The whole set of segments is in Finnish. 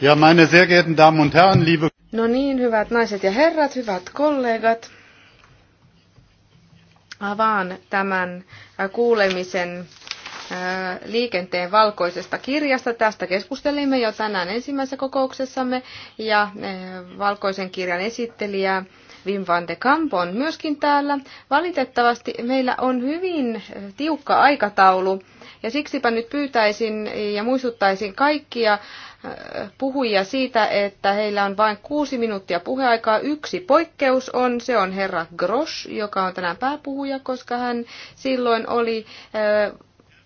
Ja meine sehr geehrten Damen und Herren, liebe... No niin, hyvät naiset ja herrat, hyvät kollegat. Avaan tämän äh, kuulemisen äh, liikenteen valkoisesta kirjasta. Tästä keskustelimme jo tänään ensimmäisessä kokouksessamme ja äh, valkoisen kirjan esittelijää Wim van de Kamp on myöskin täällä. Valitettavasti meillä on hyvin eh, tiukka aikataulu ja siksipä nyt pyytäisin ja muistuttaisin kaikkia eh, puhujia siitä, että heillä on vain kuusi minuuttia puheaikaa. Yksi poikkeus on, se on herra Grosch, joka on tänään pääpuhuja, koska hän silloin oli eh,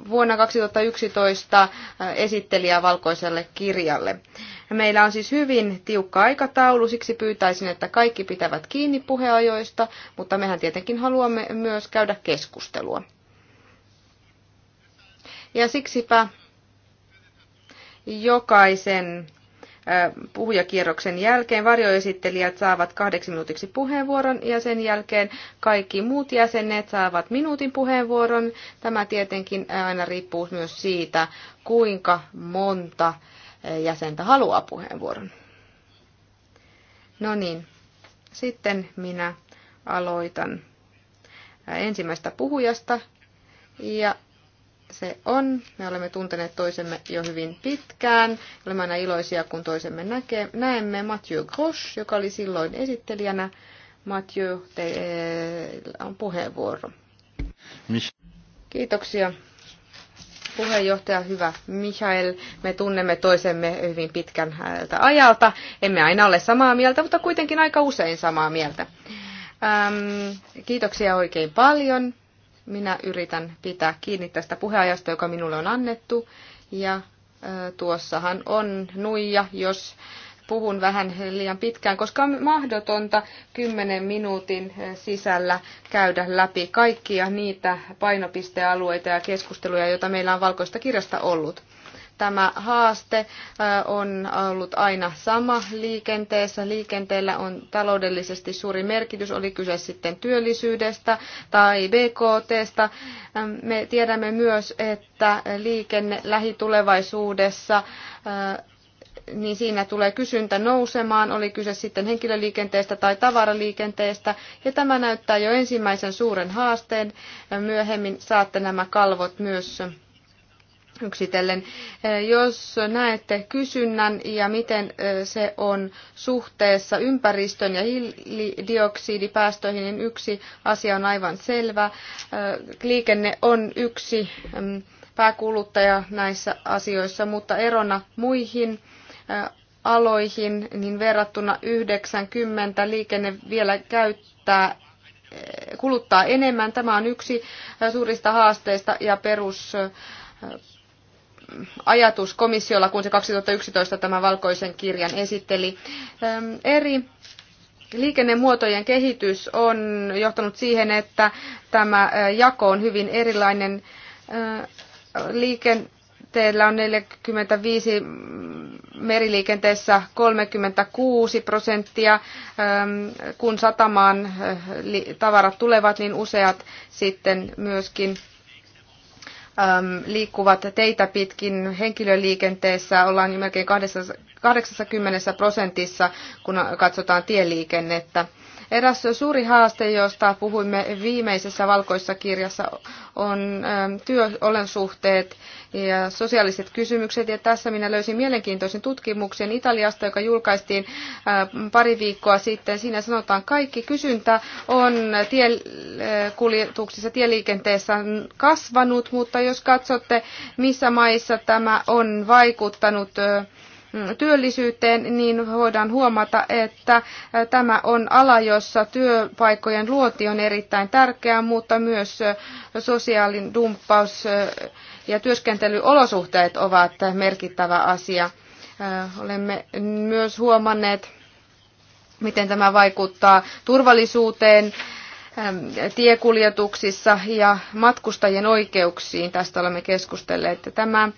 vuonna 2011 äh, esittelijä valkoiselle kirjalle. Meillä on siis hyvin tiukka aikataulu, siksi pyytäisin, että kaikki pitävät kiinni puheajoista, mutta mehän tietenkin haluamme myös käydä keskustelua. Ja siksipä jokaisen puhujakierroksen jälkeen varjoesittelijät saavat kahdeksi minuutiksi puheenvuoron ja sen jälkeen kaikki muut jäsenet saavat minuutin puheenvuoron. Tämä tietenkin aina riippuu myös siitä, kuinka monta e, jäsentä haluaa puheenvuoron. No niin, sitten minä aloitan e, ensimmäistä puhujasta ja se on. Me olemme tunteneet toisemme jo hyvin pitkään. Olemme aina iloisia, kun toisemme näkee, näemme. Mathieu Grosch, joka oli silloin esittelijänä. Mathieu, teillä on puheenvuoro. Kiitoksia. Puheenjohtaja, hyvä Michael. Me tunnemme toisemme hyvin pitkän ajalta. Emme aina ole samaa mieltä, mutta kuitenkin aika usein samaa mieltä. Ähm, kiitoksia oikein paljon minä yritän pitää kiinni tästä puheajasta, joka minulle on annettu. Ja tuossahan on nuija, jos puhun vähän liian pitkään, koska on mahdotonta 10 minuutin sisällä käydä läpi kaikkia niitä painopistealueita ja keskusteluja, joita meillä on valkoista kirjasta ollut. Tämä haaste on ollut aina sama liikenteessä. Liikenteellä on taloudellisesti suuri merkitys, oli kyse sitten työllisyydestä tai BKTstä. Me tiedämme myös, että liikenne lähitulevaisuudessa niin siinä tulee kysyntä nousemaan, oli kyse sitten henkilöliikenteestä tai tavaraliikenteestä. Ja tämä näyttää jo ensimmäisen suuren haasteen. Myöhemmin saatte nämä kalvot myös yksitellen. Eh, jos näette kysynnän ja miten eh, se on suhteessa ympäristön ja hiilidioksidipäästöihin, niin yksi asia on aivan selvä. Eh, liikenne on yksi mm, pääkuluttaja näissä asioissa, mutta erona muihin aloihin, niin verrattuna 90 liikenne vielä käyttää kuluttaa enemmän. Tämä on yksi suurista haasteista ja perus ajatus komissiolla, kun se 2011 tämän valkoisen kirjan esitteli. Eri liikennemuotojen kehitys on johtanut siihen, että tämä jako on hyvin erilainen. Liikenteellä on 45, meriliikenteessä 36 prosenttia. Kun satamaan tavarat tulevat, niin useat sitten myöskin Ähm, liikkuvat teitä pitkin henkilöliikenteessä, ollaan melkein 80 prosentissa, kun katsotaan tieliikennettä. Eräs suuri haaste, josta puhuimme viimeisessä valkoisessa kirjassa, on ähm, työolensuhteet ja sosiaaliset kysymykset. Ja tässä minä löysin mielenkiintoisen tutkimuksen Italiasta, joka julkaistiin äh, pari viikkoa sitten. Siinä sanotaan, että kaikki kysyntä on tiekuljetuksissa, tieliikenteessä kasvanut, mutta jos katsotte, missä maissa tämä on vaikuttanut äh, Mm, työllisyyteen, niin voidaan huomata, että tämä on ala, jossa työpaikkojen luoti on erittäin tärkeää, mutta myös sosiaalin dumppaus ja työskentelyolosuhteet ovat merkittävä asia. Olemme myös huomanneet, miten tämä vaikuttaa turvallisuuteen, tiekuljetuksissa ja matkustajien oikeuksiin. Tästä olemme keskustelleet. Tämä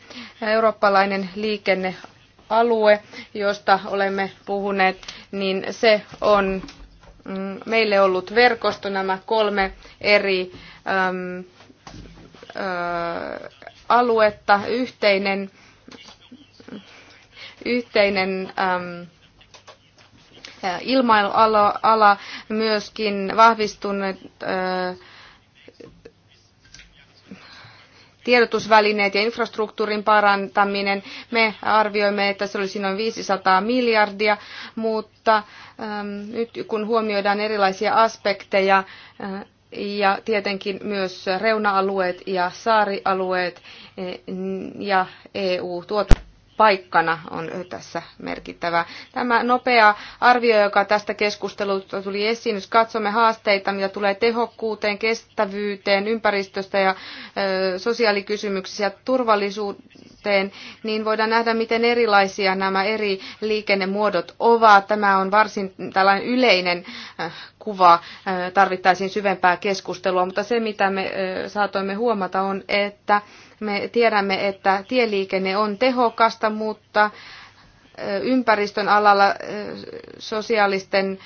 eurooppalainen liikenne alue, josta olemme puhuneet, niin se on mm, meille ollut verkosto nämä kolme eri äm, ä, aluetta, yhteinen, yhteinen äm, ilmailuala, myöskin vahvistunut ä, tiedotusvälineet ja infrastruktuurin parantaminen. Me arvioimme, että se olisi noin 500 miljardia, mutta nyt kun huomioidaan erilaisia aspekteja äh, ja tietenkin myös reuna-alueet ja saarialueet e, ja EU-tuotanto, paikkana on tässä merkittävä. Tämä nopea arvio, joka tästä keskustelusta tuli esiin, jos katsomme haasteita, mitä tulee tehokkuuteen, kestävyyteen, ympäristöstä ja sosiaalikysymyksissä ja turvallisuuteen, niin voidaan nähdä, miten erilaisia nämä eri liikennemuodot ovat. Tämä on varsin tällainen yleinen kuva, tarvittaisiin syvempää keskustelua, mutta se mitä me saatoimme huomata on, että me tiedämme, että tieliikenne on tehokasta, mutta ympäristön alalla, sosiaalisten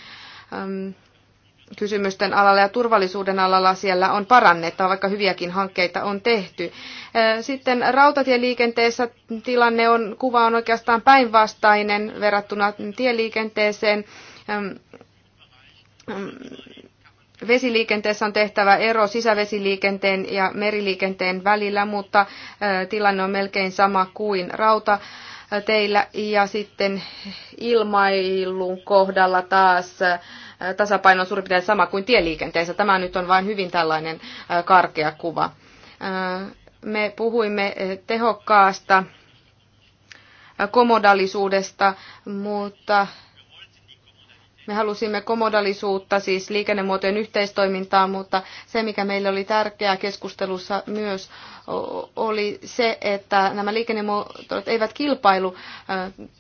kysymysten alalla ja turvallisuuden alalla siellä on parannettava, vaikka hyviäkin hankkeita on tehty. Sitten rautatieliikenteessä tilanne on, kuva on oikeastaan päinvastainen verrattuna tieliikenteeseen. Vesiliikenteessä on tehtävä ero sisävesiliikenteen ja meriliikenteen välillä, mutta tilanne on melkein sama kuin rauta teillä ja sitten ilmailun kohdalla taas tasapaino on suurin piirtein sama kuin tieliikenteessä. Tämä nyt on vain hyvin tällainen karkea kuva. Me puhuimme tehokkaasta komodallisuudesta, mutta me halusimme komodallisuutta, siis liikennemuotojen yhteistoimintaa, mutta se, mikä meille oli tärkeää keskustelussa myös, oli se, että nämä liikennemuotot eivät kilpailu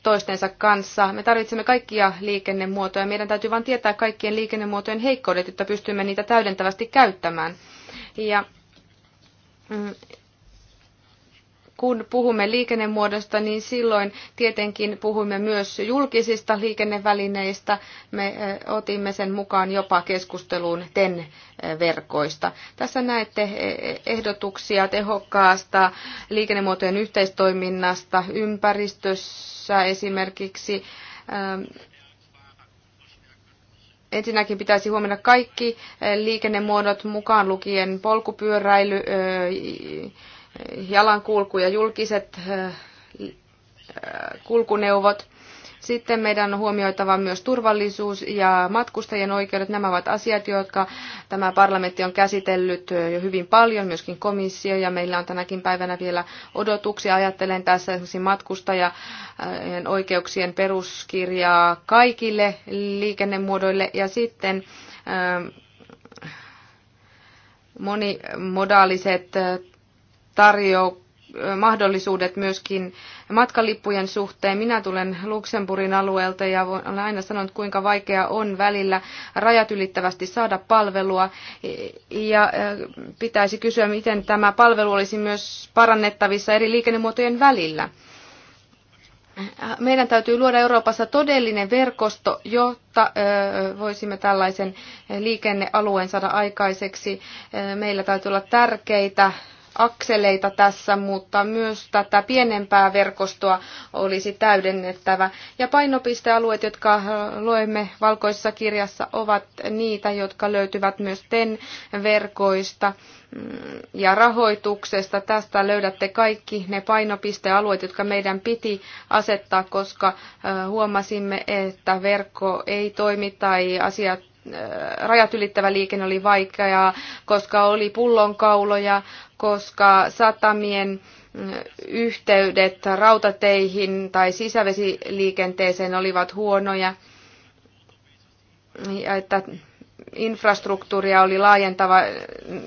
toistensa kanssa. Me tarvitsemme kaikkia liikennemuotoja. Meidän täytyy vain tietää kaikkien liikennemuotojen heikkoudet, jotta pystymme niitä täydentävästi käyttämään. Ja mm, kun puhumme liikennemuodosta, niin silloin tietenkin puhumme myös julkisista liikennevälineistä. Me otimme sen mukaan jopa keskusteluun TEN-verkoista. Tässä näette e, e, ehdotuksia tehokkaasta liikennemuotojen yhteistoiminnasta ympäristössä esimerkiksi. Ensinnäkin pitäisi huomioida kaikki e, liikennemuodot mukaan lukien polkupyöräily, jalankulku ja julkiset äh, kulkuneuvot. Sitten meidän on huomioitava myös turvallisuus ja matkustajien oikeudet. Nämä ovat asiat, jotka tämä parlamentti on käsitellyt äh, jo hyvin paljon, myöskin komissio, ja meillä on tänäkin päivänä vielä odotuksia. Ajattelen tässä esimerkiksi matkustajien oikeuksien peruskirjaa kaikille liikennemuodoille, ja sitten äh, monimodaaliset tarjoaa mahdollisuudet myöskin matkalippujen suhteen. Minä tulen Luxemburgin alueelta ja olen aina sanonut, kuinka vaikea on välillä rajat ylittävästi saada palvelua. Ja pitäisi kysyä, miten tämä palvelu olisi myös parannettavissa eri liikennemuotojen välillä. Meidän täytyy luoda Euroopassa todellinen verkosto, jotta voisimme tällaisen liikennealueen saada aikaiseksi. Meillä täytyy olla tärkeitä akseleita tässä, mutta myös tätä pienempää verkostoa olisi täydennettävä. Ja painopistealueet, jotka luemme valkoisessa kirjassa, ovat niitä, jotka löytyvät myös TEN-verkoista mm, ja rahoituksesta. Tästä löydätte kaikki ne painopistealueet, jotka meidän piti asettaa, koska huomasimme, että verkko ei toimi tai asiat rajat ylittävä liikenne oli vaikeaa, koska oli pullonkauloja, koska satamien mm, yhteydet rautateihin tai sisävesiliikenteeseen olivat huonoja. Ja että infrastruktuuria oli laajentava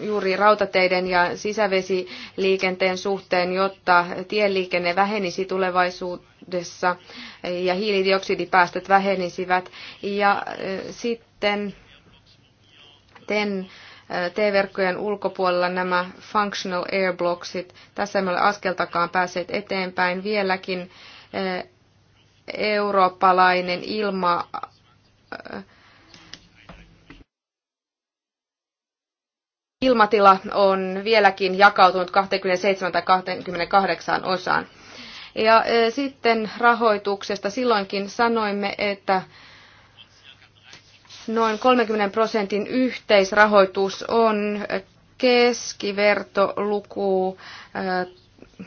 juuri rautateiden ja sisävesiliikenteen suhteen, jotta tieliikenne vähenisi tulevaisuudessa ja hiilidioksidipäästöt vähenisivät. Ja sitten sitten TEN T-verkkojen ulkopuolella nämä functional airblocksit. Tässä emme ole askeltakaan päässeet eteenpäin. Vieläkin eurooppalainen ilma ilmatila on vieläkin jakautunut 27 tai 28 osaan. Ja sitten rahoituksesta silloinkin sanoimme, että noin 30 prosentin yhteisrahoitus on keskivertoluku äh,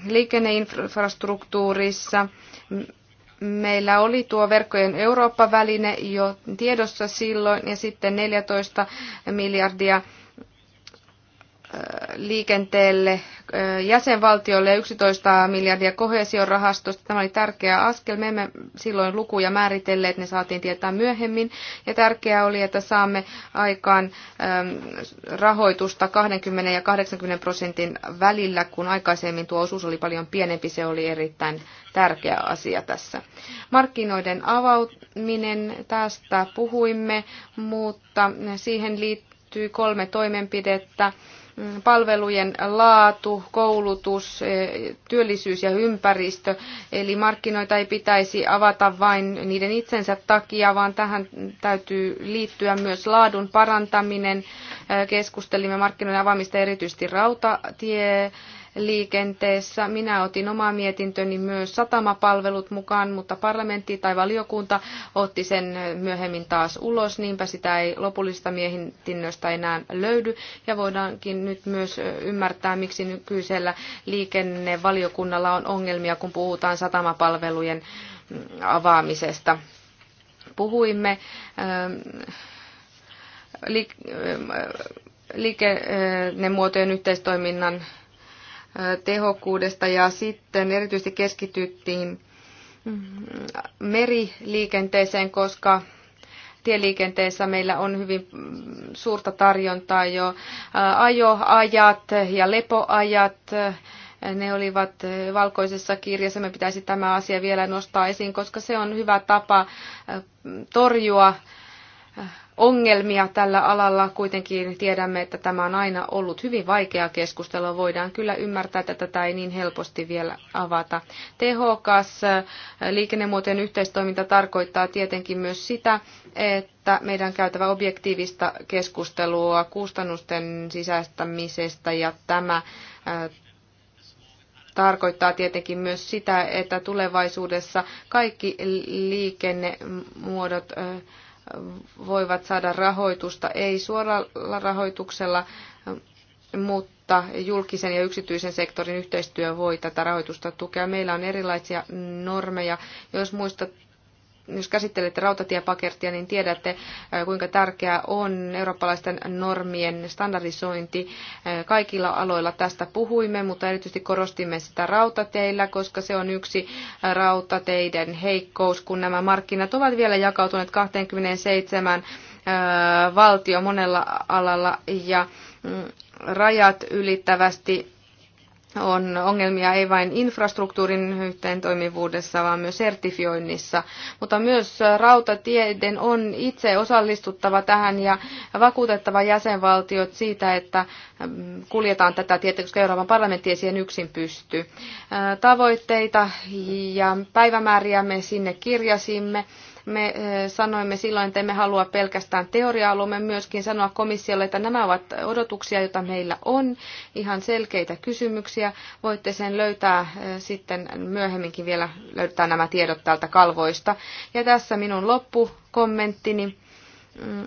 liikenneinfrastruktuurissa. Meillä oli tuo verkkojen Eurooppa-väline jo tiedossa silloin ja sitten 14 miljardia liikenteelle jäsenvaltiolle ja 11 miljardia kohesiorahastosta. Tämä oli tärkeä askel. Me emme silloin lukuja määritelleet, ne saatiin tietää myöhemmin. Ja tärkeää oli, että saamme aikaan rahoitusta 20 ja 80 prosentin välillä, kun aikaisemmin tuo osuus oli paljon pienempi. Se oli erittäin tärkeä asia tässä. Markkinoiden avautuminen, tästä puhuimme, mutta siihen liittyy kolme toimenpidettä palvelujen laatu, koulutus, e, työllisyys ja ympäristö. Eli markkinoita ei pitäisi avata vain niiden itsensä takia, vaan tähän täytyy liittyä myös laadun parantaminen. E, keskustelimme markkinoiden avaamista erityisesti rautatie liikenteessä. Minä otin omaa mietintöni myös satamapalvelut mukaan, mutta parlamentti tai valiokunta otti sen myöhemmin taas ulos, niinpä sitä ei lopullista mietinnöstä enää löydy. Ja voidaankin nyt myös ymmärtää, miksi nykyisellä liikennevaliokunnalla on ongelmia, kun puhutaan satamapalvelujen mm, avaamisesta. Puhuimme ähm, ähm, liikennemuotojen yhteistoiminnan tehokkuudesta ja sitten erityisesti keskityttiin meriliikenteeseen, koska tieliikenteessä meillä on hyvin suurta tarjontaa jo ajoajat ja lepoajat. Ne olivat valkoisessa kirjassa. Me pitäisi tämä asia vielä nostaa esiin, koska se on hyvä tapa torjua ongelmia tällä alalla. Kuitenkin tiedämme, että tämä on aina ollut hyvin vaikea keskustelua. Voidaan kyllä ymmärtää, että tätä ei niin helposti vielä avata. Tehokas eh, liikennemuotojen yhteistoiminta tarkoittaa tietenkin myös sitä, että meidän käytävä objektiivista keskustelua kustannusten sisäistämisestä ja tämä eh, tarkoittaa tietenkin myös sitä, että tulevaisuudessa kaikki liikennemuodot eh, voivat saada rahoitusta, ei suoralla rahoituksella, mutta julkisen ja yksityisen sektorin yhteistyö voi tätä rahoitusta tukea. Meillä on erilaisia normeja. Jos muistat jos käsittelette rautatiepakettia, niin tiedätte, äh, kuinka tärkeää on eurooppalaisten normien standardisointi. Äh, kaikilla aloilla tästä puhuimme, mutta erityisesti korostimme sitä rautateillä, koska se on yksi äh, rautateiden heikkous, kun nämä markkinat ovat vielä jakautuneet 27 valtio monella alalla ja mm, rajat ylittävästi on ongelmia ei vain infrastruktuurin yhteentoimivuudessa, vaan myös sertifioinnissa. Mutta myös rautatieiden on itse osallistuttava tähän ja vakuutettava jäsenvaltiot siitä, että kuljetaan tätä tietä, koska Euroopan parlamentti ei siihen yksin pysty. Tavoitteita ja päivämääriä me sinne kirjasimme me eh, sanoimme silloin, että emme halua pelkästään teoriaa, haluamme myöskin sanoa komissiolle, että nämä ovat odotuksia, joita meillä on, ihan selkeitä kysymyksiä. Voitte sen löytää eh, sitten myöhemminkin vielä löytää nämä tiedot täältä kalvoista. Ja tässä minun loppukommenttini mm,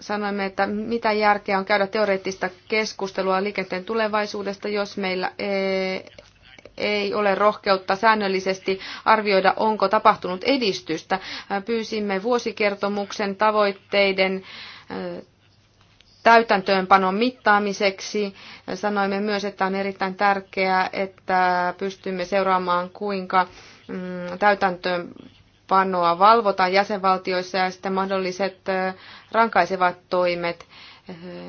sanoimme, että mitä järkeä on käydä teoreettista keskustelua liikenteen tulevaisuudesta, jos meillä eh, ei ole rohkeutta säännöllisesti arvioida, onko tapahtunut edistystä. Pyysimme vuosikertomuksen tavoitteiden täytäntöönpanon mittaamiseksi. Sanoimme myös, että on erittäin tärkeää, että pystymme seuraamaan, kuinka mm, täytäntöönpanoa valvotaan jäsenvaltioissa ja sitten mahdolliset rankaisevat toimet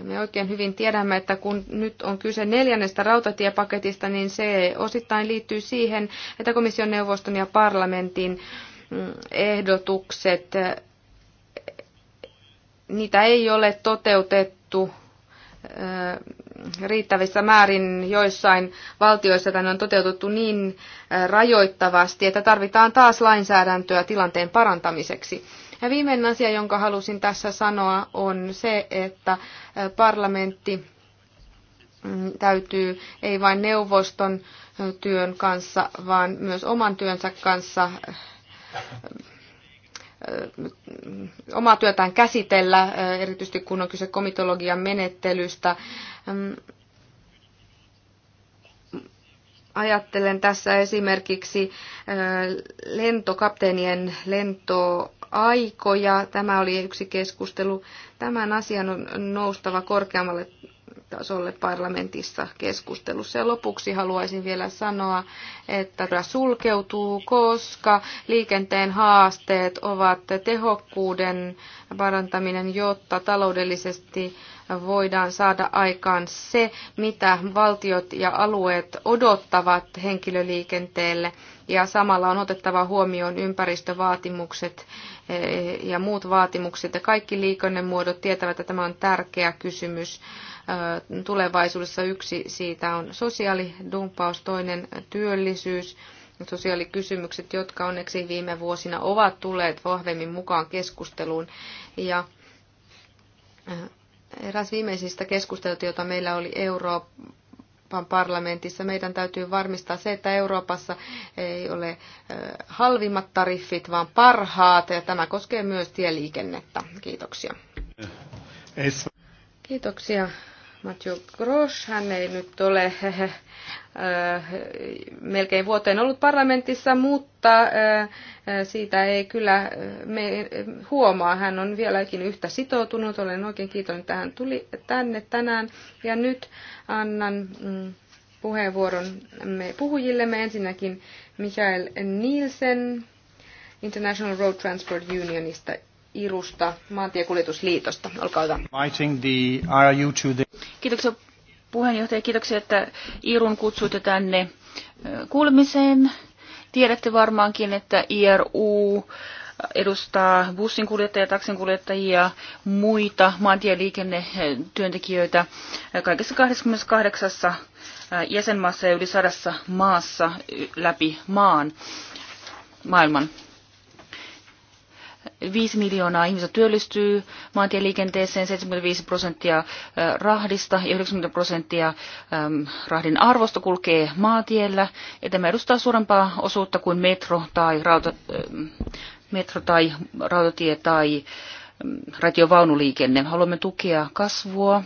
me oikein hyvin tiedämme, että kun nyt on kyse neljännestä rautatiepaketista, niin se osittain liittyy siihen, että komission neuvoston ja parlamentin mm, ehdotukset, niitä ei ole toteutettu riittävissä määrin joissain valtioissa tänne on toteutettu niin rajoittavasti, että tarvitaan taas lainsäädäntöä tilanteen parantamiseksi. Ja viimeinen asia, jonka halusin tässä sanoa, on se, että parlamentti mm, täytyy ei vain neuvoston työn kanssa, vaan myös oman työnsä kanssa omaa työtään käsitellä, erityisesti kun on kyse komitologian menettelystä. Mm, Ajattelen tässä esimerkiksi lentokapteenien lentoaikoja. Tämä oli yksi keskustelu. Tämän asian on noustava korkeammalle tasolle parlamentissa keskustelussa. Ja lopuksi haluaisin vielä sanoa, että sulkeutuu, koska liikenteen haasteet ovat tehokkuuden parantaminen, jotta taloudellisesti voidaan saada aikaan se, mitä valtiot ja alueet odottavat henkilöliikenteelle ja samalla on otettava huomioon ympäristövaatimukset eh, ja muut vaatimukset ja kaikki liikennemuodot tietävät, että tämä on tärkeä kysymys. Eh, tulevaisuudessa yksi siitä on sosiaalidumppaus, toinen työllisyys sosiaalikysymykset, jotka onneksi viime vuosina ovat tulleet vahvemmin mukaan keskusteluun. Ja eh, Eräs viimeisistä keskustelut, joita meillä oli Euroopan parlamentissa, meidän täytyy varmistaa se, että Euroopassa ei ole halvimmat tariffit, vaan parhaat, ja tämä koskee myös tieliikennettä. Kiitoksia. Kiitoksia Matthew Grosh, hän ei nyt ole äh, melkein vuoteen ollut parlamentissa, mutta äh, äh, siitä ei kyllä me huomaa. Hän on vieläkin yhtä sitoutunut. Olen oikein kiitollinen, että hän tuli tänne tänään. Ja nyt annan mm, puheenvuoron me puhujillemme. Ensinnäkin Michael Nielsen International Road Transport Unionista Irusta, maantiekuljetusliitosta. Olkaa hyvä. Kiitoksia puheenjohtaja, kiitoksia, että Irun kutsuitte tänne kuulemiseen. Tiedätte varmaankin, että IRU edustaa bussinkuljettajia, taksinkuljettajia, muita maantieliikennetyöntekijöitä kaikissa 28 jäsenmaassa ja yli sadassa maassa läpi maan, maailman. 5 miljoonaa ihmistä työllistyy maantieliikenteeseen, 75 prosenttia rahdista ja 90 prosenttia rahdin arvosta kulkee maatiellä. Ja tämä edustaa suurempaa osuutta kuin metro tai, rauta, metro tai rautatie tai radiovaunuliikenne. Haluamme tukea kasvua,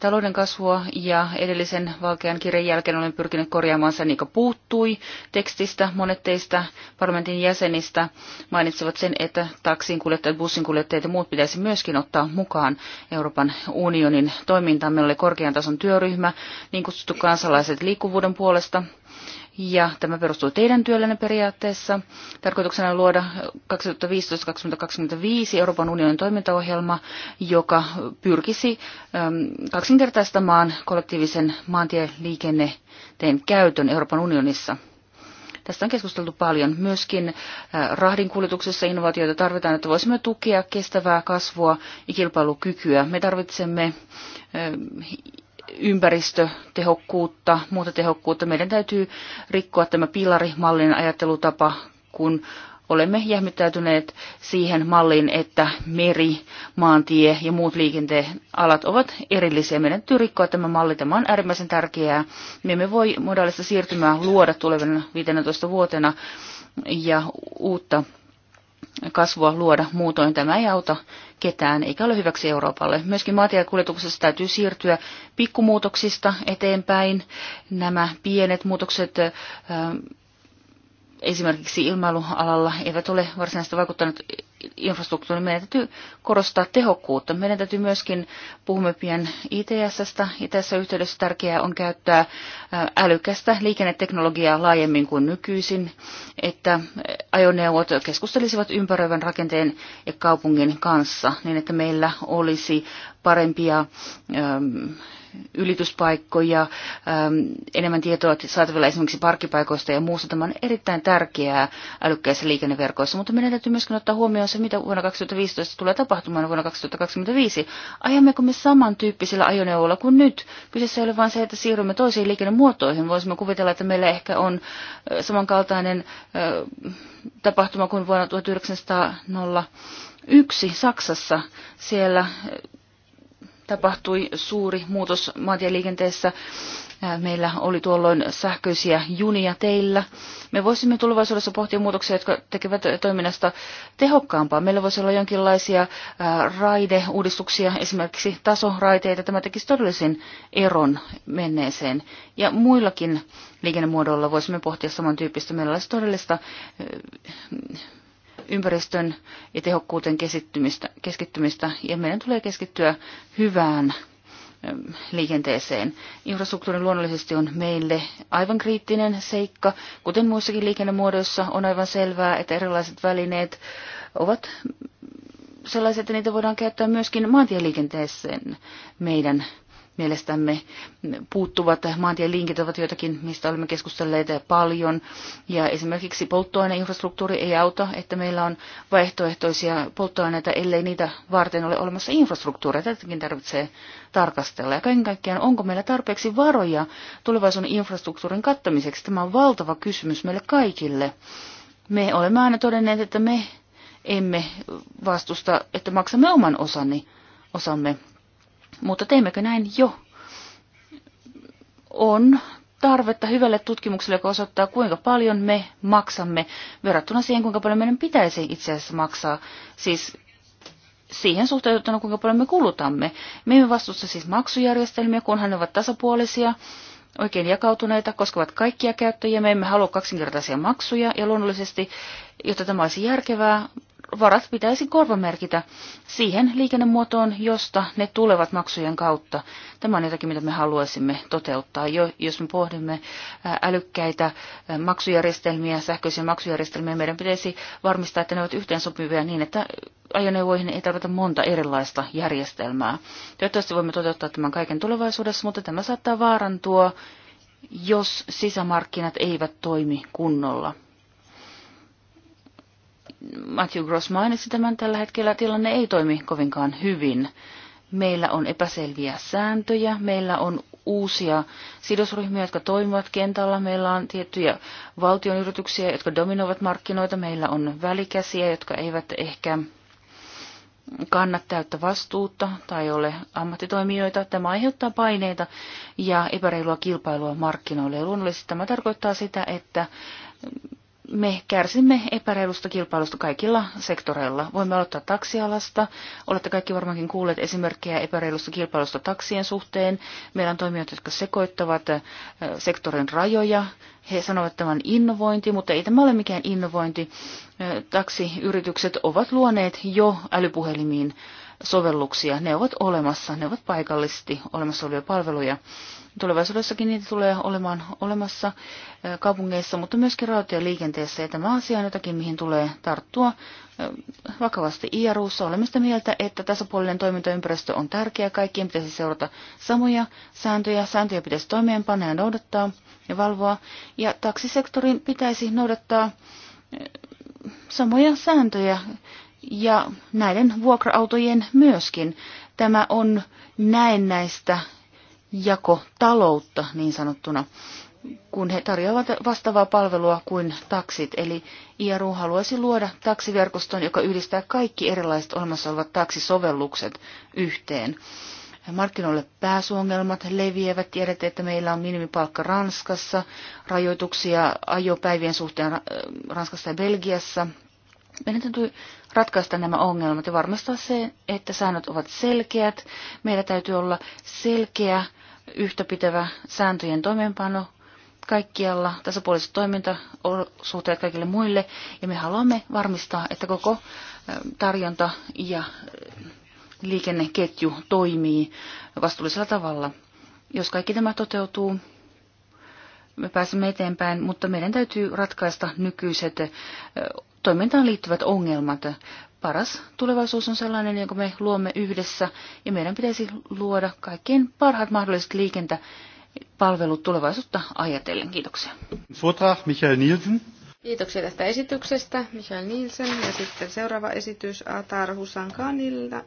talouden kasvua ja edellisen valkean kirjan jälkeen olen pyrkinyt korjaamaan sen, joka puuttui tekstistä. Monet teistä parlamentin jäsenistä mainitsivat sen, että taksin kuljettajat, bussin kuljettajat ja muut pitäisi myöskin ottaa mukaan Euroopan unionin toimintaan. Meillä oli korkean tason työryhmä, niin kutsuttu kansalaiset liikkuvuuden puolesta ja tämä perustuu teidän työllänne periaatteessa. Tarkoituksena on luoda 2015-2025 Euroopan unionin toimintaohjelma, joka pyrkisi kaksinkertaistamaan kollektiivisen maantieliikenteen käytön Euroopan unionissa. Tästä on keskusteltu paljon. Myöskin äh, rahdin kuljetuksessa innovaatioita tarvitaan, että voisimme tukea kestävää kasvua ja kilpailukykyä. Me tarvitsemme ympäristötehokkuutta, muuta tehokkuutta. Meidän täytyy rikkoa tämä pilarimallin ajattelutapa, kun olemme jähmittäytyneet siihen malliin, että meri, maantie ja muut liikenteen alat ovat erillisiä. Meidän täytyy rikkoa tämä malli. Tämä on äärimmäisen tärkeää. Me emme voi modaalista siirtymää luoda tulevan 15 vuotena ja uutta kasvua luoda. Muutoin tämä ei auta ketään eikä ole hyväksi Euroopalle. Myöskin maatiekuljetuksessa täytyy siirtyä pikkumuutoksista eteenpäin. Nämä pienet muutokset esimerkiksi ilmailualalla eivät ole varsinaisesti vaikuttaneet infrastruktuuri, meidän täytyy korostaa tehokkuutta. Meidän täytyy myöskin, puhumme pian ITSstä, ja tässä yhteydessä tärkeää on käyttää älykästä liikenneteknologiaa laajemmin kuin nykyisin, että ajoneuvot keskustelisivat ympäröivän rakenteen ja kaupungin kanssa, niin että meillä olisi parempia ähm, ylityspaikkoja, ähm, enemmän tietoa saatavilla esimerkiksi parkkipaikoista ja muusta. Tämä on erittäin tärkeää älykkäissä liikenneverkoissa, mutta meidän täytyy myöskin ottaa huomioon se, mitä vuonna 2015 tulee tapahtumaan vuonna 2025. Ajammeko me samantyyppisillä ajoneuvoilla kuin nyt? Kyseessä ei ole vain se, että siirrymme toisiin liikennemuotoihin. Voisimme kuvitella, että meillä ehkä on samankaltainen tapahtuma kuin vuonna 1900 yksi Saksassa. Siellä tapahtui suuri muutos maantieliikenteessä. Meillä oli tuolloin sähköisiä junia teillä. Me voisimme tulevaisuudessa pohtia muutoksia, jotka tekevät toiminnasta tehokkaampaa. Meillä voisi olla jonkinlaisia raideuudistuksia, esimerkiksi tasoraiteita. Tämä tekisi todellisen eron menneeseen. Ja muillakin liikennemuodoilla voisimme pohtia samantyyppistä. Meillä olisi todellista ympäristön ja tehokkuuden keskittymistä, keskittymistä ja meidän tulee keskittyä hyvään liikenteeseen. Infrastruktuuri luonnollisesti on meille aivan kriittinen seikka. Kuten muissakin liikennemuodoissa on aivan selvää, että erilaiset välineet ovat sellaisia, että niitä voidaan käyttää myöskin maantieliikenteeseen meidän mielestämme puuttuvat maantien linkit ovat joitakin, mistä olemme keskustelleet paljon. Ja esimerkiksi polttoaineinfrastruktuuri ei auta, että meillä on vaihtoehtoisia polttoaineita, ellei niitä varten ole olemassa infrastruktuuria. Tätäkin tarvitsee tarkastella. Ja kaiken kaikkiaan, onko meillä tarpeeksi varoja tulevaisuuden infrastruktuurin kattamiseksi? Tämä on valtava kysymys meille kaikille. Me olemme aina todenneet, että me emme vastusta, että maksamme oman osani, osamme. Mutta teemmekö näin jo? On tarvetta hyvälle tutkimukselle, joka osoittaa, kuinka paljon me maksamme verrattuna siihen, kuinka paljon meidän pitäisi itse asiassa maksaa. Siis siihen suhteutettuna, kuinka paljon me kulutamme. Me emme vastusta siis maksujärjestelmiä, kunhan ne ovat tasapuolisia, oikein jakautuneita, koskevat kaikkia käyttäjiä. Me emme halua kaksinkertaisia maksuja ja luonnollisesti, jotta tämä olisi järkevää, varat pitäisi korvamerkitä siihen liikennemuotoon, josta ne tulevat maksujen kautta. Tämä on jotakin, mitä me haluaisimme toteuttaa. Jo, jos me pohdimme älykkäitä maksujärjestelmiä, sähköisiä maksujärjestelmiä, meidän pitäisi varmistaa, että ne ovat yhteensopivia niin, että ajoneuvoihin ei tarvita monta erilaista järjestelmää. Toivottavasti voimme toteuttaa tämän kaiken tulevaisuudessa, mutta tämä saattaa vaarantua, jos sisämarkkinat eivät toimi kunnolla. Matthew Gross mainitsi tämän tällä hetkellä, tilanne ei toimi kovinkaan hyvin. Meillä on epäselviä sääntöjä, meillä on uusia sidosryhmiä, jotka toimivat kentällä, meillä on tiettyjä valtion yrityksiä, jotka dominoivat markkinoita, meillä on välikäsiä, jotka eivät ehkä kanna täyttä vastuutta tai ole ammattitoimijoita. Tämä aiheuttaa paineita ja epäreilua kilpailua markkinoille. Ja luonnollisesti tämä tarkoittaa sitä, että me kärsimme epäreilusta kilpailusta kaikilla sektoreilla. Voimme aloittaa taksialasta. Olette kaikki varmaankin kuulleet esimerkkejä epäreilusta kilpailusta taksien suhteen. Meillä on toimijoita, jotka sekoittavat äh, sektorin rajoja. He sanovat tämän innovointi, mutta ei tämä ole mikään innovointi. Äh, taksiyritykset ovat luoneet jo älypuhelimiin sovelluksia. Ne ovat olemassa, ne ovat paikallisesti olemassa olevia palveluja. Tulevaisuudessakin niitä tulee olemaan olemassa eh, kaupungeissa, mutta myöskin rautatieliikenteessä. Ja tämä asia on jotakin, mihin tulee tarttua eh, vakavasti IRUssa. Olemme sitä mieltä, että tasapuolinen toimintaympäristö on tärkeä. Kaikkien pitäisi seurata samoja sääntöjä. Sääntöjä pitäisi toimeenpanna ja noudattaa ja valvoa. Ja taksisektorin pitäisi noudattaa eh, samoja sääntöjä ja näiden vuokra-autojen myöskin. Tämä on näennäistä jakotaloutta niin sanottuna, kun he tarjoavat vastaavaa palvelua kuin taksit. Eli IRU haluaisi luoda taksiverkoston, joka yhdistää kaikki erilaiset olemassa olevat taksisovellukset yhteen. Markkinoille pääsuongelmat leviävät. Tiedätte, että meillä on minimipalkka Ranskassa, rajoituksia ajopäivien suhteen äh, Ranskassa ja Belgiassa. Meidän täytyy ratkaista nämä ongelmat ja varmistaa se, että säännöt ovat selkeät. Meillä täytyy olla selkeä, yhtäpitävä sääntöjen toimeenpano kaikkialla, tasapuoliset toimintasuhteet kaikille muille, ja me haluamme varmistaa, että koko tarjonta ja liikenneketju toimii vastuullisella tavalla. Jos kaikki tämä toteutuu, me pääsemme eteenpäin, mutta meidän täytyy ratkaista nykyiset toimintaan liittyvät ongelmat. Paras tulevaisuus on sellainen, jonka me luomme yhdessä, ja meidän pitäisi luoda kaikkien parhaat mahdolliset liikentäpalvelut tulevaisuutta ajatellen. Kiitoksia. Michael Nielsen. Kiitoksia tästä esityksestä, Michael Nielsen. Ja sitten seuraava esitys Atar Husan Kanilta,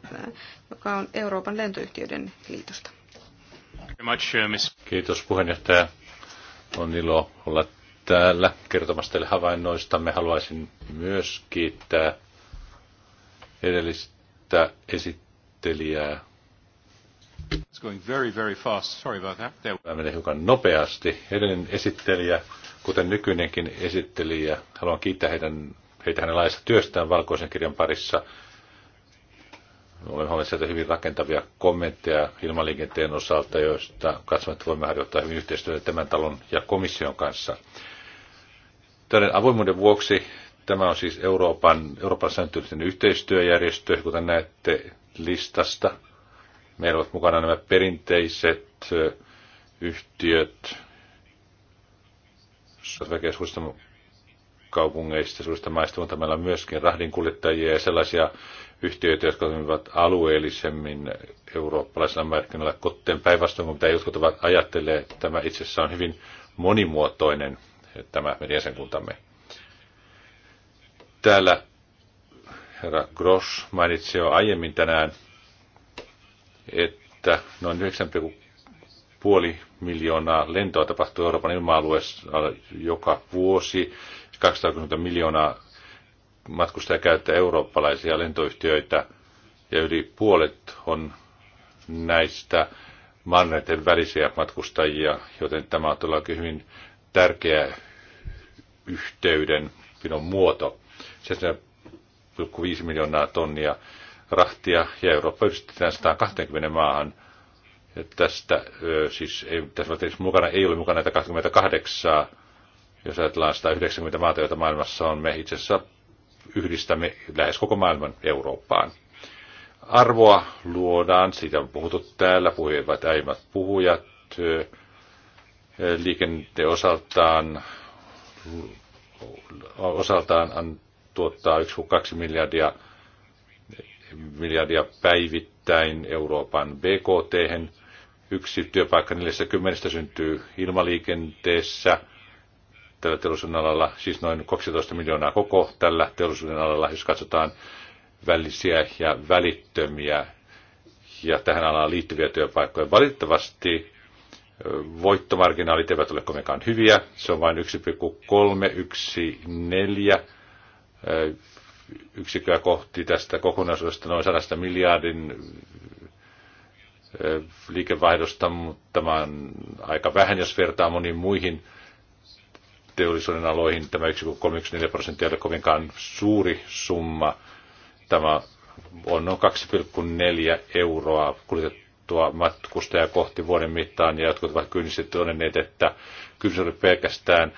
joka on Euroopan lentoyhtiöiden liitosta. Uh, Kiitos puheenjohtaja. On ilo olla täällä kertomassa teille me Haluaisin myös kiittää edellistä esittelijää. It's going very, very fast. Sorry about that. There... Tämä menee hiukan nopeasti. Edellinen esittelijä, kuten nykyinenkin esittelijä, haluan kiittää heidän, heitä hänen laajasta työstään valkoisen kirjan parissa. Olemme huomannut sieltä hyvin rakentavia kommentteja ilmaliikenteen osalta, joista katsomme, että voimme harjoittaa hyvin yhteistyötä tämän talon ja komission kanssa. Tämän avoimuuden vuoksi tämä on siis Euroopan, Euroopan sääntöllisen yhteistyöjärjestö, kuten näette listasta. Meillä ovat mukana nämä perinteiset yhtiöt, sotilaskeskusta kaupungeista, suurista maista, mutta meillä on myöskin rahdinkuljettajia ja sellaisia yhtiöitä, jotka toimivat alueellisemmin eurooppalaisella markkinoilla, kotteen päinvastoin mitä jotkut ovat ajatelleet. Tämä itse asiassa on hyvin monimuotoinen tämä meidän jäsenkuntamme. Täällä herra Gross mainitsi jo aiemmin tänään, että noin 9,5 miljoonaa lentoa tapahtuu Euroopan ilma alueessa, joka vuosi. 260 miljoonaa matkustajia käyttää eurooppalaisia lentoyhtiöitä ja yli puolet on näistä manneiden välisiä matkustajia, joten tämä on todellakin hyvin tärkeä yhteydenpidon muoto. Se, 5 miljoonaa tonnia rahtia ja Eurooppa yhdistetään 120 maahan. Ja tästä siis ei, tässä mukana, ei ole mukana näitä 28, jos ajatellaan 190 maata, joita maailmassa on, me itse asiassa yhdistämme lähes koko maailman Eurooppaan. Arvoa luodaan, siitä on puhuttu täällä, puhujat äimät puhujat, liikenteen osaltaan, osaltaan tuottaa 1,2 miljardia, miljardia päivittäin Euroopan BKT. -hän. Yksi työpaikka 40 syntyy ilmaliikenteessä tällä teollisuuden alalla, siis noin 12 miljoonaa koko tällä teollisuuden alalla, jos katsotaan välisiä ja välittömiä ja tähän alaan liittyviä työpaikkoja. Valitettavasti voittomarginaalit eivät ole kovinkaan hyviä. Se on vain 1,314 eh, yksikköä kohti tästä kokonaisuudesta noin 100 miljardin eh, liikevaihdosta, mutta tämä on aika vähän, jos vertaa moniin muihin teollisuuden aloihin. Tämä 1,314 prosenttia ei kovinkaan suuri summa. Tämä on noin 2,4 euroa kulutettu tuo matkustaja kohti vuoden mittaan, ja jotkut ovat kyynisesti todenneet, että kyse oli pelkästään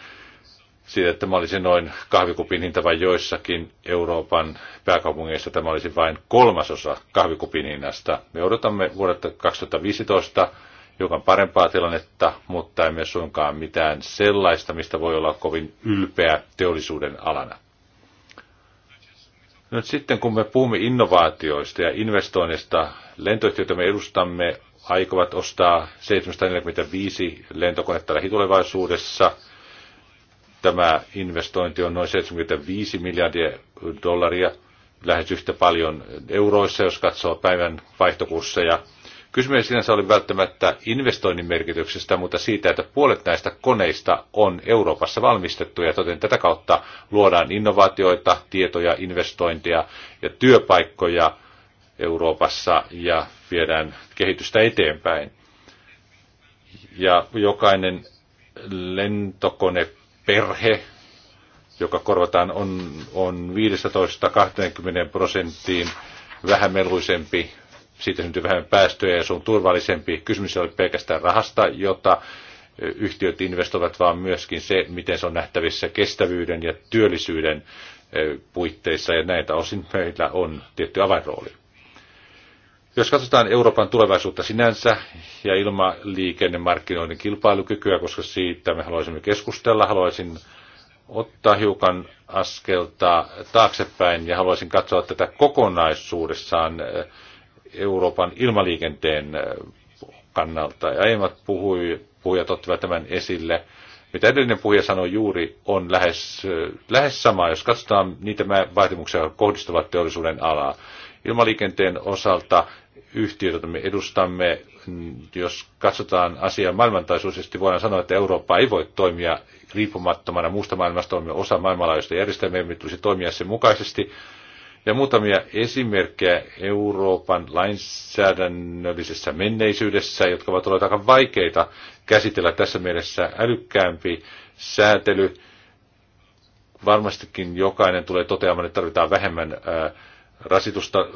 siitä, että tämä olisi noin kahvikupin hinta, vai joissakin Euroopan pääkaupungeissa tämä olisi vain kolmasosa kahvikupin hinnasta. Me odotamme vuodelta 2015 joka parempaa tilannetta, mutta emme suinkaan mitään sellaista, mistä voi olla kovin ylpeä teollisuuden alana. Nyt sitten kun me puhumme innovaatioista ja investoinnista Lentoyhtiöt, joita me edustamme, aikovat ostaa 745 lentokonetta lähitulevaisuudessa. Tämä investointi on noin 75 miljardia dollaria, lähes yhtä paljon euroissa, jos katsoo päivän vaihtokursseja. Kysymys sinänsä oli välttämättä investoinnin merkityksestä, mutta siitä, että puolet näistä koneista on Euroopassa valmistettuja, Toten tätä kautta luodaan innovaatioita, tietoja, investointeja ja työpaikkoja Euroopassa ja viedään kehitystä eteenpäin. Ja jokainen lentokoneperhe, joka korvataan, on, on 15-20 prosenttiin vähämeluisempi, siitä syntyy vähemmän päästöjä ja se on turvallisempi. Kysymys ei ole pelkästään rahasta, jota yhtiöt investoivat, vaan myöskin se, miten se on nähtävissä kestävyyden ja työllisyyden eh, puitteissa, ja näitä osin meillä on tietty avainrooli. Jos katsotaan Euroopan tulevaisuutta sinänsä ja ilmaliikennemarkkinoiden kilpailukykyä, koska siitä me haluaisimme keskustella, haluaisin ottaa hiukan askelta taaksepäin ja haluaisin katsoa tätä kokonaisuudessaan eh, Euroopan ilmaliikenteen eh, kannalta. Ja aiemmat puhui, puhujat ottivat tämän esille. Mitä edellinen puhuja sanoi juuri, on lähes, eh, lähes sama, jos katsotaan niitä vaatimuksia, jotka kohdistuvat teollisuuden alaa. Ilmaliikenteen osalta yhtiö, jota me edustamme, jos katsotaan asiaa maailmantaisuisesti, voidaan sanoa, että Eurooppa ei voi toimia riippumattomana muusta maailmasta, toimia osa maailmanlaajuista järjestelmää, me tulisi toimia sen mukaisesti. Ja muutamia esimerkkejä Euroopan lainsäädännöllisessä menneisyydessä, jotka ovat olleet aika vaikeita käsitellä tässä mielessä älykkäämpi säätely. Varmastikin jokainen tulee toteamaan, että tarvitaan vähemmän ää, rasitusta,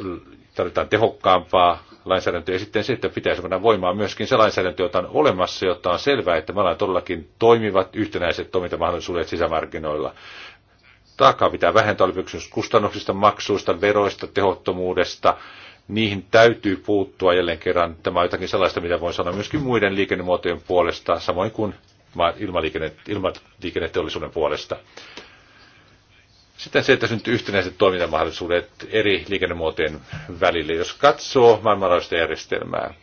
tarvitaan tehokkaampaa lainsäädäntöä ja sitten se, että pitäisi mennä voimaan myöskin se lainsäädäntö, jota on olemassa, jotta on selvää, että me ollaan todellakin toimivat yhtenäiset toimintamahdollisuudet sisämarkkinoilla. Taakkaa pitää vähentää, oli kustannuksista, maksuista, veroista, tehottomuudesta, niihin täytyy puuttua jälleen kerran. Tämä on jotakin sellaista, mitä voin sanoa myöskin muiden liikennemuotojen puolesta, samoin kuin ilmaliikenne, ilmaliikenneteollisuuden puolesta. Sitten se, että syntyy yhtenäiset toimintamahdollisuudet eri liikennemuotojen välille. Jos katsoo maailmanlaajuista järjestelmää,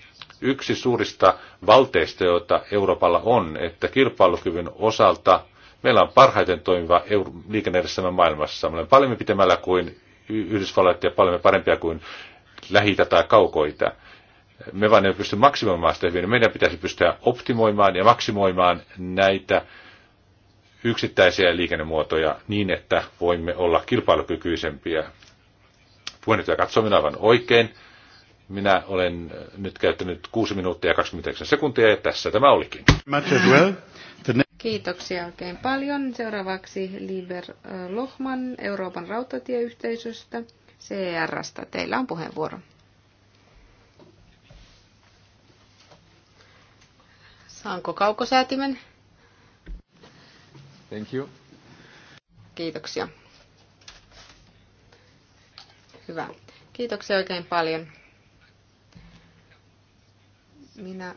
yksi suurista valteista, joita Euroopalla on, että kilpailukyvyn osalta meillä on parhaiten toimiva liikennejärjestelmä maailmassa. Me olemme paljon pitemmällä kuin Yhdysvallat ja paljon parempia kuin lähi tai kaukoita. Me vain emme pysty maksimoimaan sitä hyvin. Meidän pitäisi pystyä optimoimaan ja maksimoimaan näitä yksittäisiä liikennemuotoja niin, että voimme olla kilpailukykyisempiä. Puheenjohtaja katsoo minä aivan oikein. Minä olen nyt käyttänyt 6 minuuttia ja 29 sekuntia ja tässä tämä olikin. Kiitoksia oikein paljon. Seuraavaksi Liber äh, Lohman Euroopan rautatieyhteisöstä, CRstä. Teillä on puheenvuoro. Saanko kaukosäätimen? Thank you. Kiitoksia. Hyvä. Kiitoksia oikein paljon. Minä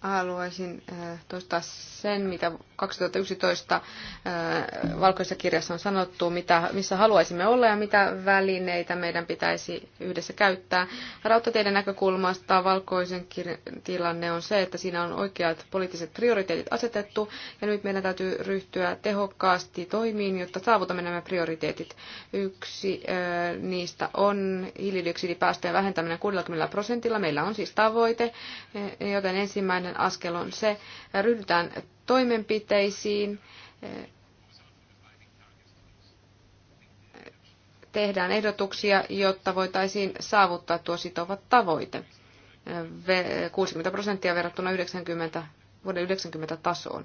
haluaisin äh, toistaa sen, mitä 2011 äh, valkoisessa kirjassa on sanottu, mitä, missä haluaisimme olla ja mitä välineitä meidän pitäisi yhdessä käyttää. Rautateiden näkökulmasta valkoisen kirjan tilanne on se, että siinä on oikeat poliittiset prioriteetit asetettu ja nyt meidän täytyy ryhtyä tehokkaasti toimiin, jotta saavutamme nämä prioriteetit. Yksi äh, niistä on hiilidioksidipäästöjen vähentäminen 60 prosentilla. Meillä on siis tavoite, e, joten ensimmäinen askel on se, ryhdytään toimenpiteisiin. Tehdään ehdotuksia, jotta voitaisiin saavuttaa tuo sitova tavoite 60 prosenttia verrattuna 90, vuoden 90 tasoon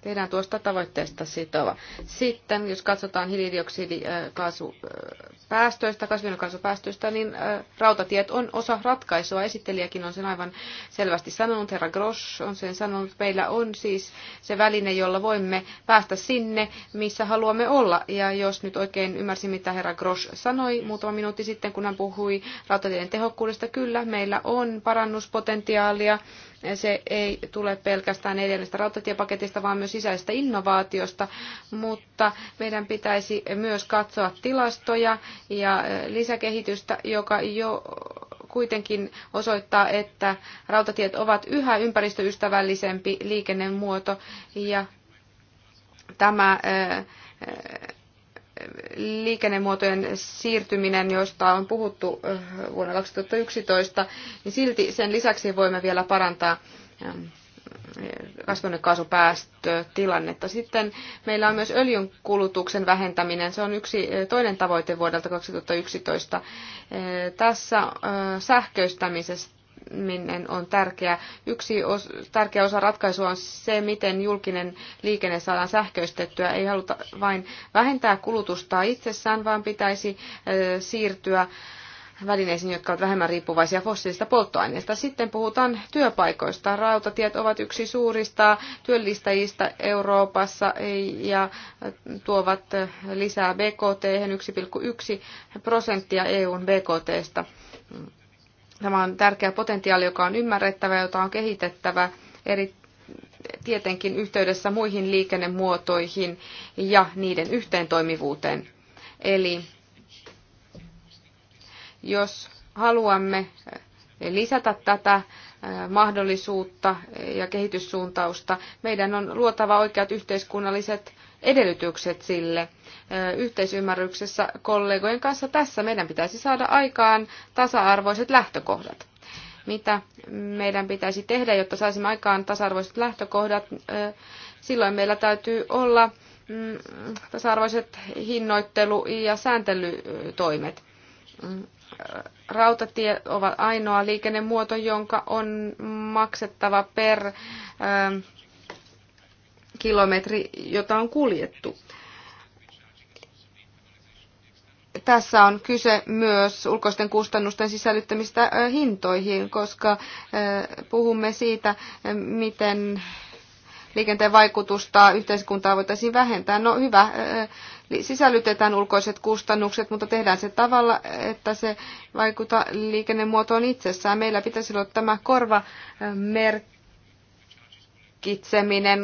tehdään tuosta tavoitteesta sitova. Sitten jos katsotaan hiilidioksidikaasupäästöistä, kasvihuonekaasupäästöistä, niin rautatiet on osa ratkaisua. Esittelijäkin on sen aivan selvästi sanonut, herra Grosch on sen sanonut. Meillä on siis se väline, jolla voimme päästä sinne, missä haluamme olla. Ja jos nyt oikein ymmärsin, mitä herra Grosch sanoi muutama minuutti sitten, kun hän puhui rautateiden tehokkuudesta, kyllä meillä on parannuspotentiaalia. Se ei tule pelkästään neljännestä rautatiepaketista, vaan myös paljon sisäisestä innovaatiosta, mutta meidän pitäisi myös katsoa tilastoja ja lisäkehitystä, joka jo kuitenkin osoittaa, että rautatiet ovat yhä ympäristöystävällisempi liikennemuoto ja tämä liikennemuotojen siirtyminen, josta on puhuttu vuonna 2011, niin silti sen lisäksi voimme vielä parantaa kasvihuonekaasupäästötilannetta. Sitten meillä on myös öljyn kulutuksen vähentäminen. Se on yksi toinen tavoite vuodelta 2011. Tässä sähköistämisestä on tärkeä. Yksi os, tärkeä osa ratkaisua on se, miten julkinen liikenne saadaan sähköistettyä. Ei haluta vain vähentää kulutusta itsessään, vaan pitäisi siirtyä välineisiin, jotka ovat vähemmän riippuvaisia fossiilista polttoaineista. Sitten puhutaan työpaikoista. Rautatiet ovat yksi suurista työllistäjistä Euroopassa ja tuovat lisää BKT 1,1 prosenttia EUn BKTstä. Tämä on tärkeä potentiaali, joka on ymmärrettävä, jota on kehitettävä eri tietenkin yhteydessä muihin liikennemuotoihin ja niiden yhteentoimivuuteen. Eli jos haluamme lisätä tätä mahdollisuutta ja kehityssuuntausta, meidän on luotava oikeat yhteiskunnalliset edellytykset sille. Yhteisymmärryksessä kollegojen kanssa tässä meidän pitäisi saada aikaan tasa-arvoiset lähtökohdat. Mitä meidän pitäisi tehdä, jotta saisimme aikaan tasa-arvoiset lähtökohdat? Silloin meillä täytyy olla mm, tasa-arvoiset hinnoittelu- ja sääntelytoimet. Mm, rautatie ovat ainoa liikennemuoto, jonka on maksettava per ähm, kilometri, jota on kuljettu. Tässä on kyse myös ulkoisten kustannusten sisällyttämistä äh, hintoihin, koska äh, puhumme siitä, äh, miten liikenteen vaikutusta yhteiskuntaa voitaisiin vähentää. No hyvä, sisällytetään ulkoiset kustannukset, mutta tehdään se tavalla, että se vaikuttaa liikennemuotoon itsessään. Meillä pitäisi olla tämä korvamerkitseminen,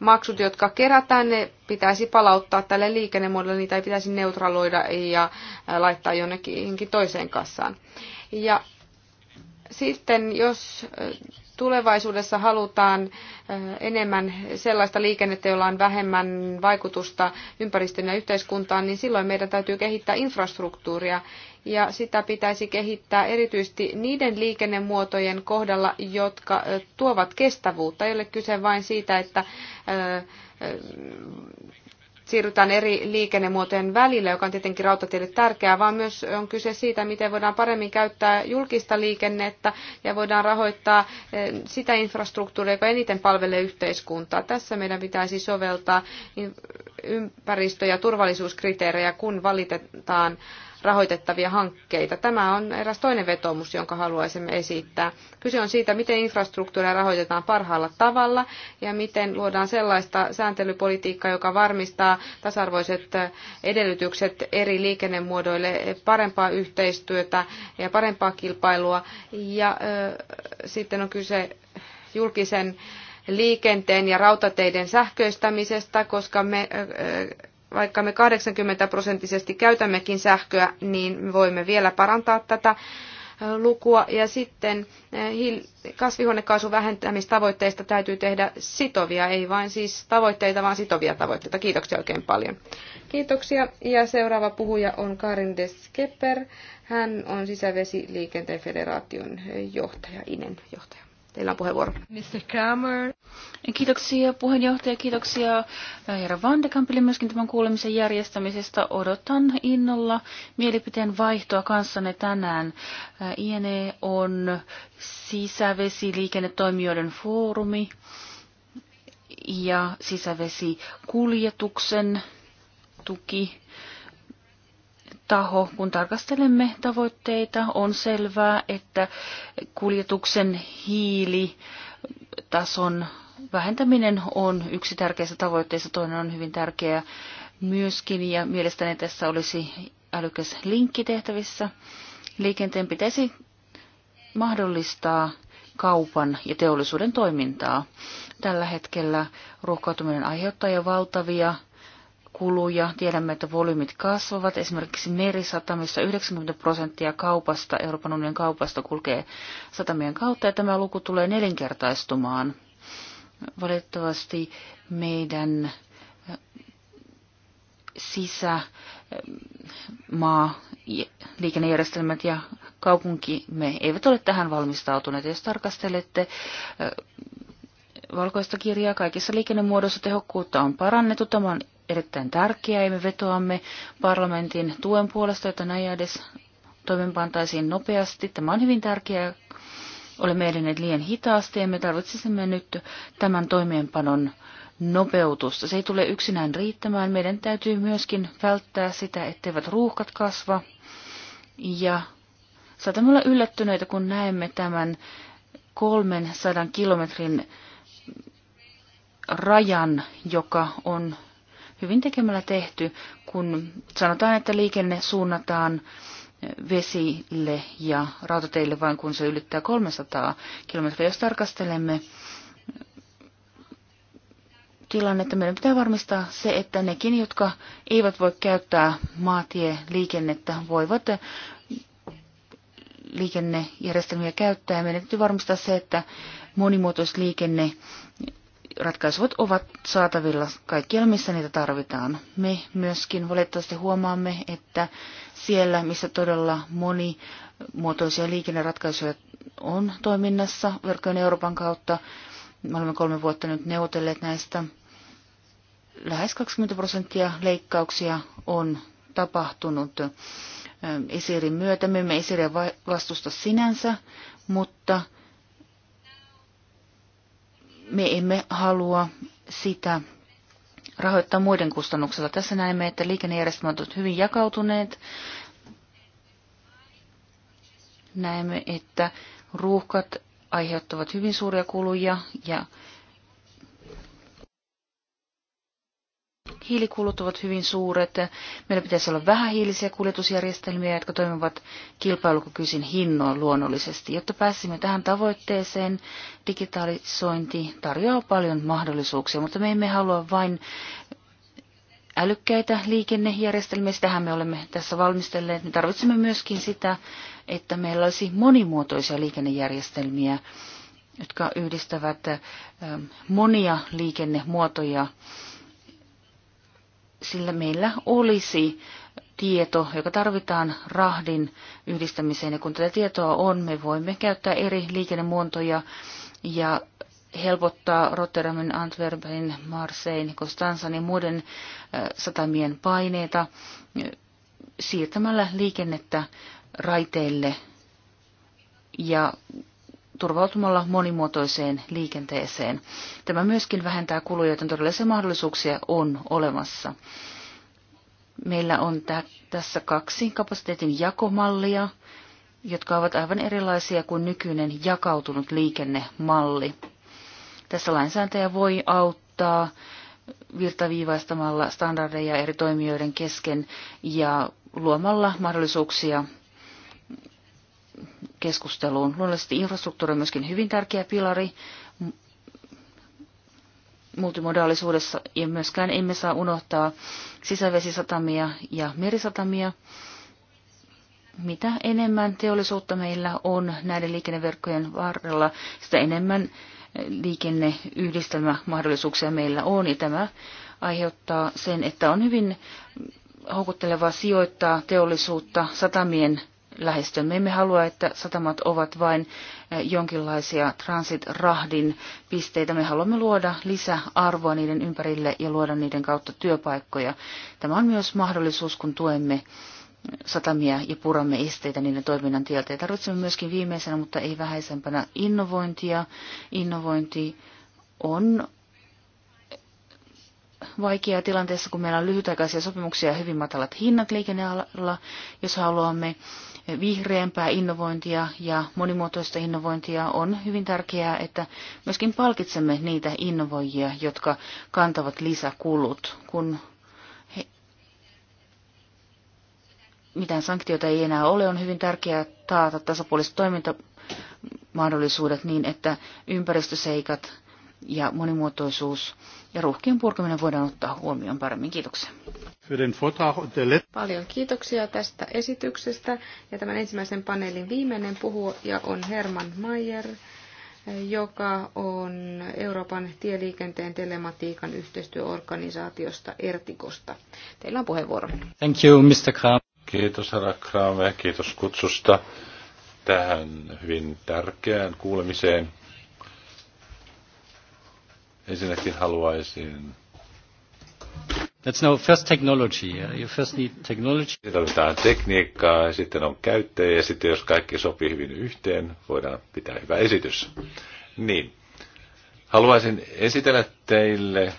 maksut, jotka kerätään, ne pitäisi palauttaa tälle liikennemuodolle, niitä ei pitäisi neutraloida ja laittaa jonnekin toiseen kassaan. Ja sitten jos tulevaisuudessa halutaan enemmän sellaista liikennettä, jolla on vähemmän vaikutusta ympäristöön ja yhteiskuntaan, niin silloin meidän täytyy kehittää infrastruktuuria ja sitä pitäisi kehittää erityisesti niiden liikennemuotojen kohdalla, jotka tuovat kestävyyttä. Ei ole kyse vain siitä, että siirrytään eri liikennemuotojen välillä, joka on tietenkin rautatielle tärkeää, vaan myös on kyse siitä, miten voidaan paremmin käyttää julkista liikennettä ja voidaan rahoittaa eh, sitä infrastruktuuria, joka eniten palvelee yhteiskuntaa. Tässä meidän pitäisi soveltaa ympäristö- ja turvallisuuskriteerejä, kun valitetaan rahoitettavia hankkeita. Tämä on eräs toinen vetoomus, jonka haluaisimme esittää. Kyse on siitä, miten infrastruktuuria rahoitetaan parhaalla tavalla ja miten luodaan sellaista sääntelypolitiikkaa, joka varmistaa tasa-arvoiset edellytykset eri liikennemuodoille, parempaa yhteistyötä ja parempaa kilpailua. Ja sitten on kyse julkisen liikenteen ja rautateiden sähköistämisestä, koska me vaikka me 80 prosenttisesti käytämmekin sähköä, niin me voimme vielä parantaa tätä lukua. Ja sitten eh, kasvihuonekaasun vähentämistavoitteista täytyy tehdä sitovia, ei vain siis tavoitteita, vaan sitovia tavoitteita. Kiitoksia oikein paljon. Kiitoksia. Ja seuraava puhuja on Karin Deskepper. Hän on sisävesiliikenteen federaation johtaja, INEN johtaja. Teillä on puheenvuoro. Mr. Kramer. Kiitoksia puheenjohtaja, kiitoksia herra Vandekampille myöskin tämän kuulemisen järjestämisestä. Odotan innolla mielipiteen vaihtoa kanssanne tänään. INE on sisävesiliikennetoimijoiden foorumi ja sisävesikuljetuksen tuki taho, kun tarkastelemme tavoitteita, on selvää, että kuljetuksen hiilitason vähentäminen on yksi tärkeistä tavoitteista, toinen on hyvin tärkeä myöskin, ja mielestäni tässä olisi älykäs linkki tehtävissä. Liikenteen pitäisi mahdollistaa kaupan ja teollisuuden toimintaa. Tällä hetkellä ruuhkautuminen aiheuttaa jo valtavia kuluja. Tiedämme, että volyymit kasvavat. Esimerkiksi merisatamissa 90 prosenttia kaupasta, Euroopan unionin kaupasta kulkee satamien kautta ja tämä luku tulee nelinkertaistumaan. Valitettavasti meidän eh, sisä, eh, maa, liikennejärjestelmät ja kaupunkimme eivät ole tähän valmistautuneet. Jos tarkastelette eh, valkoista kirjaa kaikissa liikennemuodoissa tehokkuutta on parannettu. Tämä on erittäin tärkeää, ja me vetoamme parlamentin tuen puolesta, että näin edes toimenpantaisiin nopeasti. Tämä on hyvin tärkeää. Olemme edenneet liian hitaasti ja me tarvitsisimme nyt tämän toimeenpanon nopeutusta. Se ei tule yksinään riittämään. Meidän täytyy myöskin välttää sitä, etteivät ruuhkat kasva. Ja saatamme olla yllättyneitä, kun näemme tämän 300 kilometrin rajan, joka on hyvin tekemällä tehty, kun sanotaan, että liikenne suunnataan vesille ja rautateille vain kun se ylittää 300 kilometriä. Jos tarkastelemme tilannetta, meidän pitää varmistaa se, että nekin, jotka eivät voi käyttää maatieliikennettä, voivat liikennejärjestelmiä käyttää. meidän täytyy varmistaa se, että monimuotoisliikenne ratkaisut ovat saatavilla kaikkialla, missä niitä tarvitaan. Me myöskin valitettavasti huomaamme, että siellä, missä todella moni muotoisia liikenneratkaisuja on toiminnassa verkkojen Euroopan kautta, me olemme kolme vuotta nyt neuvotelleet näistä, lähes 20 prosenttia leikkauksia on tapahtunut Isirin myötä. Me emme Isiriä vastusta sinänsä, mutta me emme halua sitä rahoittaa muiden kustannuksella. Tässä näemme, että liikennejärjestelmät ovat hyvin jakautuneet. Näemme, että ruuhkat aiheuttavat hyvin suuria kuluja ja hiilikulut ovat hyvin suuret. Meillä pitäisi olla vähähiilisiä kuljetusjärjestelmiä, jotka toimivat kilpailukykyisin hinnoin luonnollisesti. Jotta pääsimme tähän tavoitteeseen, digitalisointi tarjoaa paljon mahdollisuuksia, mutta me emme halua vain älykkäitä liikennejärjestelmiä. Sitähän me olemme tässä valmistelleet. Me tarvitsemme myöskin sitä, että meillä olisi monimuotoisia liikennejärjestelmiä, jotka yhdistävät ähm, monia liikennemuotoja sillä meillä olisi tieto, joka tarvitaan rahdin yhdistämiseen. Ja kun tätä tietoa on, me voimme käyttää eri liikennemuontoja ja helpottaa Rotterdamin, Antwerpenin, Marsein, Konstansan ja muiden äh, satamien paineita äh, siirtämällä liikennettä raiteille ja turvautumalla monimuotoiseen liikenteeseen. Tämä myöskin vähentää kuluja, joten todellisia mahdollisuuksia on olemassa. Meillä on tässä kaksi kapasiteetin jakomallia, jotka ovat aivan erilaisia kuin nykyinen jakautunut liikennemalli. Tässä lainsäätäjä voi auttaa virtaviivaistamalla standardeja eri toimijoiden kesken ja luomalla mahdollisuuksia keskusteluun. Luonnollisesti infrastruktuuri on myöskin hyvin tärkeä pilari multimodaalisuudessa ja myöskään emme saa unohtaa sisävesisatamia ja merisatamia. Mitä enemmän teollisuutta meillä on näiden liikenneverkkojen varrella, sitä enemmän liikenneyhdistelmämahdollisuuksia meillä on. Ja tämä aiheuttaa sen, että on hyvin houkuttelevaa sijoittaa teollisuutta satamien lähestyä. Me emme halua, että satamat ovat vain eh, jonkinlaisia transitrahdin pisteitä. Me haluamme luoda lisäarvoa niiden ympärille ja luoda niiden kautta työpaikkoja. Tämä on myös mahdollisuus, kun tuemme eh, satamia ja puramme esteitä niiden toiminnan tieltä. Ja tarvitsemme myöskin viimeisenä, mutta ei vähäisempänä, innovointia. Innovointi on eh, vaikeaa tilanteessa, kun meillä on lyhytaikaisia sopimuksia ja hyvin matalat hinnat liikennealalla, jos haluamme vihreämpää innovointia ja monimuotoista innovointia, on hyvin tärkeää, että myöskin palkitsemme niitä innovoijia, jotka kantavat lisäkulut, kun he, mitään sanktioita ei enää ole, on hyvin tärkeää taata tasapuoliset toimintamahdollisuudet niin, että ympäristöseikat ja monimuotoisuus ja ruuhkien purkaminen voidaan ottaa huomioon paremmin. Kiitoksia. Paljon kiitoksia tästä esityksestä. Ja tämän ensimmäisen paneelin viimeinen puhuja on Herman Mayer, joka on Euroopan tieliikenteen telematiikan yhteistyöorganisaatiosta Ertikosta. Teillä on puheenvuoro. Thank you, Mr. Kram. Kiitos, herra Kram, ja kiitos kutsusta tähän hyvin tärkeään kuulemiseen. Ensinnäkin haluaisin That's no first technology. You first need technology. Sitten tarvitaan tekniikkaa, sitten on käyttäjä ja sitten jos kaikki sopii hyvin yhteen, voidaan pitää hyvä esitys. Niin. Haluaisin esitellä teille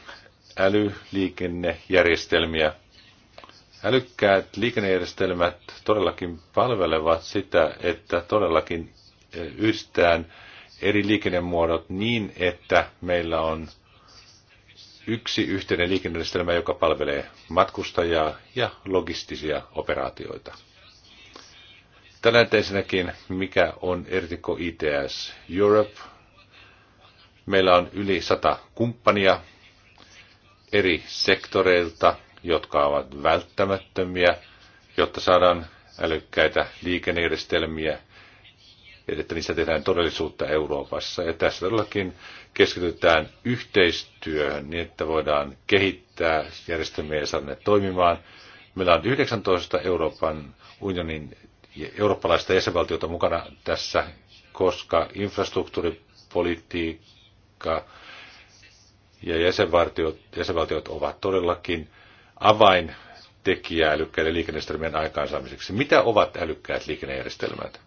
älyliikennejärjestelmiä. Älykkäät liikennejärjestelmät todellakin palvelevat sitä, että todellakin eh, yhdistetään eri liikennemuodot niin, että meillä on yksi yhteinen liikennejärjestelmä, joka palvelee matkustajaa ja logistisia operaatioita. Tällä ensinnäkin, mikä on Ertiko ITS Europe. Meillä on yli sata kumppania eri sektoreilta, jotka ovat välttämättömiä, jotta saadaan älykkäitä liikennejärjestelmiä että niistä tehdään todellisuutta Euroopassa. Ja tässä todellakin keskitytään yhteistyöhön niin, että voidaan kehittää järjestelmiä ja saada ne toimimaan. Meillä on 19 Euroopan unionin eurooppalaista jäsenvaltiota mukana tässä, koska infrastruktuuripolitiikka ja jäsenvaltiot, jäsenvaltiot ovat todellakin avaintekijä älykkäiden liikennejärjestelmien aikaansaamiseksi. Mitä ovat älykkäät liikennejärjestelmät?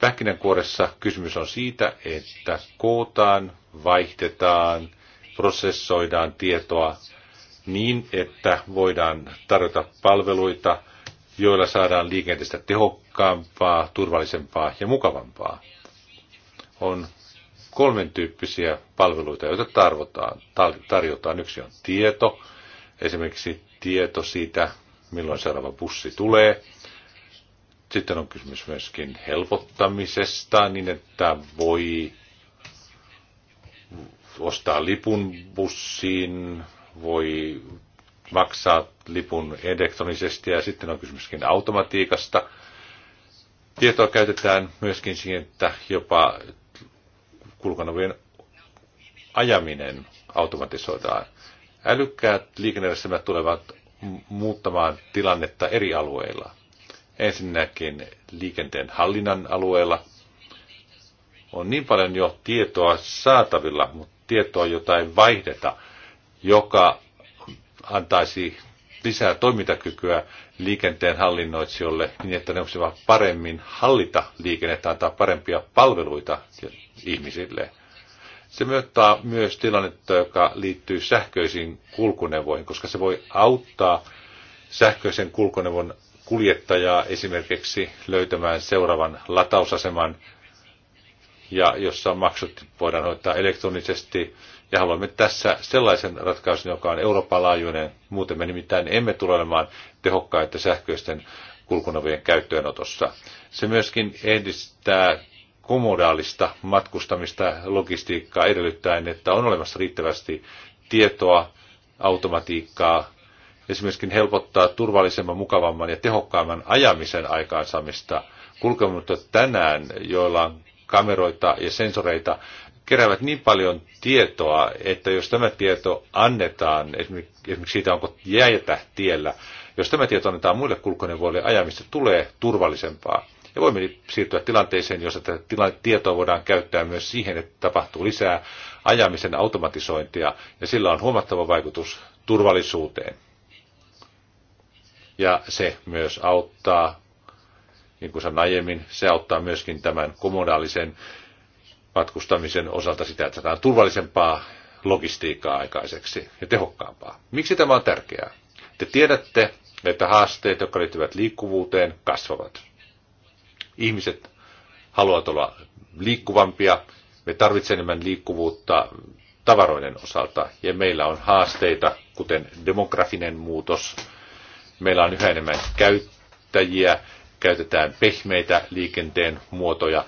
Pähkinänkuoressa kysymys on siitä, että kootaan, vaihdetaan, prosessoidaan tietoa niin, että voidaan tarjota palveluita, joilla saadaan liikenteestä tehokkaampaa, turvallisempaa ja mukavampaa. On kolmen tyyppisiä palveluita, joita tarvotaan, tarjotaan. Yksi on tieto, esimerkiksi tieto siitä, milloin seuraava bussi tulee, sitten on kysymys myöskin helpottamisesta niin, että voi ostaa lipun bussiin, voi maksaa lipun elektronisesti ja sitten on kysymyskin automatiikasta. Tietoa käytetään myöskin siihen, että jopa kulkanovien ajaminen automatisoidaan. Älykkäät liikennejärjestelmät tulevat muuttamaan tilannetta eri alueilla. Ensinnäkin liikenteen hallinnan alueella on niin paljon jo tietoa saatavilla, mutta tietoa, jota ei vaihdeta, joka antaisi lisää toimintakykyä liikenteen hallinnoitsijoille niin, että ne voisivat paremmin hallita liikennettä, antaa parempia palveluita ihmisille. Se myöttää myös tilannetta, joka liittyy sähköisiin kulkuneuvoihin, koska se voi auttaa sähköisen kulkuneuvon kuljettajaa esimerkiksi löytämään seuraavan latausaseman, ja jossa maksut voidaan hoitaa elektronisesti. Ja haluamme tässä sellaisen ratkaisun, joka on Euroopan laajuinen. Muuten me nimittäin emme tule olemaan tehokkaita sähköisten kulkunavien käyttöönotossa. Se myöskin edistää komodaalista matkustamista logistiikkaa edellyttäen, että on olemassa riittävästi tietoa, automatiikkaa, ja se myöskin helpottaa turvallisemman, mukavamman ja tehokkaamman ajamisen aikaansaamista. Kulkemutta tänään, joilla on kameroita ja sensoreita, keräävät niin paljon tietoa, että jos tämä tieto annetaan, esimerkiksi siitä onko jäätä tiellä, jos tämä tieto annetaan muille kulkuneuvoille, ajamista tulee turvallisempaa. Ja voimme siirtyä tilanteeseen, jossa tätä tietoa voidaan käyttää myös siihen, että tapahtuu lisää ajamisen automatisointia, ja sillä on huomattava vaikutus turvallisuuteen ja se myös auttaa, niin kuin sanoin aiemmin, se auttaa myöskin tämän kommunaalisen matkustamisen osalta sitä, että saadaan turvallisempaa logistiikkaa aikaiseksi ja tehokkaampaa. Miksi tämä on tärkeää? Te tiedätte, että haasteet, jotka liittyvät liikkuvuuteen, kasvavat. Ihmiset haluavat olla liikkuvampia. Me tarvitsemme enemmän liikkuvuutta tavaroiden osalta ja meillä on haasteita, kuten demografinen muutos – Meillä on yhä enemmän käyttäjiä, käytetään pehmeitä liikenteen muotoja,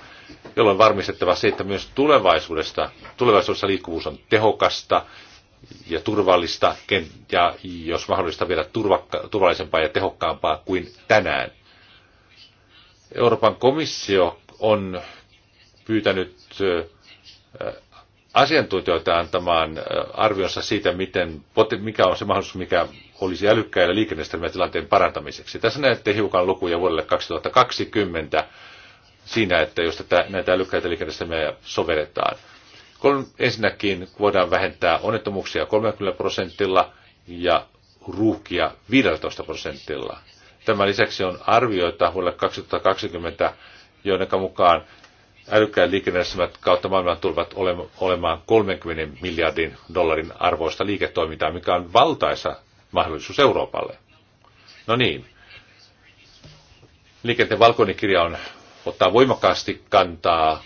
jolloin varmistettava se, että myös tulevaisuudesta, tulevaisuudessa liikkuvuus on tehokasta ja turvallista, ja jos mahdollista vielä turvakka, turvallisempaa ja tehokkaampaa kuin tänään. Euroopan komissio on pyytänyt asiantuntijoita antamaan arvionsa siitä, miten, mikä on se mahdollisuus, mikä olisi älykkäillä liikennejärjestelmän tilanteen parantamiseksi. Tässä näette hiukan lukuja vuodelle 2020 siinä, että jos tätä, näitä älykkäitä liikennestelmiä sovelletaan. ensinnäkin voidaan vähentää onnettomuuksia 30 prosentilla ja ruuhkia 15 prosentilla. Tämän lisäksi on arvioita vuodelle 2020, joiden mukaan Älykkäät liikennejärjestelmät kautta maailman tulevat olemaan 30 miljardin dollarin arvoista liiketoimintaa, mikä on valtaisa mahdollisuus Euroopalle. No niin. Liikenteen valkoinen kirja on, ottaa voimakkaasti kantaa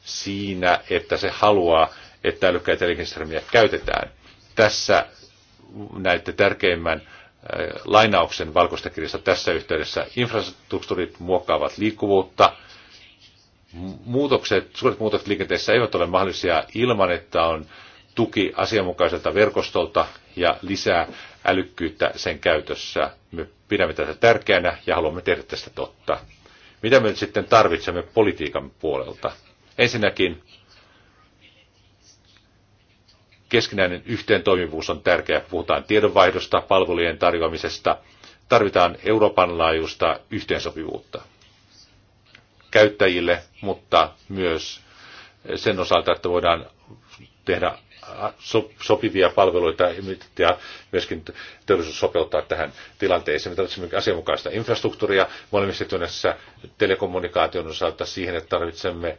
siinä, että se haluaa, että älykkäitä liikennejärjestelmiä käytetään. Tässä näette tärkeimmän äh, lainauksen valkoista kirjasta tässä yhteydessä. Infrastruktuurit muokkaavat liikkuvuutta – muutokset, suuret muutokset liikenteessä eivät ole mahdollisia ilman, että on tuki asianmukaiselta verkostolta ja lisää älykkyyttä sen käytössä. Me pidämme tätä tärkeänä ja haluamme tehdä tästä totta. Mitä me nyt sitten tarvitsemme politiikan puolelta? Ensinnäkin keskinäinen yhteentoimivuus on tärkeä. Puhutaan tiedonvaihdosta, palvelujen tarjoamisesta. Tarvitaan Euroopan laajuista yhteensopivuutta käyttäjille, mutta myös sen osalta, että voidaan tehdä sopivia palveluita ja myöskin teollisuus sopeuttaa tähän tilanteeseen. Me tarvitsemme asianmukaista infrastruktuuria. Me olemme sitoutuneessa telekommunikaation osalta siihen, että tarvitsemme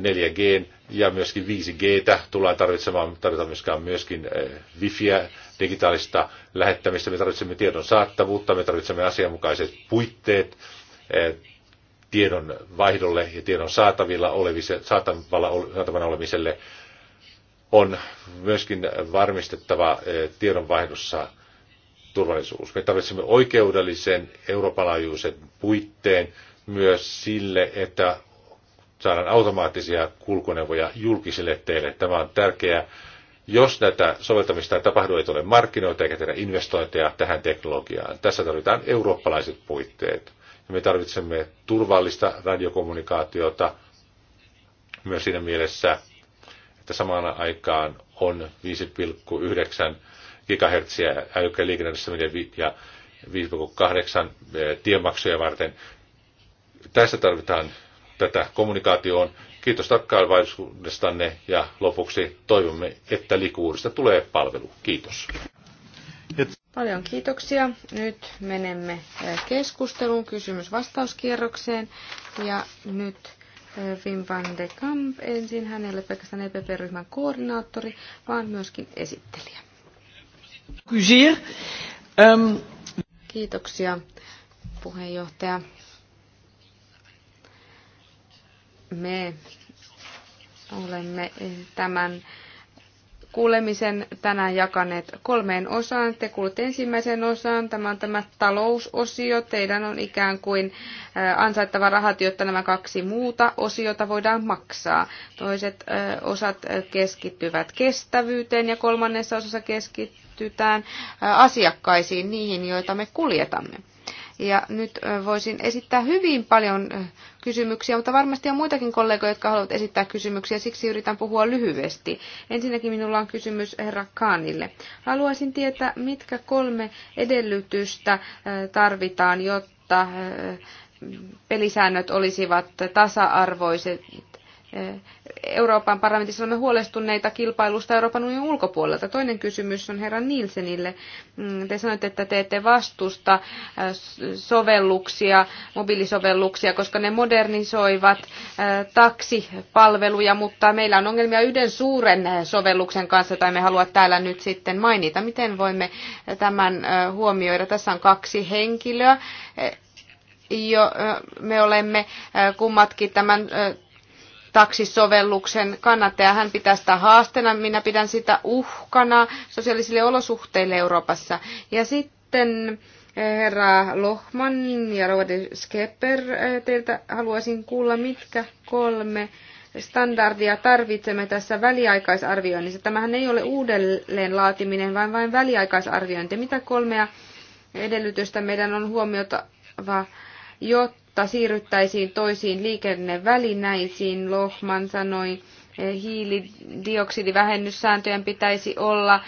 4G eh, ja myöskin 5G tullaan tarvitsemaan. Tarvitaan myöskään myöskin eh, Wifiä, digitaalista lähettämistä. Me tarvitsemme tiedon saattavuutta, me tarvitsemme asianmukaiset puitteet eh, tiedon vaihdolle ja tiedon saatavilla olevise, saatavana olemiselle on myöskin varmistettava eh, tiedonvaihdossa turvallisuus. Me tarvitsemme oikeudellisen Euroopan laajuisen puitteen myös sille, että saadaan automaattisia kulkuneuvoja julkisille teille. Tämä on tärkeää. Jos näitä soveltamista ei tapahdu, ei tule markkinoita eikä tehdä investointeja tähän teknologiaan. Tässä tarvitaan eurooppalaiset puitteet ja me tarvitsemme turvallista radiokommunikaatiota myös siinä mielessä, että samana aikaan on 5,9 GHz älykkäin liikennässä ja 5,8 eh, tiemaksuja varten. Tässä tarvitaan tätä kommunikaatioon. Kiitos tarkkaavaisuudestanne ja lopuksi toivomme, että liikkuvuudesta tulee palvelu. Kiitos. Paljon kiitoksia. Nyt menemme keskusteluun kysymys-vastauskierrokseen. Ja nyt Wim van de Kamp ensin. Hänelle pelkästään EPP-ryhmän koordinaattori, vaan myöskin esittelijä. Ehm. Kiitoksia puheenjohtaja. Me olemme tämän kuulemisen tänään jakaneet kolmeen osaan. Te kuulette ensimmäisen osaan. Tämä on tämä talousosio. Teidän on ikään kuin äh, ansaittava rahat, jotta nämä kaksi muuta osiota voidaan maksaa. Toiset äh, osat keskittyvät kestävyyteen ja kolmannessa osassa keskittyvät äh, asiakkaisiin, niihin, joita me kuljetamme. Ja nyt voisin esittää hyvin paljon kysymyksiä, mutta varmasti on muitakin kollegoja, jotka haluavat esittää kysymyksiä, siksi yritän puhua lyhyesti. Ensinnäkin minulla on kysymys herra Kaanille. Haluaisin tietää, mitkä kolme edellytystä tarvitaan, jotta pelisäännöt olisivat tasa-arvoiset Euroopan parlamentissa olemme huolestuneita kilpailusta Euroopan unionin ulkopuolelta. Toinen kysymys on herra Nielsenille. Mm, te sanoitte, että te ette vastusta äh, sovelluksia, mobiilisovelluksia, koska ne modernisoivat äh, taksipalveluja, mutta meillä on ongelmia yhden suuren äh, sovelluksen kanssa, tai me halua täällä nyt sitten mainita. Miten voimme tämän huomioida? Tässä on kaksi henkilöä jo, me olemme kummatkin tämän taksisovelluksen kannattaja. Hän pitää sitä haasteena, minä pidän sitä uhkana sosiaalisille olosuhteille Euroopassa. Ja sitten eh, herra Lohman ja Rode Skepper, eh, teiltä haluaisin kuulla, mitkä kolme standardia tarvitsemme tässä väliaikaisarvioinnissa. Tämähän ei ole uudelleen laatiminen, vaan vain väliaikaisarviointi. Mitä kolmea edellytystä meidän on huomiota, jotta jotta siirryttäisiin toisiin liikennevälineisiin, Lohman sanoi. Eh, hiilidioksidivähennyssääntöjen pitäisi olla eh,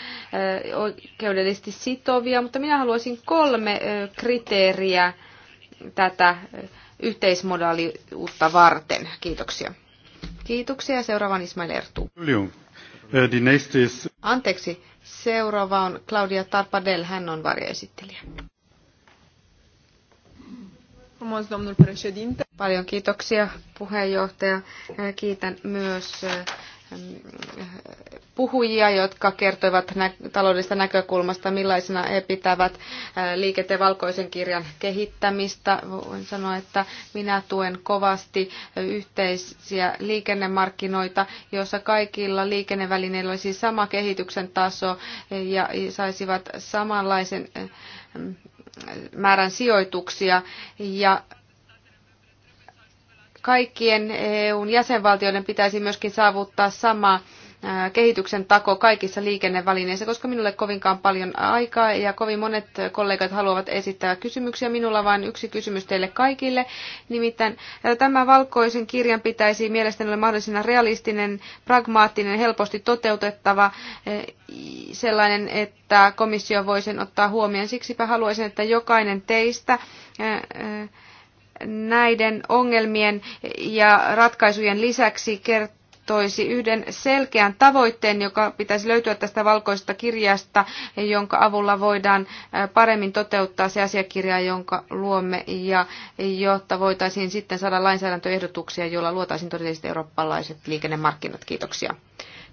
oikeudellisesti sitovia, mutta minä haluaisin kolme eh, kriteeriä tätä yhteismodaaliutta varten. Kiitoksia. Kiitoksia. Seuraavan Ismail Ertu. Anteeksi. Seuraava on Claudia Tarpadel. Hän on varjoesittelijä. Paljon kiitoksia puheenjohtaja. Äh, kiitän myös äh, äh, puhujia, jotka kertoivat nä- taloudellisesta näkökulmasta, millaisena he pitävät liikenteen valkoisen kirjan kehittämistä. Voin sanoa, että minä tuen kovasti yhteisiä liikennemarkkinoita, joissa kaikilla liikennevälineillä olisi sama kehityksen taso ja saisivat samanlaisen määrän sijoituksia ja kaikkien EUn jäsenvaltioiden pitäisi myöskin saavuttaa sama kehityksen tako kaikissa liikennevälineissä, koska minulle kovinkaan paljon aikaa ja kovin monet kollegat haluavat esittää kysymyksiä. Minulla vain yksi kysymys teille kaikille. Nimittäin tämä valkoisen kirjan pitäisi mielestäni olla mahdollisimman realistinen, pragmaattinen, helposti toteutettava sellainen, että komissio voi sen ottaa huomioon. Siksipä haluaisin, että jokainen teistä näiden ongelmien ja ratkaisujen lisäksi toisi yhden selkeän tavoitteen, joka pitäisi löytyä tästä valkoisesta kirjasta, jonka avulla voidaan paremmin toteuttaa se asiakirja, jonka luomme, ja jotta voitaisiin sitten saada lainsäädäntöehdotuksia, joilla luotaisiin todelliset eurooppalaiset liikennemarkkinat. Kiitoksia.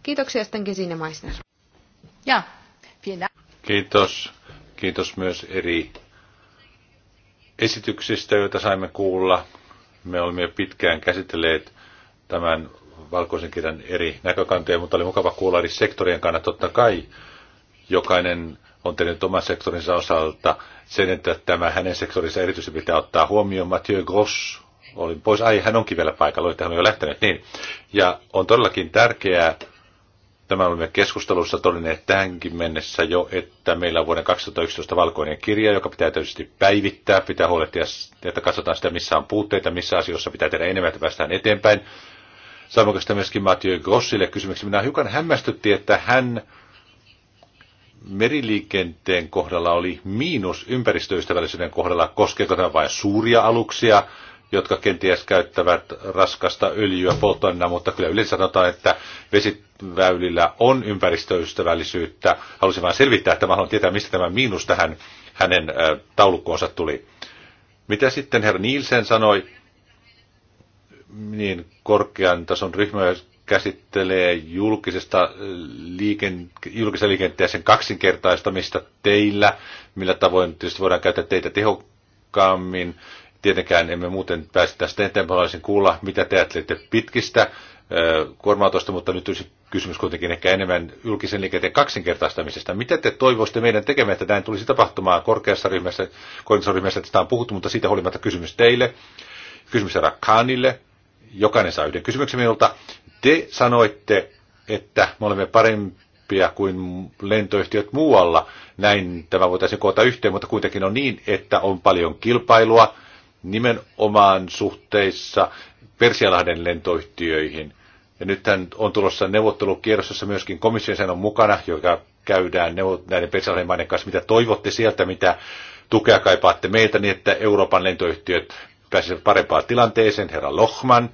Kiitoksia sitten Gesine Meissner. Ja, Kiitos. Kiitos myös eri esityksistä, joita saimme kuulla. Me olemme jo pitkään käsitelleet tämän valkoisen kirjan eri näkökantoja, mutta oli mukava kuulla eri sektorien kannat. Totta kai jokainen on tehnyt oman sektorinsa osalta sen, että tämä hänen sektorinsa erityisesti pitää ottaa huomioon. Mathieu Gross oli pois. Ai, hän onkin vielä paikalla, että hän on jo lähtenyt. Niin. Ja on todellakin tärkeää, tämä olemme keskustelussa todenneet tähänkin mennessä jo, että meillä on vuoden 2011 valkoinen kirja, joka pitää tietysti päivittää, pitää huolehtia, että katsotaan sitä, missä on puutteita, missä asioissa pitää tehdä enemmän, että päästään eteenpäin. Samoin sitä myöskin Mathieu Grossille kysymyksiä. Minä hiukan hämmästytti, että hän meriliikenteen kohdalla oli miinus ympäristöystävällisyyden kohdalla. Koskeeko tämä vain suuria aluksia, jotka kenties käyttävät raskasta öljyä polttoaineena, mutta kyllä yleensä sanotaan, että vesiväylillä on ympäristöystävällisyyttä. Halusin vain selvittää, että mä haluan tietää, mistä tämä miinus tähän hänen äh, taulukkoonsa tuli. Mitä sitten herra Nielsen sanoi, niin korkean tason ryhmä käsittelee julkisesta äh, liiken, julkisen liikenteen sen kaksinkertaistamista teillä, millä tavoin tietysti voidaan käyttää teitä tehokkaammin. Tietenkään emme muuten pääse tästä eteenpäin. Haluaisin kuulla, mitä te ajattelette pitkistä äh, kuorma mutta nyt olisi kysymys kuitenkin ehkä enemmän julkisen liikenteen kaksinkertaistamisesta. Mitä te toivoisitte meidän tekemään, että näin tulisi tapahtumaan korkeassa ryhmässä, korkeassa ryhmässä, sitä on puhuttu, mutta siitä huolimatta kysymys teille, kysymys herra jokainen saa yhden kysymyksen minulta. Te sanoitte, että me olemme parempia kuin lentoyhtiöt muualla. Näin tämä voitaisiin koota yhteen, mutta kuitenkin on niin, että on paljon kilpailua nimenomaan suhteissa Persialahden lentoyhtiöihin. Ja nythän on tulossa neuvottelukierros, jossa myöskin komission sen on mukana, joka käydään näiden Persialahden maiden kanssa, mitä toivotte sieltä, mitä tukea kaipaatte meiltä, niin että Euroopan lentoyhtiöt pääsisivät parempaan tilanteeseen. Herra Lohman,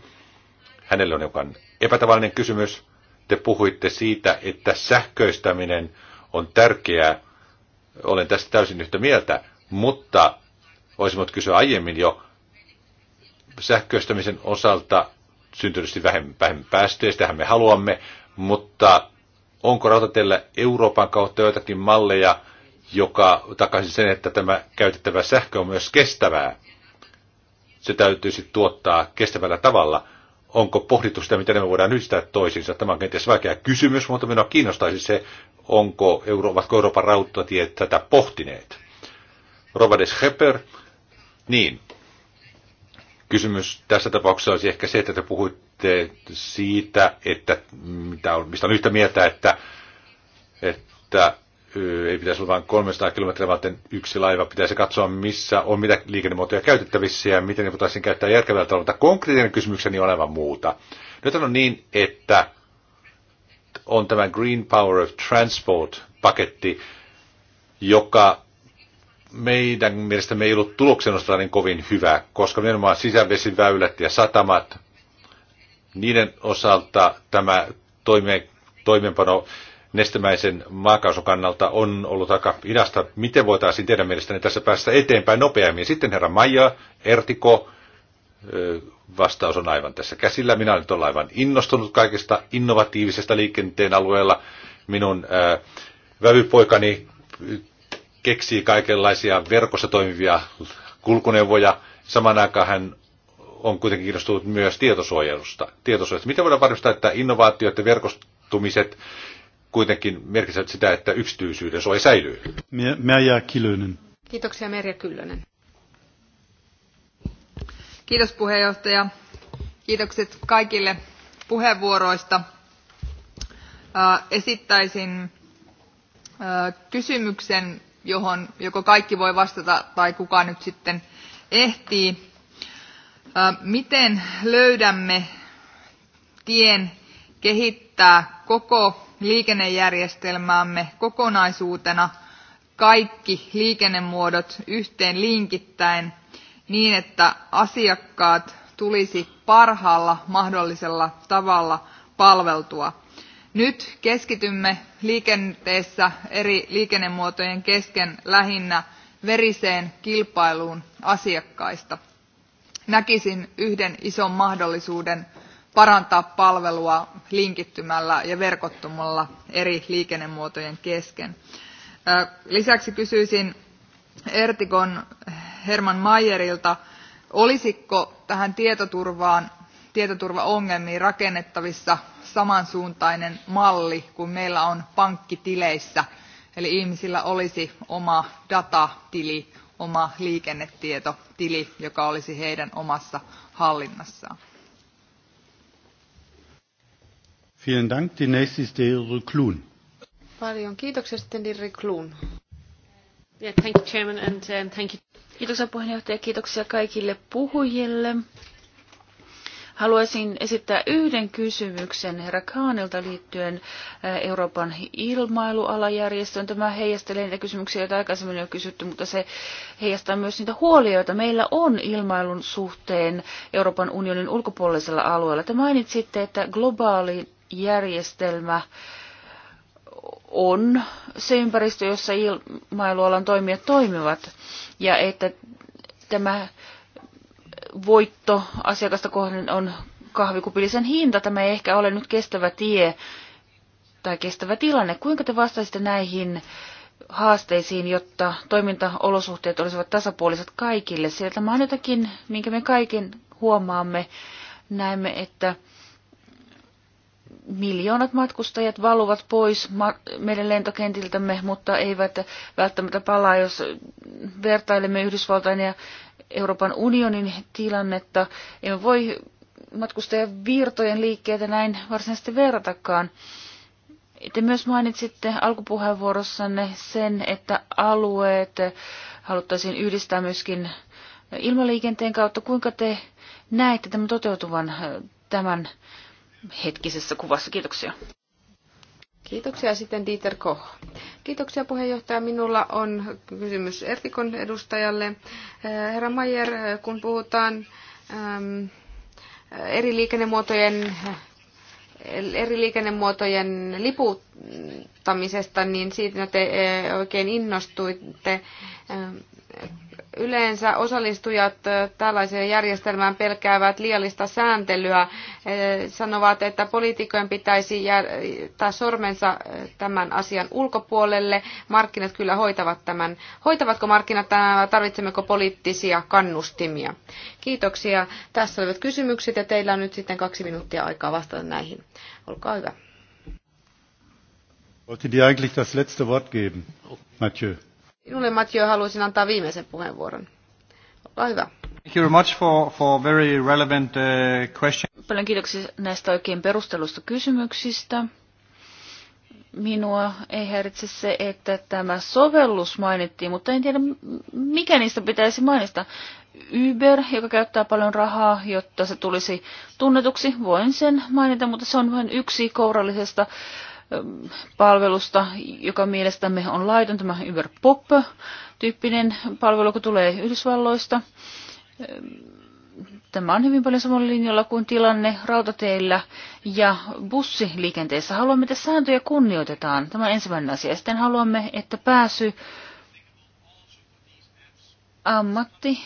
hänelle on jokan epätavallinen kysymys. Te puhuitte siitä, että sähköistäminen on tärkeää. Olen tästä täysin yhtä mieltä, mutta olisin voinut kysyä aiemmin jo sähköistämisen osalta syntynyt vähemmän, vähemmän päästöjä, sitähän me haluamme, mutta onko rautateillä Euroopan kautta joitakin malleja, joka takaisin sen, että tämä käytettävä sähkö on myös kestävää se täytyisi tuottaa kestävällä tavalla. Onko pohdittu sitä, miten me voidaan yhdistää toisiinsa? Tämä on kenties vaikea kysymys, mutta minua kiinnostaisi se, onko, ovatko Euroopan rautatiet tätä pohtineet. Robades Hepper, niin. Kysymys tässä tapauksessa olisi ehkä se, että te puhuitte siitä, että mitä on, mistä on yhtä mieltä, että, että ei pitäisi olla vain 300 kilometriä, vaan yksi laiva. Pitäisi katsoa, missä on mitä liikennemuotoja käytettävissä ja miten ne voitaisiin käyttää järkevällä tavalla. Mutta konkreettinen kysymykseni on aivan muuta. Nyt on niin, että on tämä Green Power of Transport-paketti, joka meidän mielestämme ei ollut tuloksen osalta niin kovin hyvä, koska nimenomaan sisävesiväylät ja satamat, niiden osalta tämä toime, toimeenpano nestemäisen maakaasun kannalta on ollut aika hidasta. Miten voitaisiin teidän mielestäni tässä päästä eteenpäin nopeammin? Sitten herra Maija, Ertiko, vastaus on aivan tässä käsillä. Minä nyt olen aivan innostunut kaikesta innovatiivisesta liikenteen alueella. Minun ää, vävypoikani keksii kaikenlaisia verkossa toimivia kulkuneuvoja. Samaan aikaan hän on kuitenkin kiinnostunut myös tietosuojelusta. tietosuojelusta. Miten voidaan varmistaa, että innovaatiot ja verkostumiset kuitenkin merkitsevät sitä, että yksityisyyden suoja säilyy. Merja Kilönen. Kiitoksia Merja Kyllönen. Kiitos puheenjohtaja. Kiitokset kaikille puheenvuoroista. Esittäisin kysymyksen, johon joko kaikki voi vastata tai kuka nyt sitten ehtii. Miten löydämme tien kehittää koko liikennejärjestelmäämme kokonaisuutena kaikki liikennemuodot yhteen linkittäen niin, että asiakkaat tulisi parhaalla mahdollisella tavalla palveltua. Nyt keskitymme liikenteessä eri liikennemuotojen kesken lähinnä veriseen kilpailuun asiakkaista. Näkisin yhden ison mahdollisuuden parantaa palvelua linkittymällä ja verkottumalla eri liikennemuotojen kesken. Lisäksi kysyisin Ertikon Herman Mayerilta, olisiko tähän tietoturvaan, tietoturvaongelmiin rakennettavissa samansuuntainen malli kuin meillä on pankkitileissä, eli ihmisillä olisi oma datatili, oma liikennetietotili, joka olisi heidän omassa hallinnassaan. Vielen Dank. Die nächste ist Deirdre Klun. Paljon kiitoksia sitten Deirdre Yeah, thank you, Chairman, and um, thank you. Kiitoksia puheenjohtaja, kiitoksia kaikille puhujille. Haluaisin esittää yhden kysymyksen herra Kaanilta liittyen äh, Euroopan ilmailualajärjestöön. Tämä heijastelee niitä kysymyksiä, joita aikaisemmin on kysytty, mutta se heijastaa myös niitä huolia, joita meillä on ilmailun suhteen Euroopan unionin ulkopuolisella alueella. Te mainitsitte, että globaali järjestelmä on se ympäristö, jossa ilmailualan toimijat toimivat ja että tämä voitto asiakasta kohden on kahvikupillisen hinta. Tämä ei ehkä ole nyt kestävä tie tai kestävä tilanne. Kuinka te vastaisitte näihin haasteisiin, jotta toimintaolosuhteet olisivat tasapuoliset kaikille? sieltä tämä on jotakin, minkä me kaiken huomaamme. Näemme, että miljoonat matkustajat valuvat pois meidän lentokentiltämme, mutta eivät välttämättä palaa, jos vertailemme Yhdysvaltain ja Euroopan unionin tilannetta. Emme voi matkustajavirtojen liikkeitä näin varsinaisesti verratakaan. Te myös mainitsitte alkupuheenvuorossanne sen, että alueet haluttaisiin yhdistää myöskin ilmaliikenteen kautta. Kuinka te näette tämän toteutuvan tämän hetkisessä kuvassa. Kiitoksia. Kiitoksia sitten Dieter Koch. Kiitoksia puheenjohtaja. Minulla on kysymys Ertikon edustajalle. Eh, herra Mayer, eh, kun puhutaan ehm, eri liikennemuotojen eh, eri liikennemuotojen liput kirjoittamisesta, niin siitä te e, oikein innostuitte. Yleensä osallistujat tällaiseen järjestelmään pelkäävät liiallista sääntelyä, sanovat, että poliitikkojen pitäisi jättää sormensa tämän asian ulkopuolelle. Markkinat kyllä hoitavat tämän. Hoitavatko markkinat tämän, tarvitsemmeko poliittisia kannustimia? Kiitoksia. Tässä olivat kysymykset ja teillä on nyt sitten kaksi minuuttia aikaa vastata näihin. Olkaa hyvä. Wollte dir eigentlich das letzte Wort geben, Mathieu. Minulle Mathieu haluaisin antaa viimeisen puheenvuoron. Olkaa hyvä. Thank you very much for, for very relevant uh, question. Paljon kiitoksia näistä oikein perustelusta kysymyksistä. Minua ei häiritse se, että tämä sovellus mainittiin, mutta en tiedä, mikä niistä pitäisi mainita. Uber, joka käyttää paljon rahaa, jotta se tulisi tunnetuksi, voin sen mainita, mutta se on vain yksi kourallisesta palvelusta, joka mielestämme on laiton, tämä Uber Pop-tyyppinen palvelu, joka tulee Yhdysvalloista. Tämä on hyvin paljon samalla linjalla kuin tilanne rautateillä ja bussiliikenteessä. Haluamme, että sääntöjä kunnioitetaan. Tämä on ensimmäinen asia. Sitten haluamme, että pääsy ammatti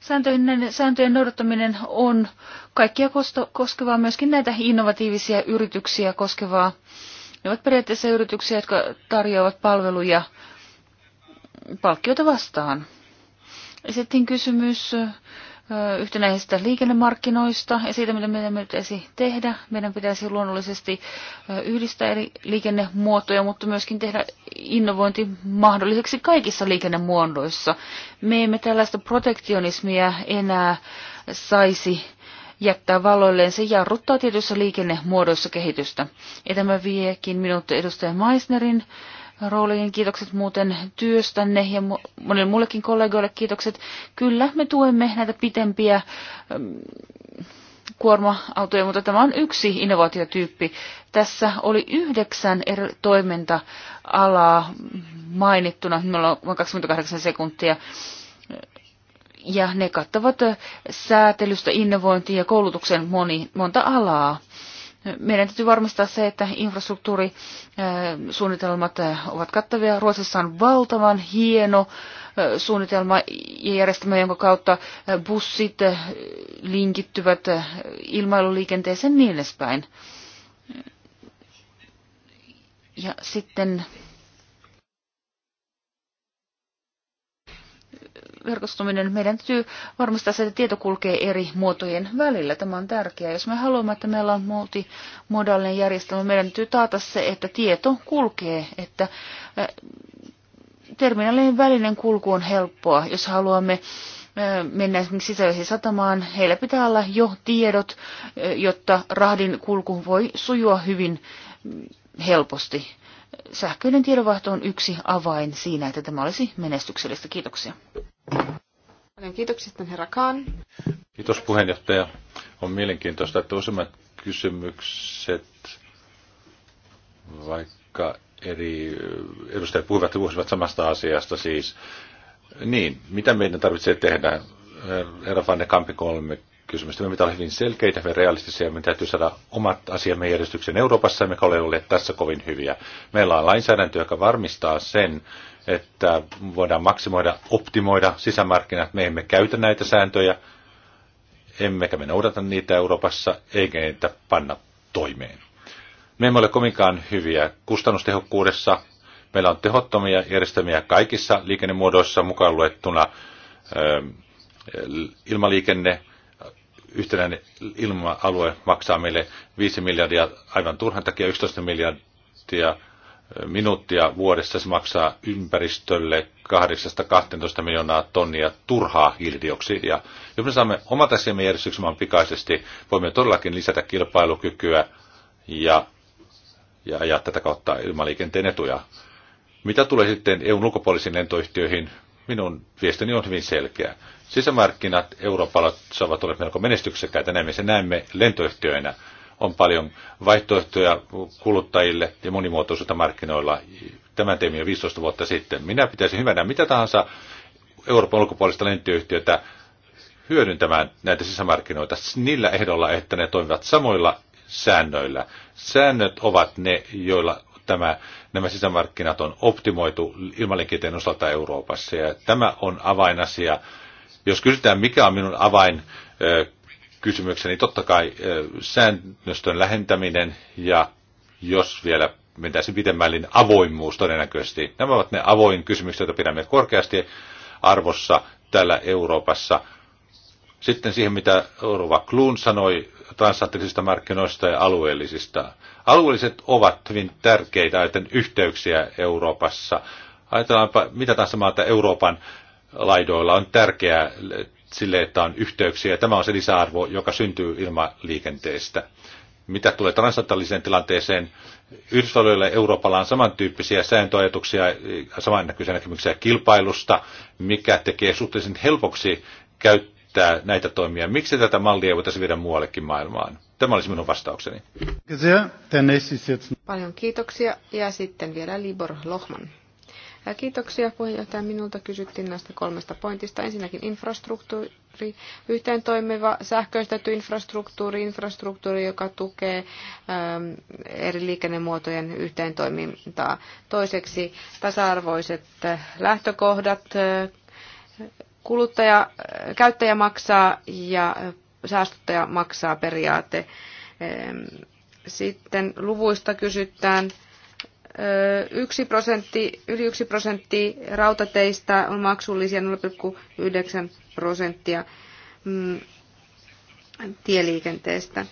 sääntöjen, sääntöjen noudattaminen on kaikkia koskevaa, myöskin näitä innovatiivisia yrityksiä koskevaa. Ne ovat periaatteessa yrityksiä, jotka tarjoavat palveluja palkkiota vastaan. Esitin kysymys yhtenäisistä liikennemarkkinoista ja siitä, mitä meidän pitäisi tehdä. Meidän pitäisi luonnollisesti yhdistää eri liikennemuotoja, mutta myöskin tehdä innovointi mahdolliseksi kaikissa liikennemuodoissa. Me emme tällaista protektionismia enää saisi jättää valoilleen, Se jarruttaa tietyissä liikennemuodoissa kehitystä. Ja tämä viekin minut edustaja Meisnerin rooliin. Kiitokset muuten työstänne ja monille muillekin kollegoille kiitokset. Kyllä, me tuemme näitä pitempiä mm, kuorma-autoja, mutta tämä on yksi innovaatiotyyppi. Tässä oli yhdeksän eri toiminta-alaa mainittuna, minulla on 28 sekuntia ja ne kattavat säätelystä, innovointia ja koulutuksen moni, monta alaa. Meidän täytyy varmistaa se, että infrastruktuurisuunnitelmat äh, äh, ovat kattavia. Ruotsissa on valtavan hieno äh, suunnitelma ja järjestelmä, jonka kautta bussit linkittyvät ilmailuliikenteeseen niin edespäin. Ja sitten verkostuminen, meidän täytyy varmistaa se, että tieto kulkee eri muotojen välillä. Tämä on tärkeää. Jos me haluamme, että meillä on multimodaalinen järjestelmä, meidän täytyy taata se, että tieto kulkee, että terminaalien välinen kulku on helppoa. Jos haluamme mennä esimerkiksi sisäisiin satamaan, heillä pitää olla jo tiedot, jotta rahdin kulku voi sujua hyvin helposti sähköinen tiedonvaihto on yksi avain siinä, että tämä olisi menestyksellistä. Kiitoksia. Paljon kiitoksia sitten herra Kaan. Kiitos puheenjohtaja. On mielenkiintoista, että useimmat kysymykset, vaikka eri edustajat puhuvat, puhuvat samasta asiasta siis. Niin, mitä meidän tarvitsee tehdä? Herra Fanne Kampi kolme kysymystä. Me pitää olla hyvin selkeitä ja realistisia me täytyy saada omat asiamme järjestyksen Euroopassa, emmekä ole olleet tässä kovin hyviä. Meillä on lainsäädäntö, joka varmistaa sen, että voidaan maksimoida, optimoida sisämarkkinat. Me emme käytä näitä sääntöjä, emmekä me noudata niitä Euroopassa, eikä niitä panna toimeen. Me emme ole kovinkaan hyviä kustannustehokkuudessa. Meillä on tehottomia järjestelmiä kaikissa liikennemuodoissa mukaan luettuna ilmaliikenne, yhtenäinen ilma-alue maksaa meille 5 miljardia aivan turhan takia, 11 miljardia minuuttia vuodessa. Se maksaa ympäristölle 8-12 miljoonaa tonnia turhaa hiilidioksidia. Jos me saamme omat asiamme järjestyksemään pikaisesti, voimme todellakin lisätä kilpailukykyä ja, ja ajaa tätä kautta ilmaliikenteen etuja. Mitä tulee sitten EUn ulkopuolisiin lentoyhtiöihin, Minun viestini on hyvin selkeä. Sisämarkkinat Euroopalla saavat olla melko menestyksekkäitä, näin me se näemme lentoyhtiöinä. On paljon vaihtoehtoja kuluttajille ja monimuotoisuutta markkinoilla. Tämän teemme jo 15 vuotta sitten. Minä pitäisin hyvänä mitä tahansa Euroopan ulkopuolista lentoyhtiötä hyödyntämään näitä sisämarkkinoita niillä ehdolla, että ne toimivat samoilla säännöillä. Säännöt ovat ne, joilla tämä, nämä sisämarkkinat on optimoitu ilmaliikenteen osalta Euroopassa. Ja tämä on avainasia. Jos kysytään, mikä on minun avain kysymykseni, totta kai säännöstön lähentäminen ja jos vielä mentäisiin pitemmälle, niin avoimuus todennäköisesti. Nämä ovat ne avoin kysymykset, joita pidämme korkeasti arvossa täällä Euroopassa. Sitten siihen, mitä Rova Kluun sanoi transatlanttisista markkinoista ja alueellisista Alueelliset ovat hyvin tärkeitä ajatellen yhteyksiä Euroopassa. Ajatellaanpa mitä tahansa maata Euroopan laidoilla on tärkeää sille, että on yhteyksiä. Tämä on se lisäarvo, joka syntyy ilmaliikenteestä. Mitä tulee transatlanttiseen tilanteeseen, Yhdysvalloilla ja Euroopalla on samantyyppisiä sääntöajatuksia, samannäköisiä näkemyksiä kilpailusta, mikä tekee suhteellisen helpoksi käyttää näitä toimia. Miksi tätä mallia voitaisiin viedä muuallekin maailmaan? Tämä olisi minun vastaukseni. Paljon kiitoksia. Ja sitten vielä Libor Lohman. Kiitoksia puheenjohtaja. Minulta kysyttiin näistä kolmesta pointista. Ensinnäkin infrastruktuuri, yhteen toimiva sähköistetty infrastruktuuri, infrastruktuuri, joka tukee ähm, eri liikennemuotojen yhteen toimintaa. Toiseksi tasa-arvoiset lähtökohdat, äh, kuluttaja, äh, käyttäjä maksaa ja säästöttäjä maksaa periaate. Sitten luvuista kysytään. Yksi prosentti, yli yksi prosentti rautateistä on maksullisia 0,9 prosenttia mm, tieliikenteestä.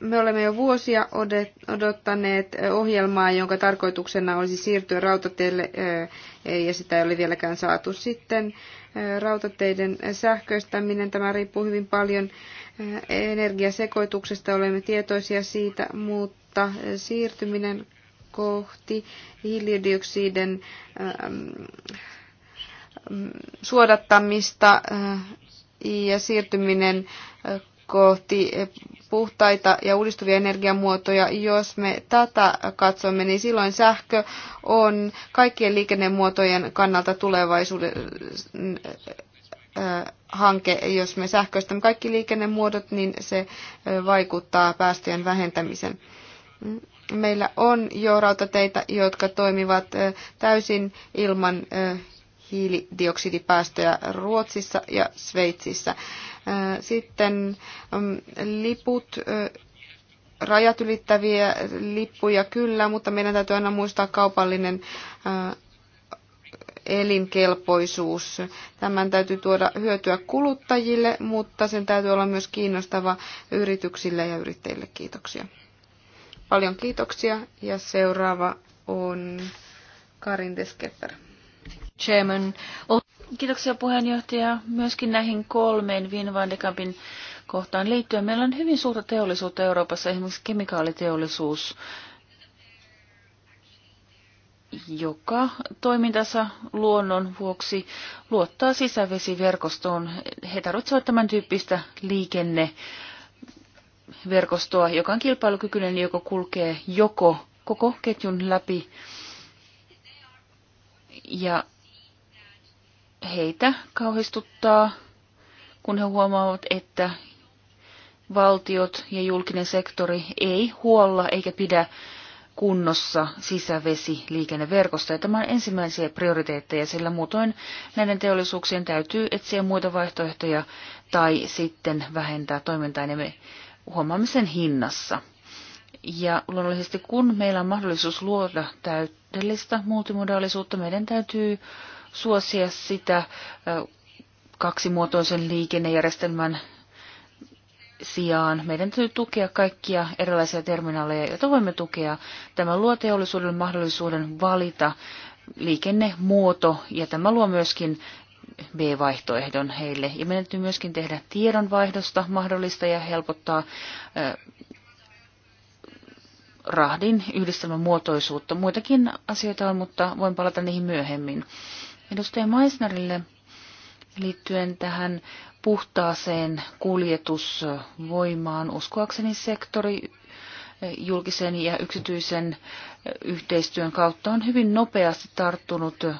Me olemme jo vuosia odottaneet ohjelmaa, jonka tarkoituksena olisi siirtyä rautateille ja sitä ei ole vieläkään saatu. Sitten rautateiden sähköistäminen. Tämä riippuu hyvin paljon eh, energiasekoituksesta, olemme tietoisia siitä, mutta eh, siirtyminen kohti hiilidioksidin ehm, mm, suodattamista eh, ja siirtyminen kohti puhtaita ja uudistuvia energiamuotoja. Jos me tätä katsomme, niin silloin sähkö on kaikkien liikennemuotojen kannalta tulevaisuuden äh, hanke. Jos me sähköistämme kaikki liikennemuodot, niin se äh, vaikuttaa päästöjen vähentämisen. Meillä on jo rautateitä, jotka toimivat äh, täysin ilman hiilidioksidipäästöjä Ruotsissa ja Sveitsissä. Äh, sitten ähm, liput, äh, rajat ylittäviä lippuja kyllä, mutta meidän täytyy aina muistaa kaupallinen äh, elinkelpoisuus. Tämän täytyy tuoda hyötyä kuluttajille, mutta sen täytyy olla myös kiinnostava yrityksille ja yrittäjille. Kiitoksia. Paljon kiitoksia ja seuraava on Karin Deskepper. Chairman. Kiitoksia puheenjohtaja. Myöskin näihin kolmeen Vinvandekampin kohtaan liittyen. Meillä on hyvin suurta teollisuutta Euroopassa, esimerkiksi kemikaaliteollisuus, joka toimintansa luonnon vuoksi luottaa sisävesiverkostoon. He tarvitsevat tämän tyyppistä liikenneverkostoa, joka on kilpailukykyinen, joka kulkee joko koko ketjun läpi. Ja heitä kauhistuttaa, kun he huomaavat, että valtiot ja julkinen sektori ei huolla eikä pidä kunnossa sisävesiliikenneverkosta. Ja tämä on ensimmäisiä prioriteetteja, sillä muutoin näiden teollisuuksien täytyy etsiä muita vaihtoehtoja tai sitten vähentää toimintaa, niin me huomaamme sen hinnassa. Ja luonnollisesti kun meillä on mahdollisuus luoda täydellistä multimodaalisuutta, meidän täytyy suosia sitä kaksimuotoisen liikennejärjestelmän sijaan. Meidän täytyy tukea kaikkia erilaisia terminaaleja, joita voimme tukea. Tämä luo teollisuuden mahdollisuuden valita liikennemuoto ja tämä luo myöskin B-vaihtoehdon heille. Ja meidän täytyy myöskin tehdä tiedonvaihdosta mahdollista ja helpottaa rahdin yhdistelmän muotoisuutta. Muitakin asioita on, mutta voin palata niihin myöhemmin edustaja Maisnerille liittyen tähän puhtaaseen kuljetusvoimaan. Uskoakseni sektori eh, julkisen ja yksityisen eh, yhteistyön kautta on hyvin nopeasti tarttunut eh,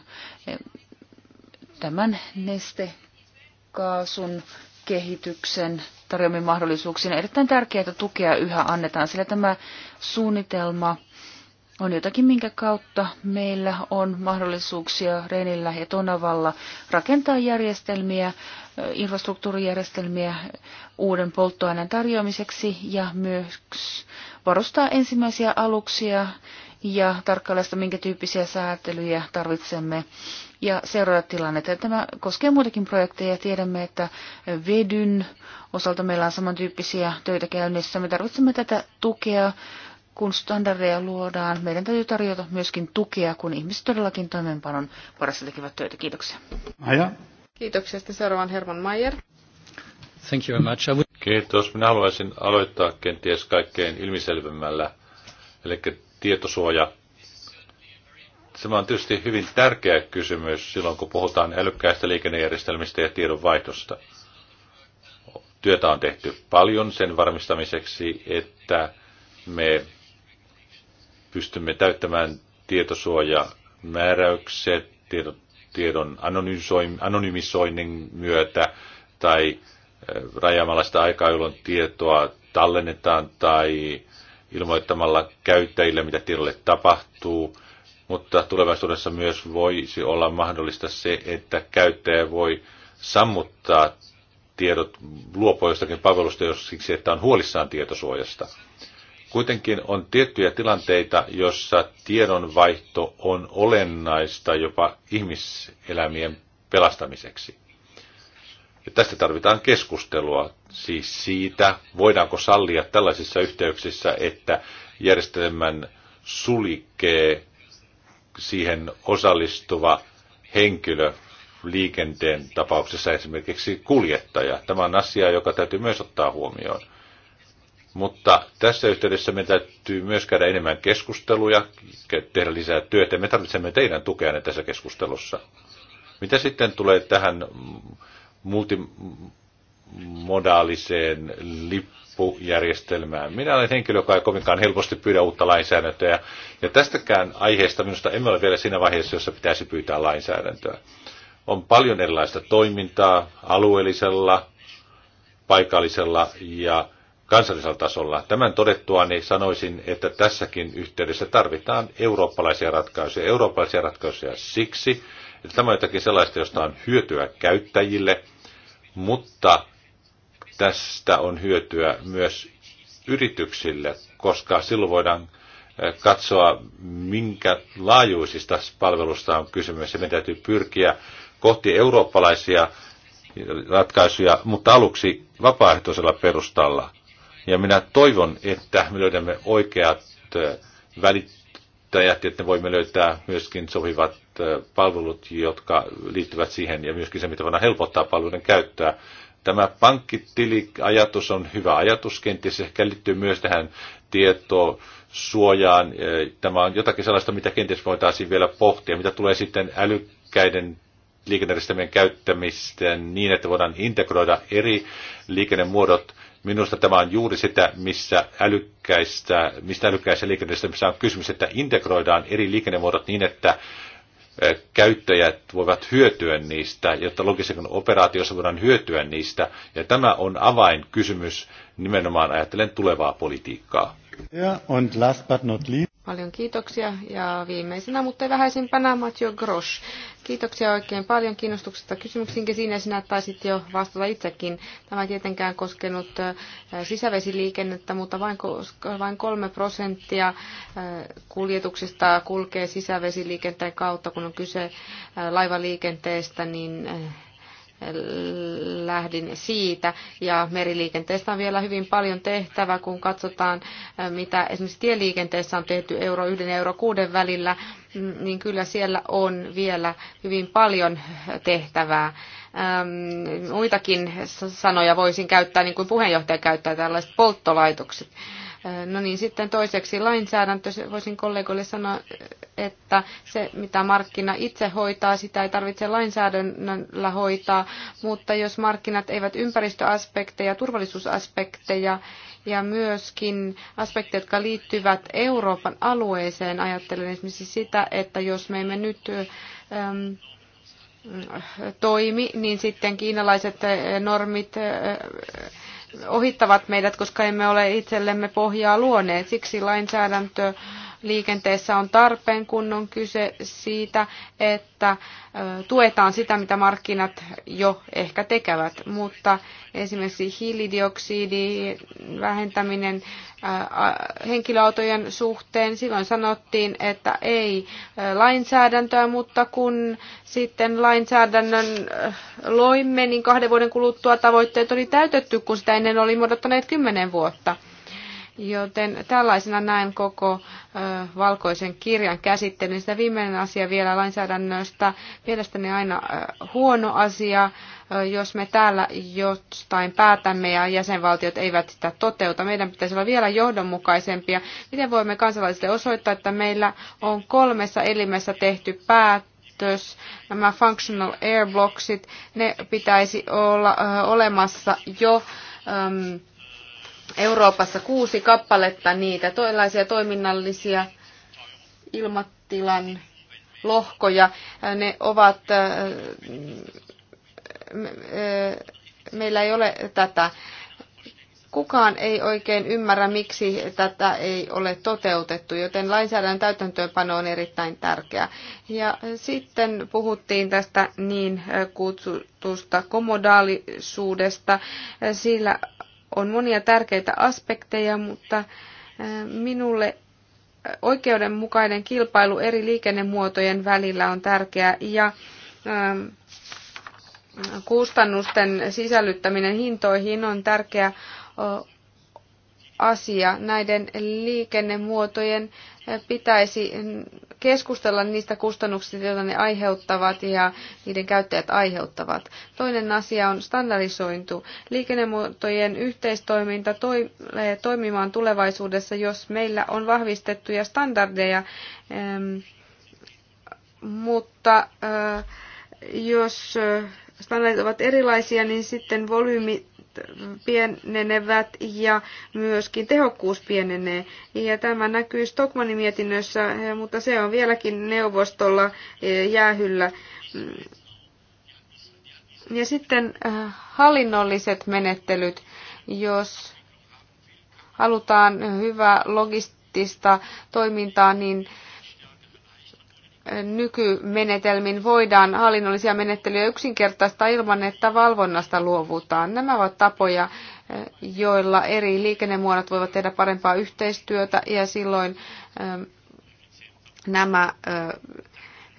tämän nestekaasun kehityksen tarjoamiin mahdollisuuksiin. Erittäin tärkeää tukea yhä annetaan, sillä tämä suunnitelma – on jotakin, minkä kautta meillä on mahdollisuuksia Reinillä ja Tonavalla rakentaa järjestelmiä, infrastruktuurijärjestelmiä uuden polttoaineen tarjoamiseksi ja myös varustaa ensimmäisiä aluksia ja tarkkailla sitä, minkä tyyppisiä säätelyjä tarvitsemme ja seurata tilannetta. Tämä koskee muitakin projekteja. Tiedämme, että vedyn osalta meillä on samantyyppisiä töitä käynnissä. Me tarvitsemme tätä tukea kun standardeja luodaan, meidän täytyy tarjota myöskin tukea, kun ihmiset todellakin toimeenpanon parissa tekevät töitä. Kiitoksia. Aja. Kiitoksia. Sitten seuraavan Herman Mayer. Thank you very much. would... Kiitos. Minä haluaisin aloittaa kenties kaikkein ilmiselvemmällä, eli tietosuoja. Se on tietysti hyvin tärkeä kysymys silloin, kun puhutaan älykkäistä liikennejärjestelmistä ja tiedonvaihdosta. Työtä on tehty paljon sen varmistamiseksi, että me pystymme täyttämään tietosuojamääräykset tiedon, tiedon anonymisoinnin myötä tai rajaamalla sitä aikaa, jolloin tietoa tallennetaan tai ilmoittamalla käyttäjille, mitä tiedolle tapahtuu. Mutta tulevaisuudessa myös voisi olla mahdollista se, että käyttäjä voi sammuttaa tiedot, luopua jostakin palvelusta jos siksi, että on huolissaan tietosuojasta. Kuitenkin on tiettyjä tilanteita, jossa tiedonvaihto on olennaista jopa ihmiselämien pelastamiseksi. Ja tästä tarvitaan keskustelua siis siitä, voidaanko sallia tällaisissa yhteyksissä, että järjestelmän sulikee siihen osallistuva henkilö liikenteen tapauksessa esimerkiksi kuljettaja. Tämä on asia, joka täytyy myös ottaa huomioon. Mutta tässä yhteydessä me täytyy myös käydä enemmän keskusteluja, tehdä lisää työtä. Me tarvitsemme teidän tukeanne tässä keskustelussa. Mitä sitten tulee tähän multimodaaliseen lippujärjestelmään? Minä olen henkilö, joka ei kovinkaan helposti pyydä uutta lainsäädäntöä. Ja tästäkään aiheesta minusta emme ole vielä siinä vaiheessa, jossa pitäisi pyytää lainsäädäntöä. On paljon erilaista toimintaa alueellisella, paikallisella ja kansallisella tasolla. Tämän todettua niin sanoisin, että tässäkin yhteydessä tarvitaan eurooppalaisia ratkaisuja. Eurooppalaisia ratkaisuja siksi, että tämä on jotakin sellaista, josta on hyötyä käyttäjille, mutta tästä on hyötyä myös yrityksille, koska silloin voidaan eh, katsoa, minkä laajuisista palvelusta on kysymys. Ja meidän täytyy pyrkiä kohti eurooppalaisia ratkaisuja, mutta aluksi vapaaehtoisella perustalla. Ja minä toivon, että me löydämme oikeat välittäjät, että me voimme löytää myöskin sopivat palvelut, jotka liittyvät siihen, ja myöskin se, mitä voidaan helpottaa palveluiden käyttöä. Tämä pankkitiliajatus on hyvä ajatus, kenties ehkä liittyy myös tähän suojaan. Tämä on jotakin sellaista, mitä kenties voitaisiin vielä pohtia. Mitä tulee sitten älykkäiden liikennejärjestelmien käyttämistä niin, että voidaan integroida eri liikennemuodot Minusta tämä on juuri sitä, missä älykkäistä, mistä älykkäistä liikenteestä on kysymys, että integroidaan eri liikennemuodot niin, että käyttäjät voivat hyötyä niistä, jotta logistisen operaatiossa voidaan hyötyä niistä. Ja tämä on avainkysymys nimenomaan ajattelen tulevaa politiikkaa. Ja, Paljon kiitoksia ja viimeisenä, mutta ei vähäisimpänä, Mathieu Grosch. Kiitoksia oikein paljon kiinnostuksesta kysymyksiin. Siinä sinä taisit jo vastata itsekin. Tämä ei tietenkään koskenut äh, sisävesiliikennettä, mutta vain, vain prosenttia äh, kuljetuksista kulkee sisävesiliikenteen kautta. Kun on kyse äh, laivaliikenteestä, niin lähdin siitä. Ja meriliikenteestä on vielä hyvin paljon tehtävä, kun katsotaan, äh, mitä esimerkiksi tieliikenteessä on tehty euro 1 ja euro 6 välillä, mm, niin kyllä siellä on vielä hyvin paljon tehtävää. Ähm, muitakin sanoja voisin käyttää, niin kuin puheenjohtaja käyttää, tällaiset polttolaitokset. No niin, sitten toiseksi lainsäädäntö. Voisin kollegoille sanoa, että se mitä markkina itse hoitaa, sitä ei tarvitse lainsäädännöllä hoitaa, mutta jos markkinat eivät ympäristöaspekteja, turvallisuusaspekteja ja myöskin aspekteja, jotka liittyvät Euroopan alueeseen, ajattelen esimerkiksi sitä, että jos me emme nyt äm, toimi, niin sitten kiinalaiset normit ohittavat meidät, koska emme ole itsellemme pohjaa luoneet. Siksi lainsäädäntö liikenteessä on tarpeen, kun on kyse siitä, että tuetaan sitä, mitä markkinat jo ehkä tekevät. Mutta esimerkiksi hiilidioksidin vähentäminen henkilöautojen suhteen, silloin sanottiin, että ei lainsäädäntöä, mutta kun sitten lainsäädännön loimme, niin kahden vuoden kuluttua tavoitteet oli täytetty, kun sitä ennen oli odottaneet kymmenen vuotta. Joten tällaisena näen koko ö, valkoisen kirjan käsittelyn. Sitä viimeinen asia vielä lainsäädännöstä. Mielestäni aina ö, huono asia, ö, jos me täällä jostain päätämme ja jäsenvaltiot eivät sitä toteuta. Meidän pitäisi olla vielä johdonmukaisempia. Miten voimme kansalaisille osoittaa, että meillä on kolmessa elimessä tehty päät nämä functional airblocksit, ne pitäisi olla ö, olemassa jo äm, Euroopassa kuusi kappaletta niitä, toilaisia toiminnallisia ilmatilan lohkoja. Ne ovat, äh, äh, meillä ei ole tätä. Kukaan ei oikein ymmärrä, miksi tätä ei ole toteutettu, joten lainsäädännön täytäntöönpano on erittäin tärkeä Ja sitten puhuttiin tästä niin kutsutusta komodaalisuudesta. Sillä on monia tärkeitä aspekteja, mutta minulle oikeudenmukainen kilpailu eri liikennemuotojen välillä on tärkeää ja kustannusten sisällyttäminen hintoihin on tärkeä asia. Näiden liikennemuotojen pitäisi keskustella niistä kustannuksista, joita ne aiheuttavat ja niiden käyttäjät aiheuttavat. Toinen asia on standardisointu. Liikennemuotojen yhteistoiminta tulee toimimaan tulevaisuudessa, jos meillä on vahvistettuja standardeja, mutta jos standardit ovat erilaisia, niin sitten volyymi pienenevät ja myöskin tehokkuus pienenee. Ja tämä näkyy Stockmanin mietinnössä, mutta se on vieläkin neuvostolla eh, jäähyllä. Mm. Ja sitten eh, hallinnolliset menettelyt, jos halutaan hyvää logistista toimintaa, niin nykymenetelmin voidaan hallinnollisia menettelyjä yksinkertaistaa ilman, että valvonnasta luovutaan. Nämä ovat tapoja, eh, joilla eri liikennemuodot voivat tehdä parempaa yhteistyötä ja silloin eh, nämä eh,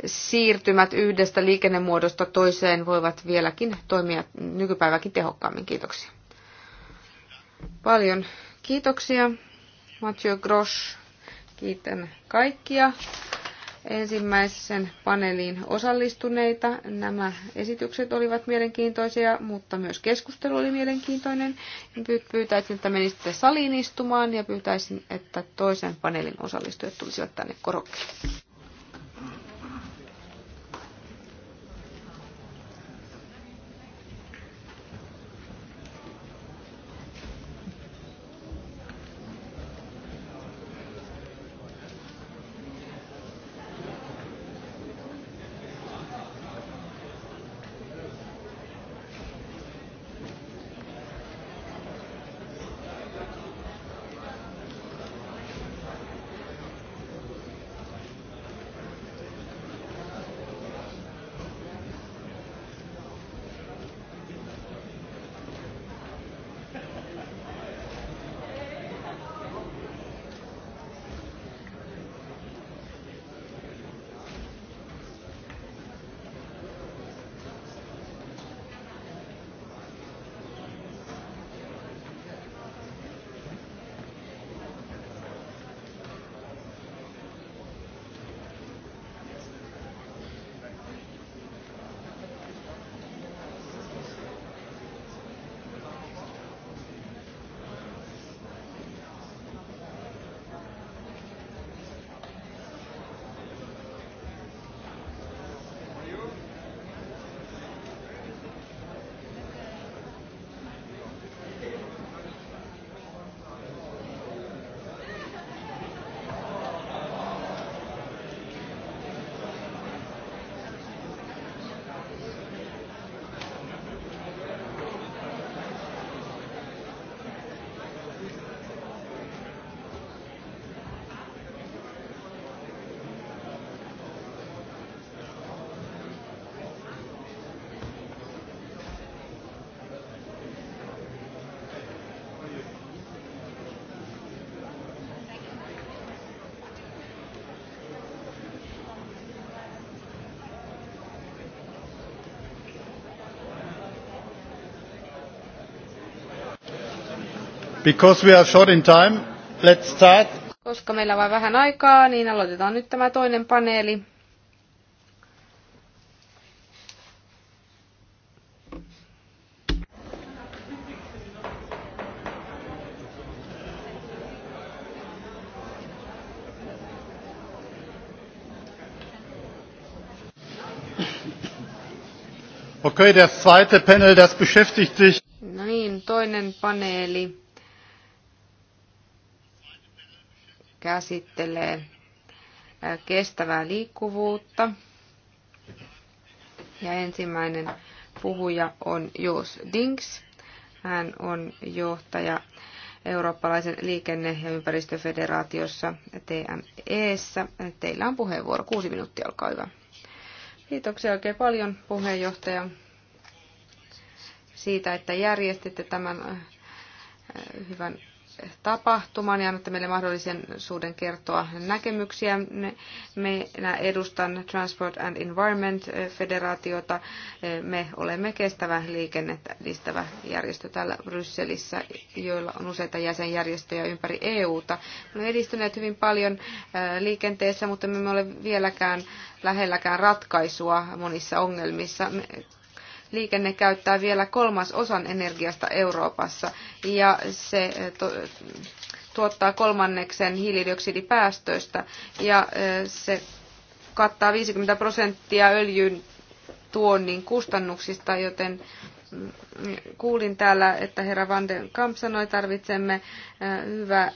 siirtymät yhdestä liikennemuodosta toiseen voivat vieläkin toimia nykypäiväkin tehokkaammin. Kiitoksia. Paljon kiitoksia. Mathieu Grosch, kiitän kaikkia ensimmäisen paneeliin osallistuneita. Nämä esitykset olivat mielenkiintoisia, mutta myös keskustelu oli mielenkiintoinen. Pyytäisin, että menisitte saliin istumaan ja pyytäisin, että toisen paneelin osallistujat tulisivat tänne korokkeelle. Because we are short in time, let's start. Koska meillä on vain vähän aikaa, niin aloitetaan nyt tämä toinen paneeli. Okay, das zweite Panel, das beschäftigt sich. Nein, no niin, toinen paneeli käsittelee kestävää liikkuvuutta. Ja ensimmäinen puhuja on Jos Dings. Hän on johtaja eurooppalaisen liikenne- ja ympäristöfederaatiossa TMEssä. Teillä on puheenvuoro. Kuusi minuuttia, olkaa hyvä. Kiitoksia oikein paljon puheenjohtaja siitä, että järjestitte tämän hyvän tapahtuman ja annatte meille mahdollisuuden kertoa näkemyksiä. Minä edustan Transport and Environment Federaatiota. Me olemme kestävä liikennettä edistävä järjestö täällä Brysselissä, joilla on useita jäsenjärjestöjä ympäri EUta. Me olemme edistyneet hyvin paljon liikenteessä, mutta me emme ole vieläkään lähelläkään ratkaisua monissa ongelmissa liikenne käyttää vielä kolmas osan energiasta Euroopassa ja se eh, tuottaa kolmanneksen hiilidioksidipäästöistä ja eh, se kattaa 50 prosenttia öljyn tuonnin kustannuksista, joten mm, kuulin täällä, että herra Van den Kamp sanoi, että tarvitsemme eh, hyvää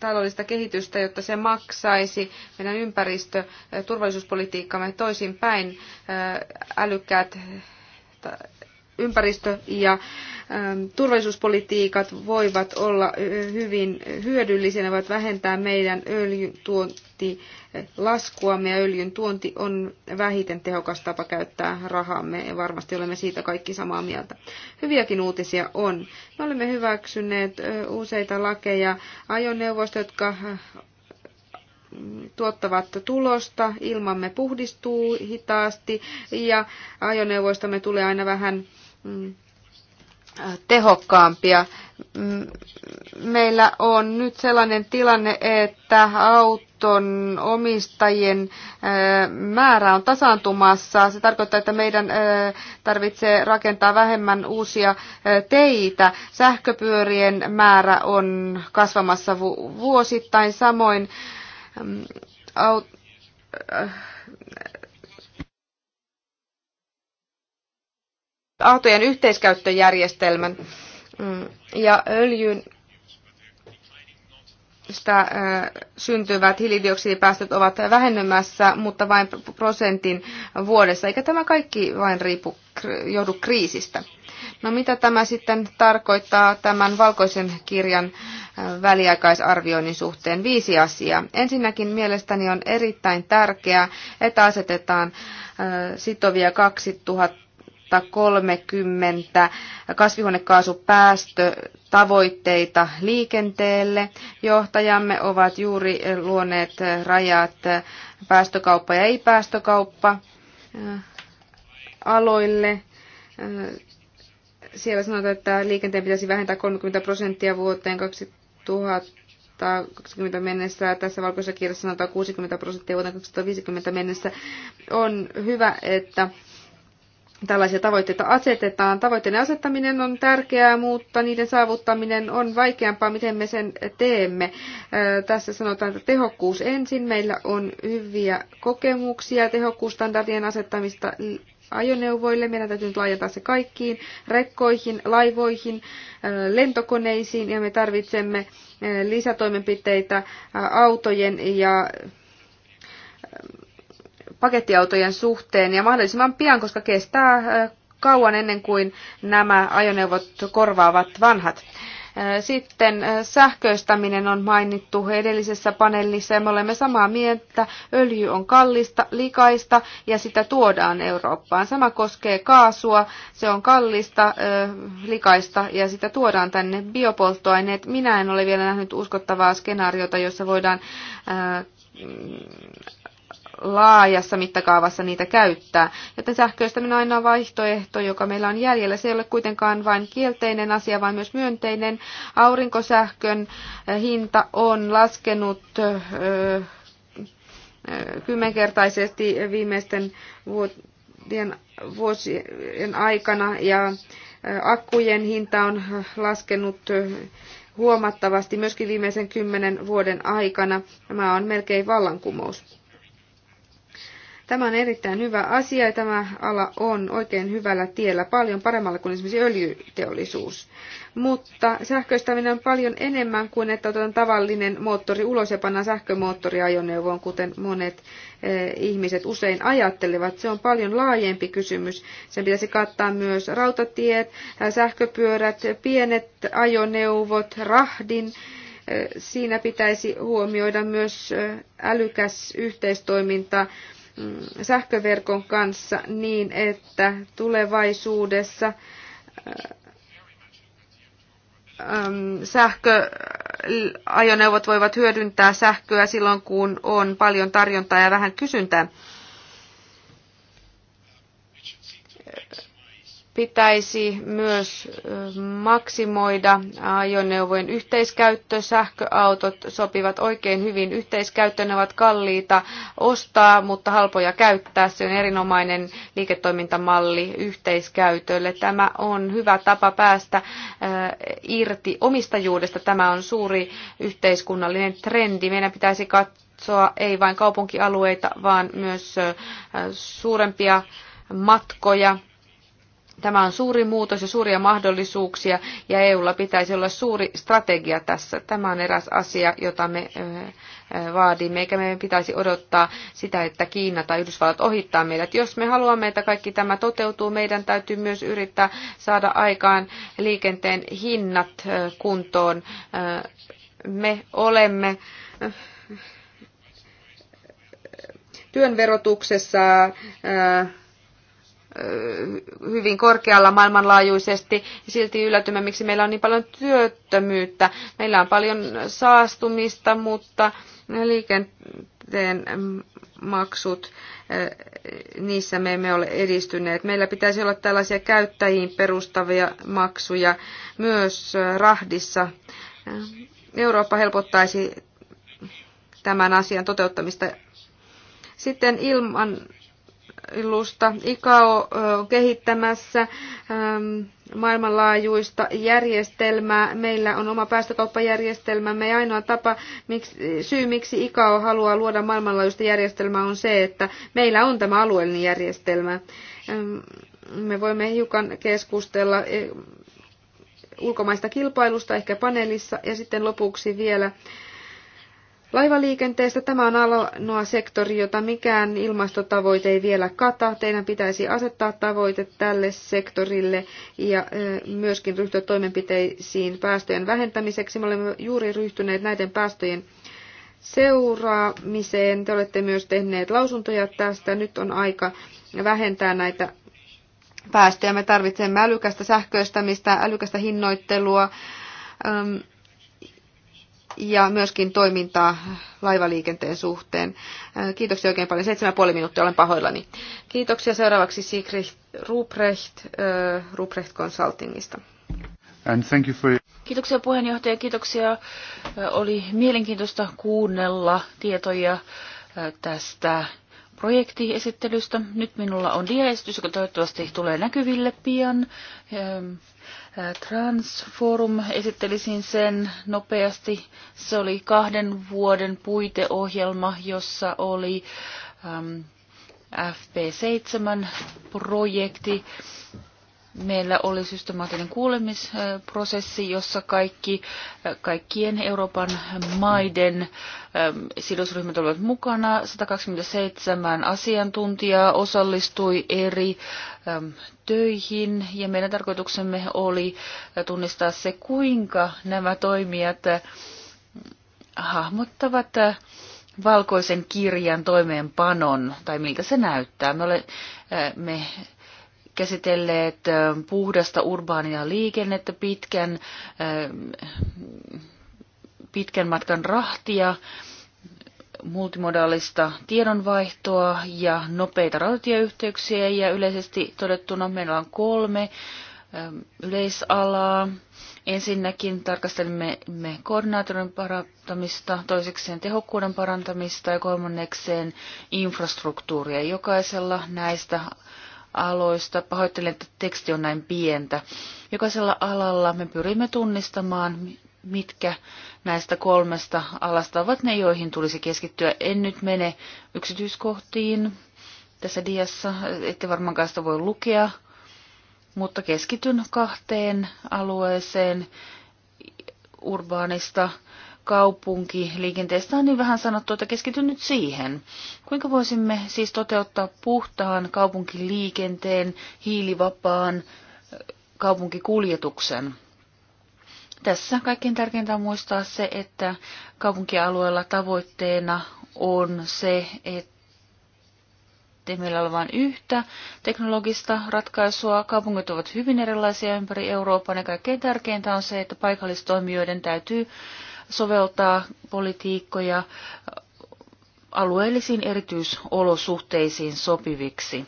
taloudellista kehitystä, jotta se maksaisi meidän ympäristö- ja turvallisuuspolitiikkamme toisinpäin. Älykkäät ympäristö- ja ähm, turvallisuuspolitiikat voivat olla hyvin hyödyllisiä, ne voivat vähentää meidän öljyntuontilaskuamme ja öljyn tuonti on vähiten tehokas tapa käyttää rahamme ja varmasti olemme siitä kaikki samaa mieltä. Hyviäkin uutisia on. Me olemme hyväksyneet useita lakeja ajoneuvoista, jotka tuottavat tulosta, ilmamme puhdistuu hitaasti ja ajoneuvoistamme tulee aina vähän mm, tehokkaampia. Meillä on nyt sellainen tilanne, että auton omistajien määrä on tasaantumassa. Se tarkoittaa, että meidän tarvitsee rakentaa vähemmän uusia teitä. Sähköpyörien määrä on kasvamassa vuosittain samoin aut, autojen yhteiskäyttöjärjestelmän ja öljyn sitä syntyvät hiilidioksidipäästöt ovat vähenemässä, mutta vain prosentin vuodessa, eikä tämä kaikki vain riipu, johdu kriisistä. No mitä tämä sitten tarkoittaa tämän valkoisen kirjan äh, väliaikaisarvioinnin suhteen? Viisi asiaa. Ensinnäkin mielestäni on erittäin tärkeää, että asetetaan äh, sitovia 2000 2030 kasvihuonekaasupäästötavoitteita liikenteelle. Johtajamme ovat juuri luoneet rajat äh, päästökauppa ja ei-päästökauppa aloille siellä sanotaan, että liikenteen pitäisi vähentää 30 prosenttia vuoteen 2020 mennessä. Tässä valkoisessa kirjassa sanotaan 60 prosenttia vuoteen 2050 mennessä. On hyvä, että tällaisia tavoitteita asetetaan. Tavoitteiden asettaminen on tärkeää, mutta niiden saavuttaminen on vaikeampaa, miten me sen teemme. Tässä sanotaan, että tehokkuus ensin. Meillä on hyviä kokemuksia tehokkuusstandardien asettamista ajoneuvoille. Meidän täytyy nyt laajentaa se kaikkiin rekkoihin, laivoihin, lentokoneisiin ja me tarvitsemme lisätoimenpiteitä autojen ja pakettiautojen suhteen ja mahdollisimman pian, koska kestää kauan ennen kuin nämä ajoneuvot korvaavat vanhat. Sitten äh, sähköistäminen on mainittu edellisessä paneelissa ja me olemme samaa mieltä. Öljy on kallista, likaista ja sitä tuodaan Eurooppaan. Sama koskee kaasua, se on kallista, äh, likaista ja sitä tuodaan tänne. Biopolttoaineet, minä en ole vielä nähnyt uskottavaa skenaariota, jossa voidaan äh, laajassa mittakaavassa niitä käyttää. Joten sähköistäminen on aina vaihtoehto, joka meillä on jäljellä. Se ei ole kuitenkaan vain kielteinen asia, vaan myös myönteinen. Aurinkosähkön eh, hinta on laskenut eh, eh, kymmenkertaisesti viimeisten vuosien aikana ja akkujen hinta on laskenut huomattavasti myöskin viimeisen kymmenen vuoden aikana. Tämä on melkein vallankumous. Tämä on erittäin hyvä asia ja tämä ala on oikein hyvällä tiellä, paljon paremmalla kuin esimerkiksi öljyteollisuus. Mutta sähköistäminen on paljon enemmän kuin että otetaan tavallinen moottori ulos ja pannaan sähkömoottori ajoneuvoon, kuten monet eh, ihmiset usein ajattelevat. Se on paljon laajempi kysymys. Sen pitäisi kattaa myös rautatiet, eh, sähköpyörät, pienet ajoneuvot, rahdin eh, siinä pitäisi huomioida myös älykäs yhteistoiminta Mm, sähköverkon kanssa niin, että tulevaisuudessa äh, sähköajoneuvot voivat hyödyntää sähköä silloin, kun on paljon tarjontaa ja vähän kysyntää. pitäisi myös maksimoida ajoneuvojen yhteiskäyttö. Sähköautot sopivat oikein hyvin yhteiskäyttöön, ne ovat kalliita ostaa, mutta halpoja käyttää. Se on erinomainen liiketoimintamalli yhteiskäytölle. Tämä on hyvä tapa päästä irti omistajuudesta. Tämä on suuri yhteiskunnallinen trendi. Meidän pitäisi katsoa ei vain kaupunkialueita, vaan myös suurempia matkoja Tämä on suuri muutos ja suuria mahdollisuuksia ja EUlla pitäisi olla suuri strategia tässä. Tämä on eräs asia, jota me vaadimme, eikä meidän pitäisi odottaa sitä, että Kiina tai Yhdysvallat ohittaa meidät. Jos me haluamme, että kaikki tämä toteutuu, meidän täytyy myös yrittää saada aikaan liikenteen hinnat kuntoon. Me olemme työn verotuksessa hyvin korkealla maailmanlaajuisesti. Silti yllätymme, miksi meillä on niin paljon työttömyyttä. Meillä on paljon saastumista, mutta liikenteen maksut, niissä me emme ole edistyneet. Meillä pitäisi olla tällaisia käyttäjiin perustavia maksuja myös rahdissa. Eurooppa helpottaisi tämän asian toteuttamista. Sitten ilman lusta. ICAO on kehittämässä maailmanlaajuista järjestelmää. Meillä on oma päästökauppajärjestelmämme ja ainoa tapa, miksi, syy miksi ICAO haluaa luoda maailmanlaajuista järjestelmää on se, että meillä on tämä alueellinen järjestelmä. Me voimme hiukan keskustella ulkomaista kilpailusta ehkä paneelissa ja sitten lopuksi vielä Laivaliikenteestä tämä on ainoa sektori, jota mikään ilmastotavoite ei vielä kata. Teidän pitäisi asettaa tavoite tälle sektorille ja myöskin ryhtyä toimenpiteisiin päästöjen vähentämiseksi. Me olemme juuri ryhtyneet näiden päästöjen seuraamiseen. Te olette myös tehneet lausuntoja tästä. Nyt on aika vähentää näitä päästöjä. Me tarvitsemme älykästä sähköistämistä, älykästä hinnoittelua, ja myöskin toimintaa laivaliikenteen suhteen. Äh, kiitoksia oikein paljon. Seitsemän puoli minuuttia, olen pahoillani. Kiitoksia seuraavaksi Sigrid Ruprecht, äh, Ruprecht Consultingista. And thank you for... Kiitoksia puheenjohtaja, kiitoksia. Äh, oli mielenkiintoista kuunnella tietoja tästä projektiesittelystä. Nyt minulla on diaesitys, joka toivottavasti tulee näkyville pian. Ähm, Transforum, esittelisin sen nopeasti. Se oli kahden vuoden puiteohjelma, jossa oli FP7-projekti Meillä oli systemaattinen kuulemisprosessi, jossa kaikki, kaikkien Euroopan maiden ähm, sidosryhmät olivat mukana. 127 asiantuntijaa osallistui eri ähm, töihin ja meidän tarkoituksemme oli äh, tunnistaa se, kuinka nämä toimijat äh, hahmottavat äh, valkoisen kirjan toimeenpanon tai miltä se näyttää. Me, ole, me käsitelleet puhdasta urbaania liikennettä, pitkän, pitkän matkan rahtia, multimodaalista tiedonvaihtoa ja nopeita rautatieyhteyksiä ja yleisesti todettuna meillä on kolme yleisalaa. Ensinnäkin tarkastelimme me koordinaatorin parantamista, toisekseen tehokkuuden parantamista ja kolmannekseen infrastruktuuria. Jokaisella näistä aloista. Pahoittelen, että teksti on näin pientä. Jokaisella alalla me pyrimme tunnistamaan, mitkä näistä kolmesta alasta ovat ne, joihin tulisi keskittyä. En nyt mene yksityiskohtiin tässä diassa, ette varmaankaan sitä voi lukea, mutta keskityn kahteen alueeseen urbaanista kaupunkiliikenteestä on niin vähän sanottu, että keskityn nyt siihen. Kuinka voisimme siis toteuttaa puhtaan kaupunkiliikenteen, hiilivapaan kaupunkikuljetuksen? Tässä kaikkein tärkeintä on muistaa se, että kaupunkialueella tavoitteena on se, että ettei meillä ole vain yhtä teknologista ratkaisua. Kaupungit ovat hyvin erilaisia ympäri Euroopan ja kaikkein tärkeintä on se, että paikallistoimijoiden täytyy soveltaa politiikkoja alueellisiin erityisolosuhteisiin sopiviksi.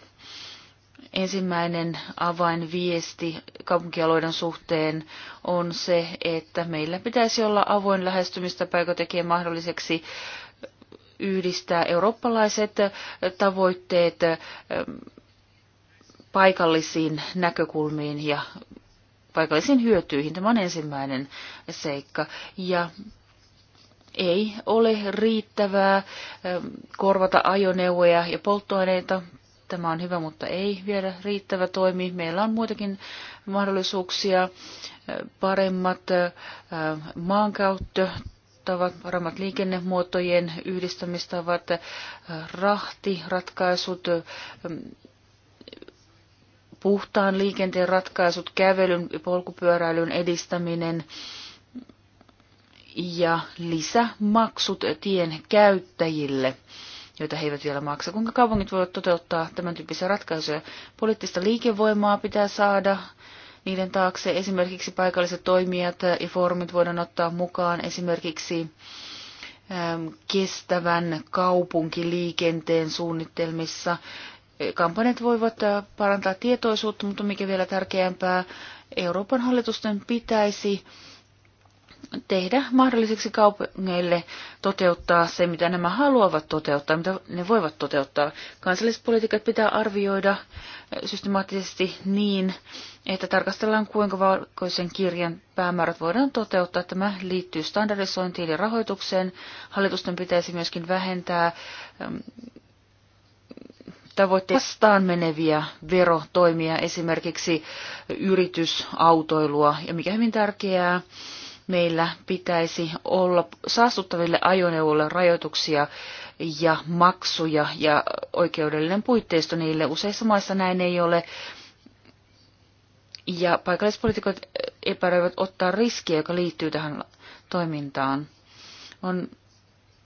Ensimmäinen avainviesti kaupunkialueiden suhteen on se, että meillä pitäisi olla avoin lähestymistapa, joka tekee mahdolliseksi yhdistää eurooppalaiset tavoitteet paikallisiin näkökulmiin ja paikallisiin hyötyihin. Tämä on ensimmäinen seikka. Ja ei ole riittävää ähm, korvata ajoneuvoja ja polttoaineita. Tämä on hyvä, mutta ei vielä riittävä toimi. Meillä on muitakin mahdollisuuksia, äh, paremmat äh, maankäyttötavat, paremmat liikennemuotojen yhdistämistavat, äh, rahtiratkaisut, ähm, puhtaan liikenteen ratkaisut, kävelyn ja polkupyöräilyn edistäminen ja lisämaksut tien käyttäjille joita he eivät vielä maksa. Kuinka kaupungit voivat toteuttaa tämän tyyppisiä ratkaisuja? Poliittista liikevoimaa pitää saada niiden taakse. Esimerkiksi paikalliset toimijat ja foorumit voidaan ottaa mukaan. Esimerkiksi ähm, kestävän kaupunkiliikenteen suunnittelmissa kampanjat voivat äh, parantaa tietoisuutta, mutta mikä vielä tärkeämpää, Euroopan hallitusten pitäisi tehdä mahdolliseksi kaupungeille toteuttaa se, mitä nämä haluavat toteuttaa, mitä ne voivat toteuttaa. politiikat pitää arvioida äh, systemaattisesti niin, että tarkastellaan, kuinka valkoisen kirjan päämäärät voidaan toteuttaa. Tämä liittyy standardisointiin ja rahoitukseen. Hallitusten pitäisi myöskin vähentää tavoitteet vastaan meneviä verotoimia, esimerkiksi yritysautoilua. Ja mikä hyvin tärkeää, meillä pitäisi olla saastuttaville ajoneuvoille rajoituksia ja maksuja ja oikeudellinen puitteisto niille. Useissa maissa näin ei ole. Ja paikallispolitiikot epäröivät ottaa riskiä, joka liittyy tähän toimintaan. On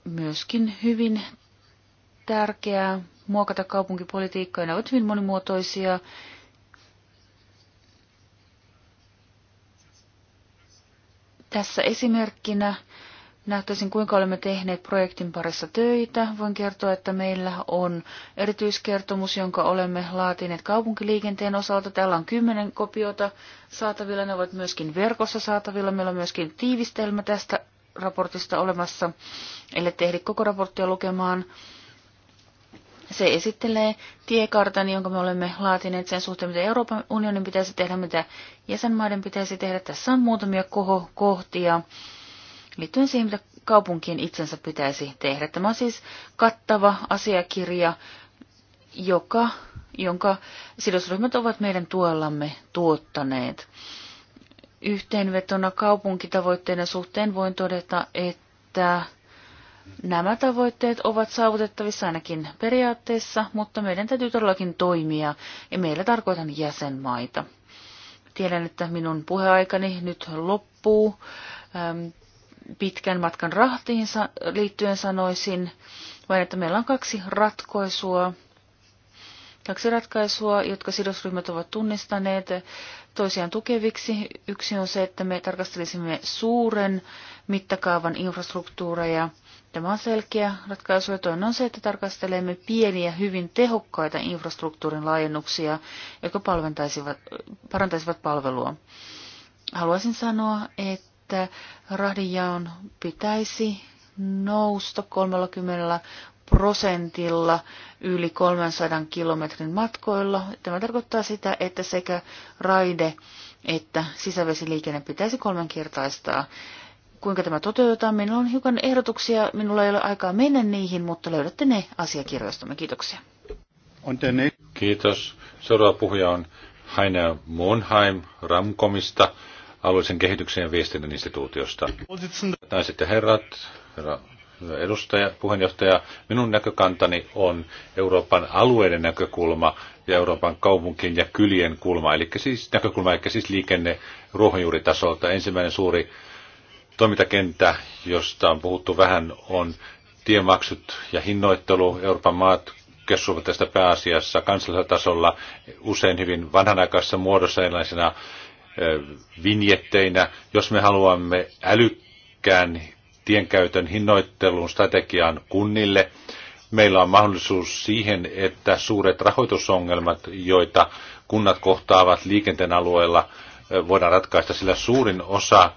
myöskin hyvin tärkeää muokata kaupunkipolitiikkaa. Ne ovat hyvin monimuotoisia. Tässä esimerkkinä nähtäisin, kuinka olemme tehneet projektin parissa töitä. Voin kertoa, että meillä on erityiskertomus, jonka olemme laatineet kaupunkiliikenteen osalta. Täällä on kymmenen kopiota saatavilla. Ne ovat myöskin verkossa saatavilla. Meillä on myöskin tiivistelmä tästä raportista olemassa. Eli tehdä koko raporttia lukemaan. Se esittelee tiekartan, jonka me olemme laatineet sen suhteen, mitä Euroopan unionin pitäisi tehdä, mitä jäsenmaiden pitäisi tehdä. Tässä on muutamia kohtia. liittyen siihen, mitä kaupunkien itsensä pitäisi tehdä. Tämä on siis kattava asiakirja, joka, jonka sidosryhmät ovat meidän tuellamme tuottaneet. Yhteenvetona kaupunkitavoitteiden suhteen voin todeta, että Nämä tavoitteet ovat saavutettavissa ainakin periaatteessa, mutta meidän täytyy todellakin toimia, ja meillä tarkoitan jäsenmaita. Tiedän, että minun puheaikani nyt loppuu. Ähm, pitkän matkan rahtiin liittyen sanoisin, vain että meillä on kaksi ratkaisua. Kaksi ratkaisua, jotka sidosryhmät ovat tunnistaneet toisiaan tukeviksi. Yksi on se, että me tarkastelisimme suuren mittakaavan infrastruktuureja Tämä on selkeä ratkaisu ja toinen on se, että tarkastelemme pieniä, hyvin tehokkaita infrastruktuurin laajennuksia, jotka parantaisivat palvelua. Haluaisin sanoa, että rahdijaon pitäisi nousta 30 prosentilla yli 300 kilometrin matkoilla. Tämä tarkoittaa sitä, että sekä raide että sisävesiliikenne pitäisi kolmenkertaistaa kuinka tämä toteutetaan. Minulla on hiukan ehdotuksia, minulla ei ole aikaa mennä niihin, mutta löydätte ne asiakirjoistamme. Kiitoksia. Kiitos. Seuraava puhuja on Heiner Monheim Ramkomista, alueellisen kehityksen ja viestinnän instituutiosta. Naiset ja herrat, herra edustaja, puheenjohtaja, minun näkökantani on Euroopan alueiden näkökulma ja Euroopan kaupunkien ja kylien kulma, eli siis näkökulma, eli siis liikenne ruohonjuuritasolta. Ensimmäinen suuri toimintakenttä, josta on puhuttu vähän, on tiemaksut ja hinnoittelu. Euroopan maat keskustelevat tästä pääasiassa kansallisella tasolla usein hyvin vanhanaikaisessa muodossa erilaisina vinjetteinä. Jos me haluamme älykkään tienkäytön hinnoittelun strategian kunnille, meillä on mahdollisuus siihen, että suuret rahoitusongelmat, joita kunnat kohtaavat liikenteen alueella, voidaan ratkaista, sillä suurin osa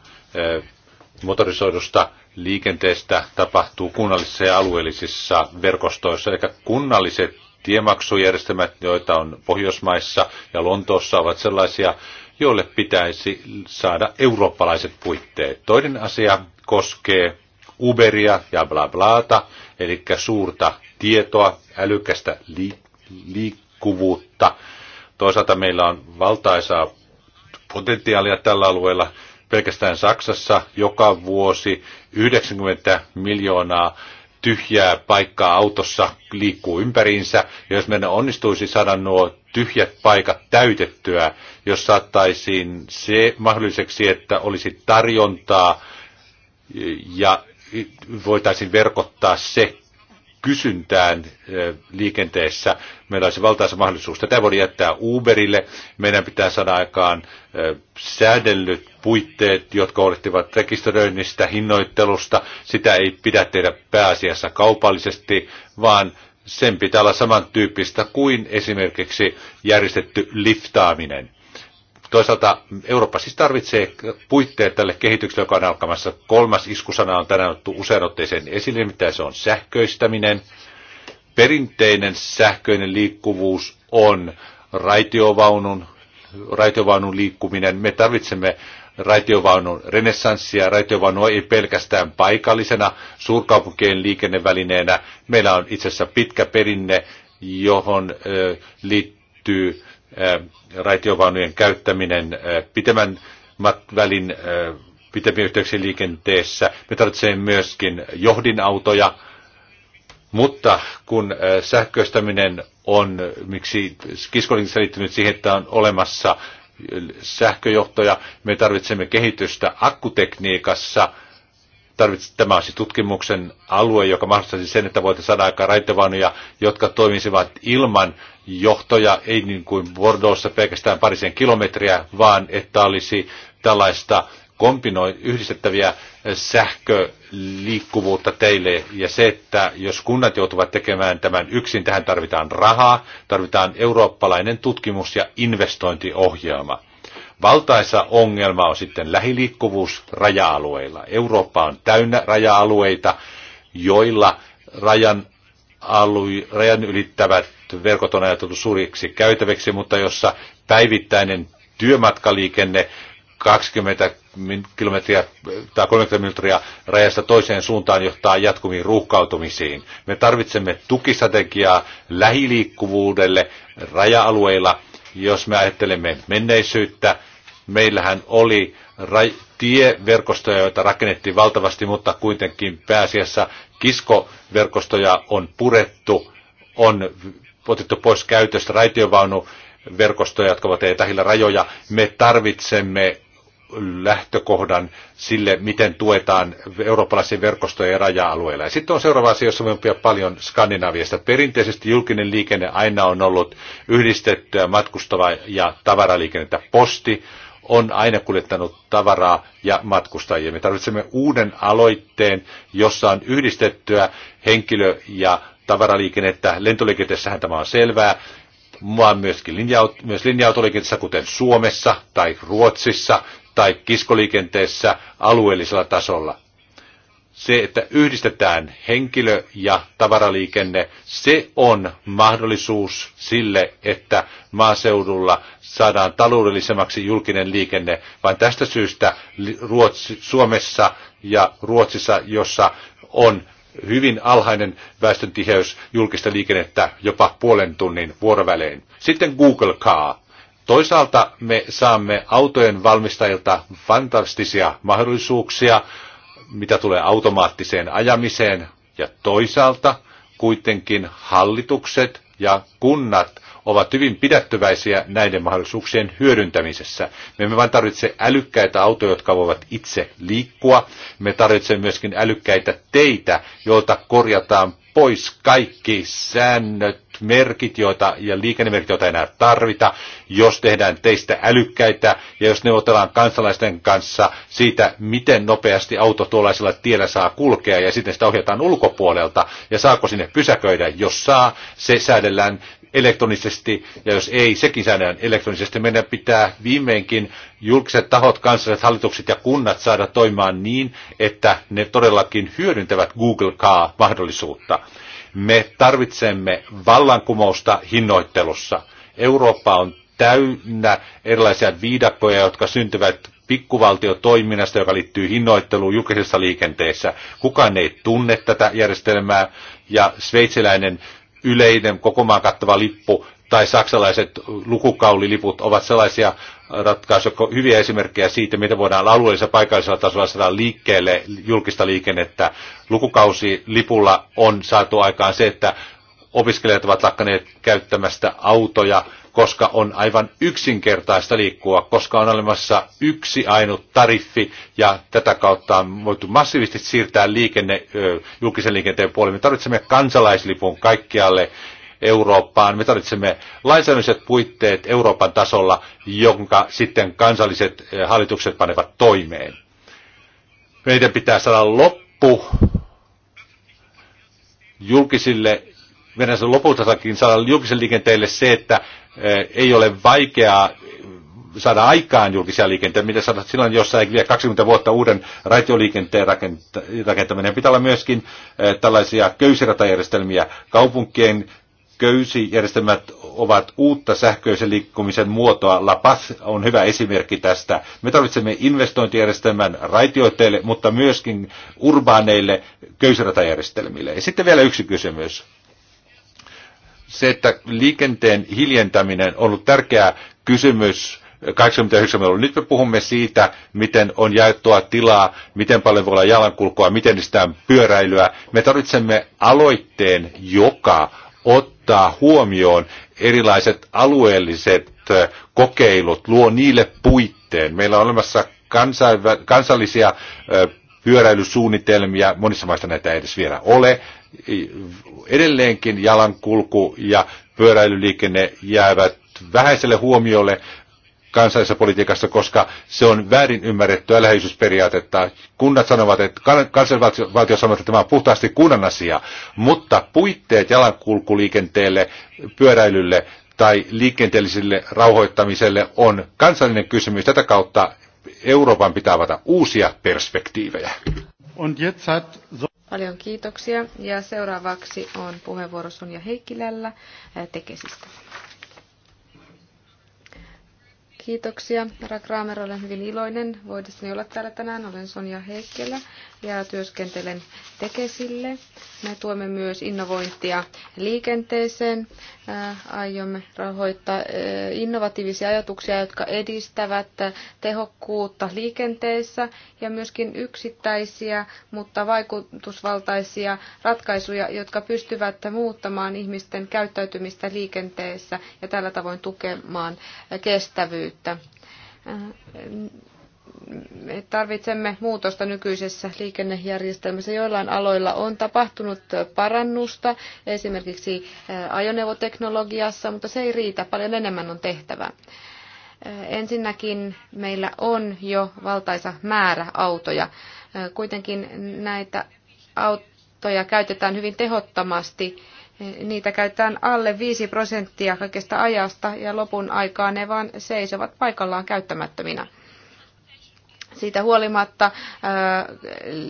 motorisoidusta liikenteestä tapahtuu kunnallisissa ja alueellisissa verkostoissa, eli kunnalliset tiemaksujärjestelmät, joita on Pohjoismaissa ja Lontoossa, ovat sellaisia, joille pitäisi saada eurooppalaiset puitteet. Toinen asia koskee Uberia ja bla blaata, eli suurta tietoa, älykästä li- liikkuvuutta. Toisaalta meillä on valtaisaa potentiaalia tällä alueella, pelkästään Saksassa joka vuosi 90 miljoonaa tyhjää paikkaa autossa liikkuu ympäriinsä, ja jos meidän onnistuisi saada nuo tyhjät paikat täytettyä, jos saattaisiin se mahdolliseksi, että olisi tarjontaa ja voitaisiin verkottaa se kysyntään eh, liikenteessä. Meillä olisi valtaisa mahdollisuus. Tätä voi jättää Uberille. Meidän pitää saada aikaan eh, säädellyt puitteet, jotka huolehtivat rekisteröinnistä, hinnoittelusta. Sitä ei pidä tehdä pääasiassa kaupallisesti, vaan sen pitää olla samantyyppistä kuin esimerkiksi järjestetty liftaaminen. Toisaalta Eurooppa siis tarvitsee puitteet tälle kehitykselle, joka on alkamassa. Kolmas iskusana on tänään otettu usein otteeseen esille, mitä se on sähköistäminen. Perinteinen sähköinen liikkuvuus on raitiovaunun, raitiovaunun liikkuminen. Me tarvitsemme raitiovaunun renessanssia. Raitiovaunu ei pelkästään paikallisena suurkaupunkien liikennevälineenä. Meillä on itse asiassa pitkä perinne, johon liittyy raitiovaunujen käyttäminen pitemmän välin pitempien yhteyksien liikenteessä. Me tarvitsemme myöskin johdinautoja, mutta kun sähköistäminen on, miksi kiskolinkissa liittynyt siihen, että on olemassa sähköjohtoja, me tarvitsemme kehitystä akkutekniikassa, tarvitsi, tämä olisi siis tutkimuksen alue, joka mahdollistaisi sen, että voitaisiin saada aikaan raitevaunuja, jotka toimisivat ilman johtoja, ei niin kuin Bordeauxssa pelkästään parisen kilometriä, vaan että olisi tällaista kombinoi yhdistettäviä sähköliikkuvuutta teille ja se, että jos kunnat joutuvat tekemään tämän yksin, tähän tarvitaan rahaa, tarvitaan eurooppalainen tutkimus- ja investointiohjelma. Valtaisa ongelma on sitten lähiliikkuvuus raja-alueilla. Eurooppa on täynnä raja-alueita, joilla rajan, alu, rajan ylittävät verkot on ajateltu suuriksi käytäväksi, mutta jossa päivittäinen työmatkaliikenne 20 kilometriä tai 30 kilometriä rajasta toiseen suuntaan johtaa jatkuviin ruuhkautumisiin. Me tarvitsemme tukistrategiaa lähiliikkuvuudelle raja-alueilla, jos me ajattelemme menneisyyttä, Meillähän oli tieverkostoja, joita rakennettiin valtavasti, mutta kuitenkin pääasiassa kiskoverkostoja on purettu, on otettu pois käytöstä raitiovaunuverkostoja, jotka ovat tähillä rajoja. Me tarvitsemme lähtökohdan sille, miten tuetaan eurooppalaisia verkostoja ja raja-alueilla. Ja sitten on seuraava asia, jossa voimme oppia paljon Skandinaviasta. Perinteisesti julkinen liikenne aina on ollut yhdistettyä matkustava ja tavaraliikennettä. Posti on aina kuljettanut tavaraa ja matkustajia. Me tarvitsemme uuden aloitteen, jossa on yhdistettyä henkilö- ja tavaraliikennettä. Lentoliikenteessähän tämä on selvää, vaan myöskin linja, myös linja-autoliikenteessä, kuten Suomessa tai Ruotsissa tai kiskoliikenteessä alueellisella tasolla se, että yhdistetään henkilö- ja tavaraliikenne, se on mahdollisuus sille, että maaseudulla saadaan taloudellisemmaksi julkinen liikenne. Vain tästä syystä Ruotsi, Suomessa ja Ruotsissa, jossa on hyvin alhainen väestöntiheys julkista liikennettä jopa puolen tunnin vuorovälein. Sitten Google Car. Toisaalta me saamme autojen valmistajilta fantastisia mahdollisuuksia mitä tulee automaattiseen ajamiseen, ja toisaalta kuitenkin hallitukset ja kunnat ovat hyvin pidättyväisiä näiden mahdollisuuksien hyödyntämisessä. Me emme vain tarvitse älykkäitä autoja, jotka voivat itse liikkua. Me tarvitsemme myöskin älykkäitä teitä, joilta korjataan pois kaikki säännöt, merkit joita, ja liikennemerkit, joita enää tarvita, jos tehdään teistä älykkäitä ja jos neuvotellaan kansalaisten kanssa siitä, miten nopeasti auto tuollaisella tiellä saa kulkea ja sitten sitä ohjataan ulkopuolelta ja saako sinne pysäköidä, jos saa, se säädellään elektronisesti, ja jos ei, sekin säännään elektronisesti. Meidän pitää viimeinkin julkiset tahot, kansalliset hallitukset ja kunnat saada toimimaan niin, että ne todellakin hyödyntävät Google Car-mahdollisuutta. Me tarvitsemme vallankumousta hinnoittelussa. Eurooppa on täynnä erilaisia viidakkoja, jotka syntyvät pikkuvaltiotoiminnasta, joka liittyy hinnoitteluun julkisessa liikenteessä. Kukaan ei tunne tätä järjestelmää ja sveitsiläinen yleinen koko maan kattava lippu tai saksalaiset lukukauliliput ovat sellaisia ratkaisuja, hyviä esimerkkejä siitä, miten voidaan alueellisella paikallisella tasolla saada liikkeelle julkista liikennettä. Lukukausilipulla on saatu aikaan se, että opiskelijat ovat lakkaneet käyttämästä autoja, koska on aivan yksinkertaista liikkua, koska on olemassa yksi ainut tariffi ja tätä kautta on voitu massiivisesti siirtää liikenne julkisen liikenteen puolelle. Me tarvitsemme kansalaislipun kaikkialle Eurooppaan. Me tarvitsemme lainsäädännölliset puitteet Euroopan tasolla, jonka sitten kansalliset eh, hallitukset panevat toimeen. Meidän pitää saada loppu julkisille, meidän lopultakin saada julkisen liikenteelle se, että eh, ei ole vaikeaa eh, saada aikaan julkisia liikenteitä, mitä saada silloin jossain vielä 20 vuotta uuden raitioliikenteen rakentaminen. Pitää olla myöskin tällaisia köysiratajärjestelmiä kaupunkien köysijärjestelmät ovat uutta sähköisen liikkumisen muotoa. La Paz on hyvä esimerkki tästä. Me tarvitsemme investointijärjestelmän raitioiteille, mutta myöskin urbaaneille köysiratajärjestelmille. Ja sitten vielä yksi kysymys. Se, että liikenteen hiljentäminen on ollut tärkeä kysymys 89 Nyt me puhumme siitä, miten on jaettua tilaa, miten paljon voi olla jalankulkua, miten sitä pyöräilyä. Me tarvitsemme aloitteen, joka ottaa huomioon erilaiset alueelliset kokeilut, luo niille puitteen. Meillä on olemassa kansainvä- kansallisia pyöräilysuunnitelmia, monissa maissa näitä ei edes vielä ole. Edelleenkin jalankulku ja pyöräilyliikenne jäävät vähäiselle huomiolle kansallisessa politiikassa, koska se on väärin ymmärrettyä läheisyysperiaatetta. Kunnat sanovat, että kansallisvaltio sanoo, että tämä on puhtaasti kunnan asia, mutta puitteet jalankulkuliikenteelle, pyöräilylle tai liikenteelliselle rauhoittamiselle on kansallinen kysymys. Tätä kautta Euroopan pitää avata uusia perspektiivejä. Paljon kiitoksia. Ja seuraavaksi on puheenvuoro Sonja Heikkilällä Tekesistä. Kiitoksia. Ra Kramer, olen hyvin iloinen voidessani olla täällä tänään. Olen Sonja Heikkelä ja työskentelen Tekesille. Me tuemme myös innovointia liikenteeseen. Äh, aiomme rahoittaa äh, innovatiivisia ajatuksia, jotka edistävät äh, tehokkuutta liikenteessä ja myöskin yksittäisiä, mutta vaikutusvaltaisia ratkaisuja, jotka pystyvät muuttamaan ihmisten käyttäytymistä liikenteessä ja tällä tavoin tukemaan kestävyyttä työllisyyttä. Me tarvitsemme muutosta nykyisessä liikennejärjestelmässä. Joillain aloilla on tapahtunut parannusta, esimerkiksi ajoneuvoteknologiassa, mutta se ei riitä. Paljon enemmän on tehtävä. Ensinnäkin meillä on jo valtaisa määrä autoja. Kuitenkin näitä autoja käytetään hyvin tehottomasti niitä käytetään alle 5 prosenttia kaikesta ajasta ja lopun aikaa ne vaan seisovat paikallaan käyttämättöminä. Siitä huolimatta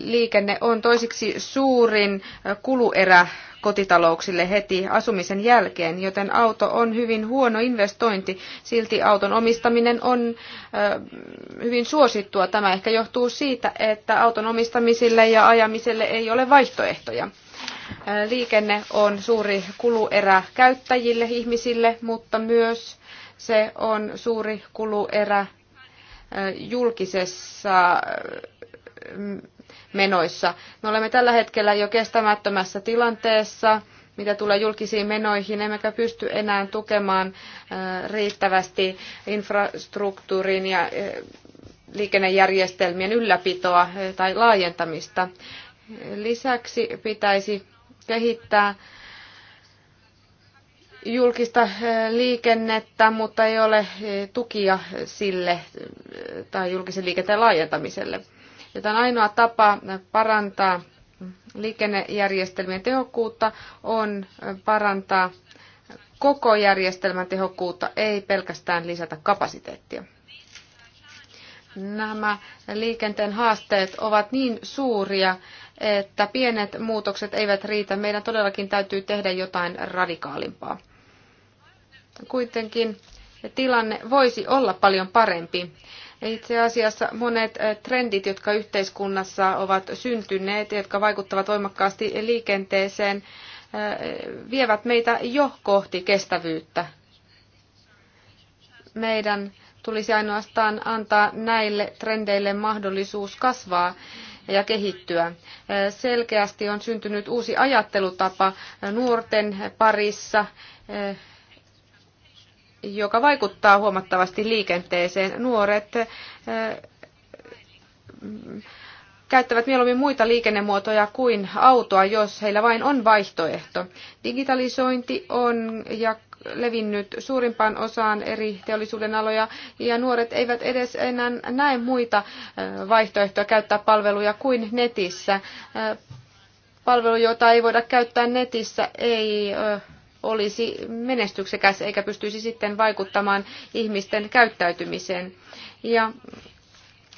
liikenne on toiseksi suurin kuluerä kotitalouksille heti asumisen jälkeen, joten auto on hyvin huono investointi. Silti auton omistaminen on hyvin suosittua. Tämä ehkä johtuu siitä, että auton omistamiselle ja ajamiselle ei ole vaihtoehtoja. Liikenne on suuri kuluerä käyttäjille, ihmisille, mutta myös se on suuri kuluerä julkisessa menoissa. Me olemme tällä hetkellä jo kestämättömässä tilanteessa, mitä tulee julkisiin menoihin, emmekä pysty enää tukemaan riittävästi infrastruktuurin ja liikennejärjestelmien ylläpitoa tai laajentamista. Lisäksi pitäisi kehittää julkista eh, liikennettä, mutta ei ole eh, tukia sille eh, tai julkisen liikenteen laajentamiselle. Joten ainoa tapa parantaa liikennejärjestelmien tehokkuutta on parantaa koko järjestelmän tehokkuutta, ei pelkästään lisätä kapasiteettia. Nämä liikenteen haasteet ovat niin suuria, että pienet muutokset eivät riitä. Meidän todellakin täytyy tehdä jotain radikaalimpaa. Kuitenkin tilanne voisi olla paljon parempi. Itse asiassa monet trendit, jotka yhteiskunnassa ovat syntyneet, jotka vaikuttavat voimakkaasti liikenteeseen, vievät meitä jo kohti kestävyyttä. Meidän tulisi ainoastaan antaa näille trendeille mahdollisuus kasvaa ja kehittyä. Selkeästi on syntynyt uusi ajattelutapa nuorten parissa, joka vaikuttaa huomattavasti liikenteeseen. Nuoret käyttävät mieluummin muita liikennemuotoja kuin autoa, jos heillä vain on vaihtoehto. Digitalisointi on ja levinnyt suurimpaan osaan eri teollisuuden aloja ja nuoret eivät edes enää näe muita vaihtoehtoja käyttää palveluja kuin netissä. Palvelu, jota ei voida käyttää netissä, ei olisi menestyksekäs eikä pystyisi sitten vaikuttamaan ihmisten käyttäytymiseen. Ja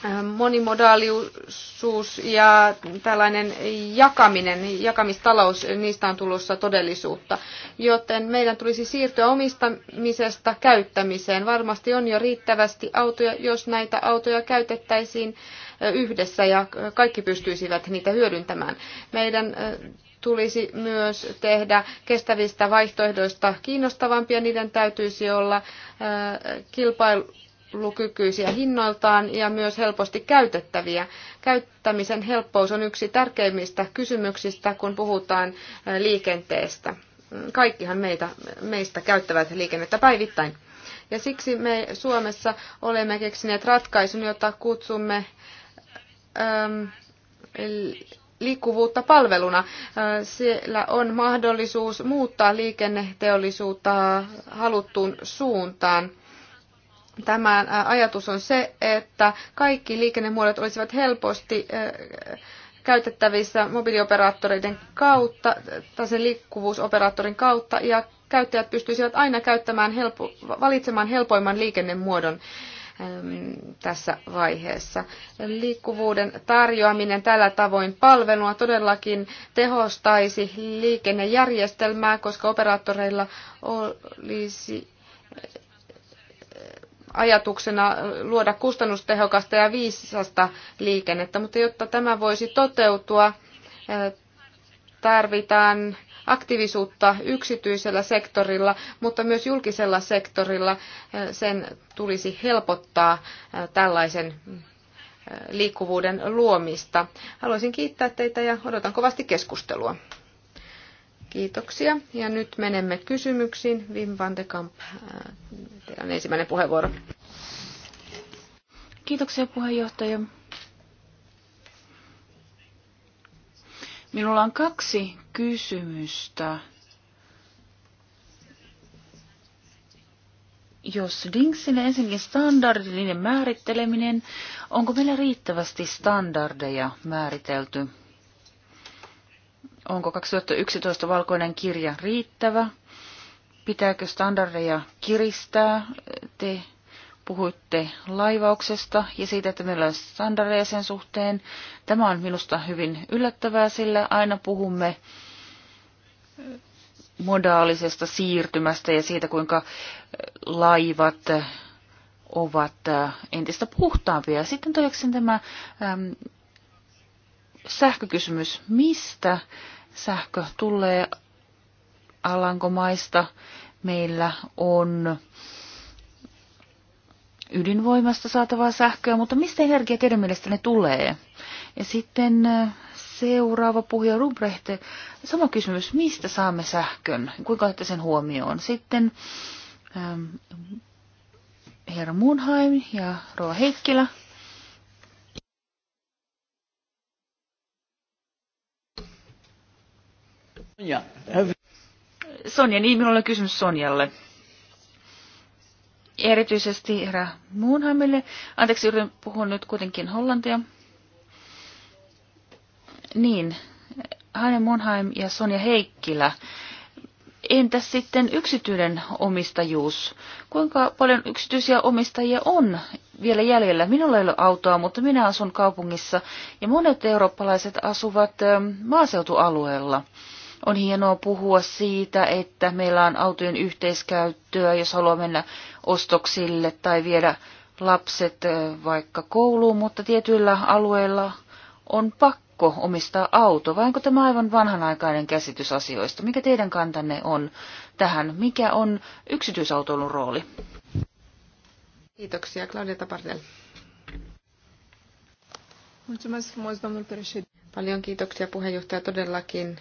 Äh, monimodaalisuus ja tällainen jakaminen, jakamistalous, niistä on tulossa todellisuutta. Joten meidän tulisi siirtyä omistamisesta käyttämiseen. Varmasti on jo riittävästi autoja, jos näitä autoja käytettäisiin äh, yhdessä ja kaikki pystyisivät niitä hyödyntämään. Meidän äh, tulisi myös tehdä kestävistä vaihtoehdoista kiinnostavampia. Niiden täytyisi olla kilpailu kilpailukykyisiä hinnoiltaan ja myös helposti käytettäviä. Käyttämisen helppous on yksi tärkeimmistä kysymyksistä, kun puhutaan eh, liikenteestä. Kaikkihan meitä, meistä käyttävät liikennettä päivittäin. Ja siksi me Suomessa olemme keksineet ratkaisun, jota kutsumme äm, ehm, liikkuvuutta palveluna. Eh, siellä on mahdollisuus muuttaa liikenneteollisuutta haluttuun suuntaan Tämän ajatus on se, että kaikki liikennemuodot olisivat helposti käytettävissä mobiilioperaattoreiden kautta, tai sen liikkuvuusoperaattorin kautta, ja käyttäjät pystyisivät aina käyttämään helpo, valitsemaan helpoimman liikennemuodon tässä vaiheessa. Liikkuvuuden tarjoaminen tällä tavoin palvelua todellakin tehostaisi liikennejärjestelmää, koska operaattoreilla olisi ajatuksena luoda kustannustehokasta ja viisasta liikennettä, mutta jotta tämä voisi toteutua, eh, tarvitaan aktiivisuutta yksityisellä sektorilla, mutta myös julkisella sektorilla eh, sen tulisi helpottaa eh, tällaisen liikkuvuuden luomista. Haluaisin kiittää teitä ja odotan kovasti keskustelua. Kiitoksia. Ja nyt menemme kysymyksiin. Wim van de Kamp, äh, teidän ensimmäinen puheenvuoro. Kiitoksia puheenjohtaja. Minulla on kaksi kysymystä. Jos Dingsin ensinnäkin standardin määritteleminen, onko meillä riittävästi standardeja määritelty? Onko 2011 valkoinen kirja riittävä? Pitääkö standardeja kiristää? Te puhuitte laivauksesta ja siitä, että meillä on standardeja sen suhteen. Tämä on minusta hyvin yllättävää, sillä aina puhumme modaalisesta siirtymästä ja siitä, kuinka laivat ovat entistä puhtaampia. Sitten todeksi tämä sähkökysymys. Mistä sähkö tulee Alankomaista? Meillä on ydinvoimasta saatavaa sähköä, mutta mistä energia teidän ne tulee? Ja sitten äh, seuraava puhuja Rubrehte. Sama kysymys, mistä saamme sähkön? Kuinka olette sen huomioon? Sitten ähm, herra Munheim ja Roa Heikkilä. Ja. Sonja, niin minulla on kysymys Sonjalle. Erityisesti herra Muunhamille. Anteeksi, yritän puhua nyt kuitenkin hollantia. Niin, Hanne Monheim ja Sonja Heikkilä. Entä sitten yksityinen omistajuus? Kuinka paljon yksityisiä omistajia on vielä jäljellä? Minulla ei ole autoa, mutta minä asun kaupungissa ja monet eurooppalaiset asuvat ähm, maaseutualueella. On hienoa puhua siitä, että meillä on autojen yhteiskäyttöä, jos haluaa mennä ostoksille tai viedä lapset vaikka kouluun, mutta tietyillä alueilla on pakko omistaa auto. Vai onko tämä aivan vanhanaikainen käsitys asioista? Mikä teidän kantanne on tähän? Mikä on yksityisautoilun rooli? Kiitoksia, Claudia Tapardel. Paljon kiitoksia puheenjohtaja todellakin.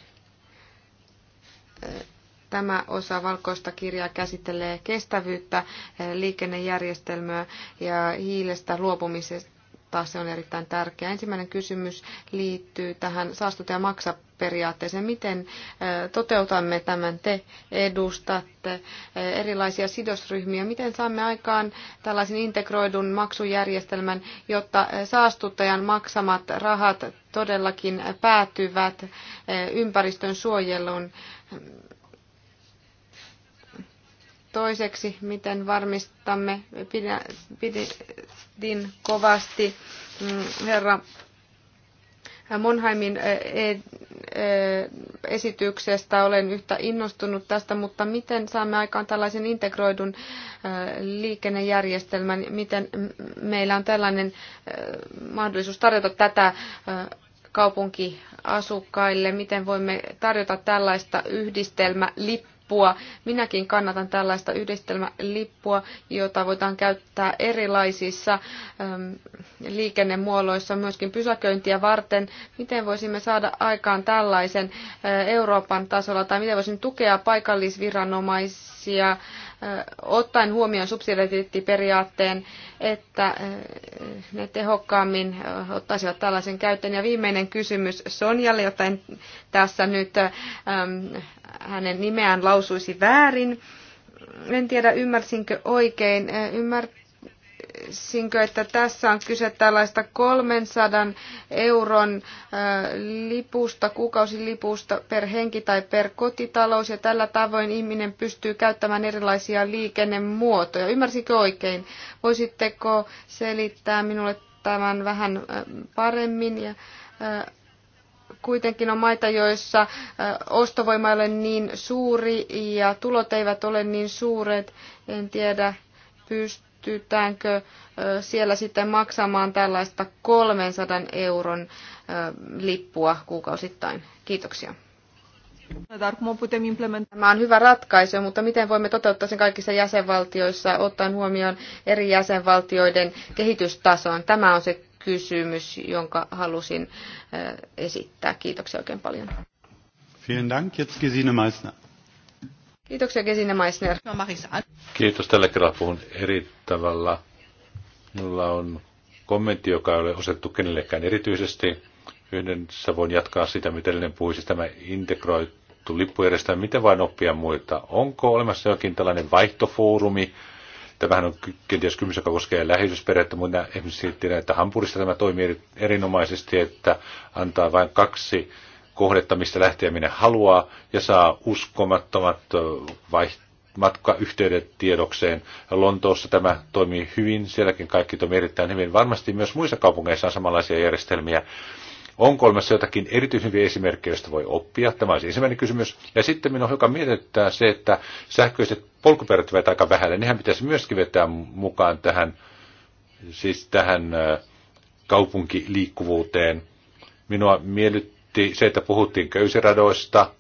Tämä osa valkoista kirjaa käsittelee kestävyyttä, liikennejärjestelmää ja hiilestä luopumista ottaa. Se on erittäin tärkeää. Ensimmäinen kysymys liittyy tähän saastuta ja maksa periaatteeseen. Miten toteutamme tämän? Te edustatte erilaisia sidosryhmiä. Miten saamme aikaan tällaisen integroidun maksujärjestelmän, jotta saastuttajan maksamat rahat todellakin päätyvät ympäristön suojeluun? Toiseksi, miten varmistamme, pidin kovasti mm, herra Monheimin eh, eh, eh, esityksestä. Olen yhtä innostunut tästä, mutta miten saamme aikaan tällaisen integroidun liikennejärjestelmän? Miten meillä on tällainen mahdollisuus tarjota tätä kaupunkiasukkaille? Miten voimme tarjota tällaista yhdistelmä lippua. Minäkin kannatan tällaista yhdistelmälippua, jota voidaan käyttää erilaisissa ähm, liikennemuodoissa myöskin pysäköintiä varten. Miten voisimme saada aikaan tällaisen äh, Euroopan tasolla tai miten voisimme tukea paikallisviranomaisia ottaen huomioon subsidiariteettiperiaatteen, että ne tehokkaammin ottaisivat tällaisen käyttöön. Ja viimeinen kysymys Sonjalle, jota en tässä nyt hänen nimeään lausuisi väärin. En tiedä, ymmärsinkö oikein. Ymmärtää Sinkö, että tässä on kyse tällaista 300 euron lipusta, kuukausilipusta per henki tai per kotitalous, ja tällä tavoin ihminen pystyy käyttämään erilaisia liikennemuotoja. Ymmärsikö oikein? Voisitteko selittää minulle tämän vähän paremmin? Ja, kuitenkin on maita, joissa ostovoima ei ole niin suuri ja tulot eivät ole niin suuret. En tiedä, pyst pystytäänkö siellä sitten maksamaan tällaista 300 euron lippua kuukausittain? Kiitoksia. Tämä on hyvä ratkaisu, mutta miten voimme toteuttaa sen kaikissa jäsenvaltioissa, ottaen huomioon eri jäsenvaltioiden kehitystason? Tämä on se kysymys, jonka halusin esittää. Kiitoksia oikein paljon. Vielen Dank. Jetzt Gesine Meissner. Kiitoksia Gesine Meissner. Kiitos. Tällä kerralla puhun eri tavalla. Minulla on kommentti, joka ei ole osettu kenellekään erityisesti. Yhdessä voin jatkaa sitä, mitä edellinen puhui, siis tämä integroitu lippujärjestelmä, miten vain oppia muita. Onko olemassa jokin tällainen vaihtofoorumi? Tämähän on kenties kysymys, joka koskee läheisyysperiaatetta, mutta esimerkiksi tiedän, että Hampurissa tämä toimii erinomaisesti, että antaa vain kaksi kohdetta, mistä lähteä haluaa, ja saa uskomattomat vaiht- matkayhteydet tiedokseen. Lontoossa tämä toimii hyvin, sielläkin kaikki toimii erittäin hyvin. Varmasti myös muissa kaupungeissa on samanlaisia järjestelmiä. On kolmessa jotakin erityisen hyviä esimerkkejä, joista voi oppia? Tämä olisi ensimmäinen kysymys. Ja sitten minua hiukan mietittää se, että sähköiset polkupyörät ovat aika vähälle. Nehän pitäisi myöskin vetää mukaan tähän, siis tähän kaupunkiliikkuvuuteen. Minua miellyttää yllätti se, että puhuttiin köysiradoista.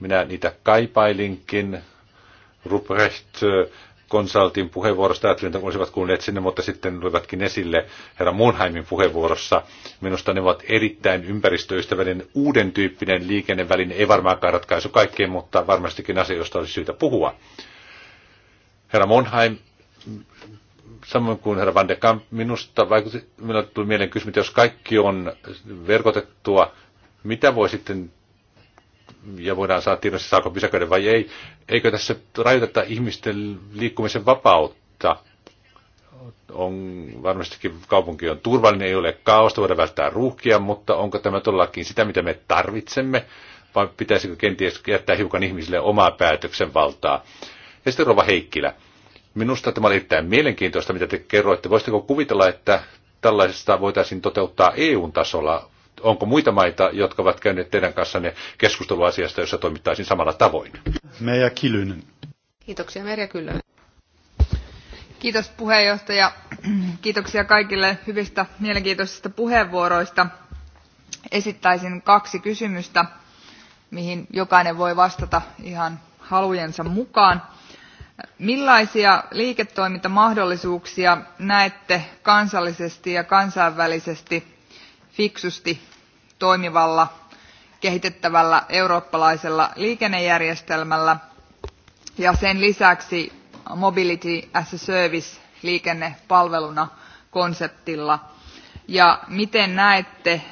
Minä niitä kaipailinkin. Ruprecht äh, konsultin puheenvuorosta ajattelin, että olisivat kuulleet sinne, mutta sitten olivatkin esille herra Munheimin puheenvuorossa. Minusta ne ovat erittäin ympäristöystävällinen, uuden tyyppinen liikenneväline, ei varmaankaan ratkaisu kaikkeen, mutta varmastikin asia, josta olisi syytä puhua. Herra Monheim, samoin kuin herra Van de Kamp, minusta vaikutti, minulle tuli mieleen kysymys, jos kaikki on verkotettua, mitä voi sitten, ja voidaan saada tiedossa, saako pysäköidä vai ei, eikö tässä rajoiteta ihmisten liikkumisen vapautta? On, varmastikin kaupunki on turvallinen, ei ole kaosta, voidaan välttää ruuhkia, mutta onko tämä todellakin sitä, mitä me tarvitsemme, vai pitäisikö kenties jättää hiukan ihmisille omaa päätöksenvaltaa? Ja sitten Rova Heikkilä. Minusta tämä oli erittäin mielenkiintoista, mitä te kerroitte. Voisitteko kuvitella, että tällaisesta voitaisiin toteuttaa EU-tasolla onko muita maita, jotka ovat käyneet teidän kanssanne asiasta, jossa toimittaisiin samalla tavoin? Meija Kilynen. Kiitoksia Merja Kyllönen. Kiitos puheenjohtaja. Kiitoksia kaikille hyvistä mielenkiintoisista puheenvuoroista. Esittäisin kaksi kysymystä, mihin jokainen voi vastata ihan halujensa mukaan. Millaisia liiketoimintamahdollisuuksia näette kansallisesti ja kansainvälisesti fiksusti toimivalla kehitettävällä eurooppalaisella liikennejärjestelmällä ja sen lisäksi mobility as a service liikennepalveluna konseptilla. Ja miten näette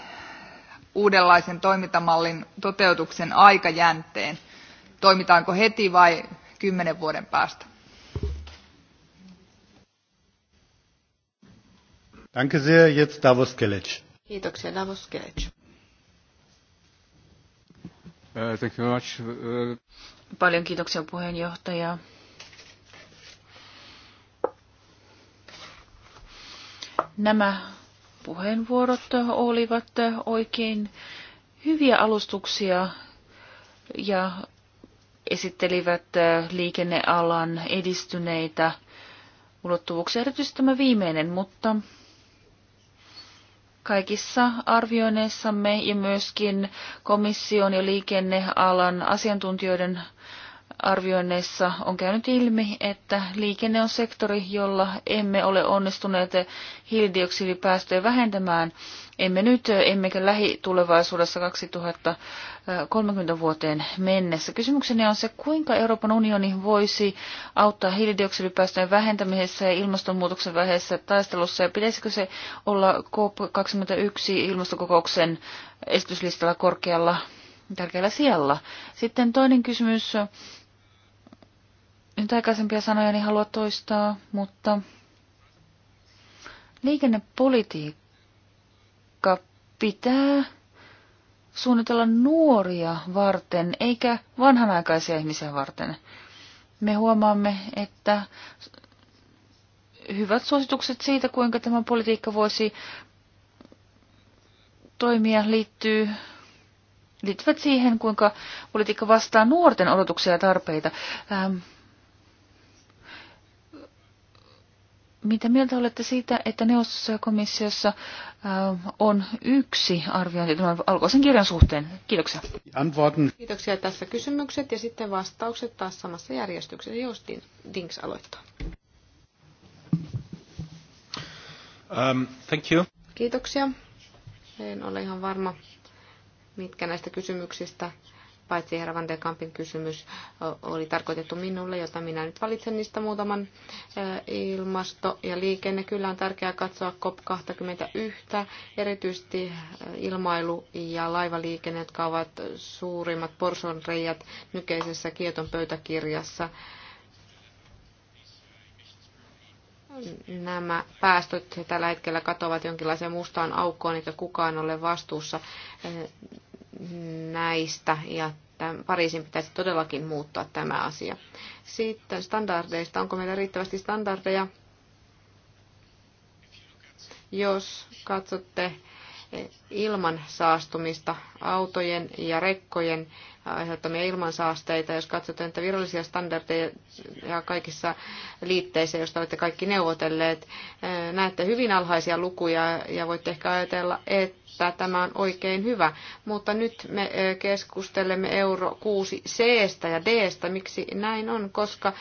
uudenlaisen toimintamallin toteutuksen aikajänteen? Toimitaanko heti vai kymmenen vuoden päästä? Danke sehr, jetzt Davos Kiitoksia, Davos uh, Thank you much. Uh, Paljon kiitoksia puheenjohtaja. Nämä puheenvuorot olivat oikein hyviä alustuksia ja esittelivät liikennealan edistyneitä ulottuvuuksia, erityisesti tämä viimeinen, mutta Kaikissa arvioinneissamme ja myöskin komission ja liikennealan asiantuntijoiden arvioinneissa on käynyt ilmi, että liikenne on sektori, jolla emme ole onnistuneet hiilidioksidipäästöjä vähentämään. Emme nyt, emmekä lähitulevaisuudessa 2030 vuoteen mennessä. Kysymykseni on se, kuinka Euroopan unioni voisi auttaa hiilidioksidipäästöjen vähentämisessä ja ilmastonmuutoksen vähessä taistelussa, ja pitäisikö se olla COP21 ilmastokokouksen esityslistalla korkealla tärkeällä sijalla. Sitten toinen kysymys nyt aikaisempia sanoja niin halua toistaa, mutta liikennepolitiikka pitää suunnitella nuoria varten, eikä vanhanaikaisia ihmisiä varten. Me huomaamme, että hyvät suositukset siitä, kuinka tämä politiikka voisi toimia, liittyy, liittyvät siihen, kuinka politiikka vastaa nuorten odotuksia ja tarpeita. Ähm, Mitä mieltä olette siitä, että neuvostossa ja komissiossa äh, on yksi arviointi tämän alkoisen kirjan suhteen? Kiitoksia. Antworten. Kiitoksia tässä kysymykset ja sitten vastaukset taas samassa järjestyksessä, jos Dings aloittaa. Um, thank you. Kiitoksia. En ole ihan varma, mitkä näistä kysymyksistä paitsi herra Van de Kampin kysymys oli tarkoitettu minulle, jota minä nyt valitsen niistä muutaman ilmasto ja liikenne. Kyllä on tärkeää katsoa COP21, erityisesti ilmailu ja laivaliikenne, jotka ovat suurimmat porsonreijat nykeisessä kieton pöytäkirjassa. nämä päästöt tällä hetkellä katoavat jonkinlaiseen mustaan aukkoon, eikä kukaan ole vastuussa näistä ja tämän, Pariisin pitäisi todellakin muuttaa tämä asia. Sitten standardeista. Onko meillä riittävästi standardeja? Jos katsotte eh, ilman saastumista autojen ja rekkojen aiheuttamia ilmansaasteita. Jos katsotaan että virallisia standardeja ja kaikissa liitteissä, joista olette kaikki neuvotelleet, näette hyvin alhaisia lukuja ja voitte ehkä ajatella, että tämä on oikein hyvä. Mutta nyt me keskustelemme euro 6 c ja d -stä. Miksi näin on? Koska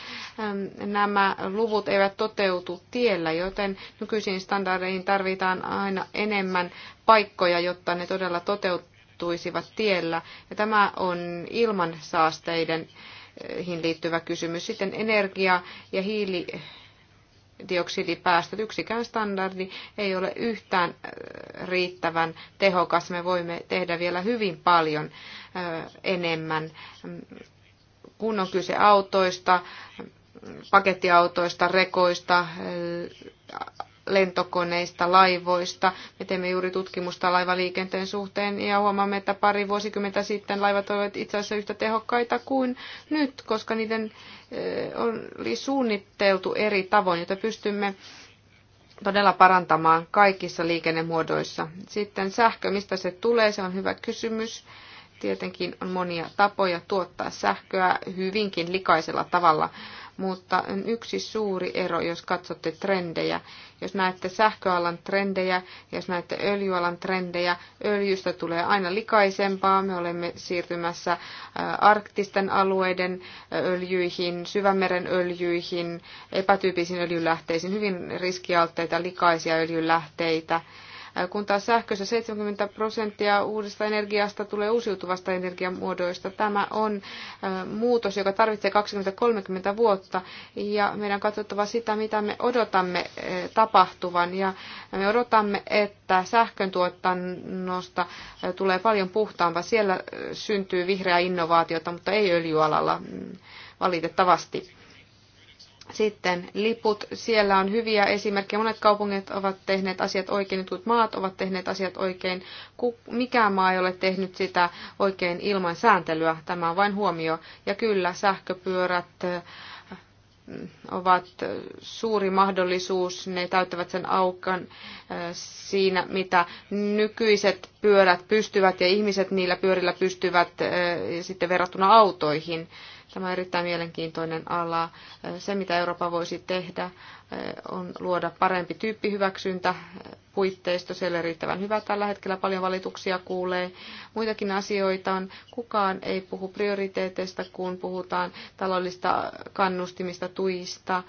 nämä luvut eivät toteutu tiellä, joten nykyisiin standardeihin tarvitaan aina enemmän paikkoja, jotta ne todella toteutuvat tapahtuisivat tiellä. Ja tämä on ilman saasteiden eh, liittyvä kysymys. Sitten energia ja hiili hiilidioksidipäästöt. Yksikään standardi ei ole yhtään eh, riittävän tehokas. Me voimme tehdä vielä hyvin paljon eh, enemmän, kun on kyse autoista, pakettiautoista, rekoista, lentokoneista, laivoista. Me teemme juuri tutkimusta laivaliikenteen suhteen ja huomaamme, että pari vuosikymmentä sitten laivat olivat itse asiassa yhtä tehokkaita kuin nyt, koska niiden eh, oli suunniteltu eri tavoin, jota pystymme todella parantamaan kaikissa liikennemuodoissa. Sitten sähkö, mistä se tulee, se on hyvä kysymys. Tietenkin on monia tapoja tuottaa sähköä hyvinkin likaisella tavalla mutta on yksi suuri ero, jos katsotte trendejä. Jos näette sähköalan trendejä, jos näette öljyalan trendejä, öljystä tulee aina likaisempaa. Me olemme siirtymässä arktisten alueiden öljyihin, syvämeren öljyihin, epätyypisiin öljylähteisiin, hyvin riskialtteita, likaisia öljylähteitä. Äh, kun taas sähkössä 70 prosenttia uudesta energiasta tulee uusiutuvasta energiamuodoista. Tämä on äh, muutos, joka tarvitsee 20-30 vuotta ja meidän on katsottava sitä, mitä me odotamme äh, tapahtuvan ja me odotamme, että sähkön tuotannosta tulee paljon puhtaampaa. Siellä syntyy vihreää innovaatiota, mutta ei öljyalalla mm, valitettavasti. Sitten liput. Siellä on hyviä esimerkkejä. Monet kaupungit ovat tehneet asiat oikein, jotkut maat ovat tehneet asiat oikein. Mikään maa ei ole tehnyt sitä oikein ilman sääntelyä. Tämä on vain huomio. Ja kyllä, sähköpyörät äh, ovat suuri mahdollisuus. Ne täyttävät sen aukan äh, siinä, mitä nykyiset pyörät pystyvät ja ihmiset niillä pyörillä pystyvät äh, sitten verrattuna autoihin Tämä on erittäin mielenkiintoinen ala. Se, mitä Eurooppa voisi tehdä, on luoda parempi tyyppihyväksyntä puitteisto. Siellä riittävän hyvä tällä hetkellä. Paljon valituksia kuulee. Muitakin asioita on. Kukaan ei puhu prioriteeteista, kun puhutaan taloudellista kannustimista, tuista,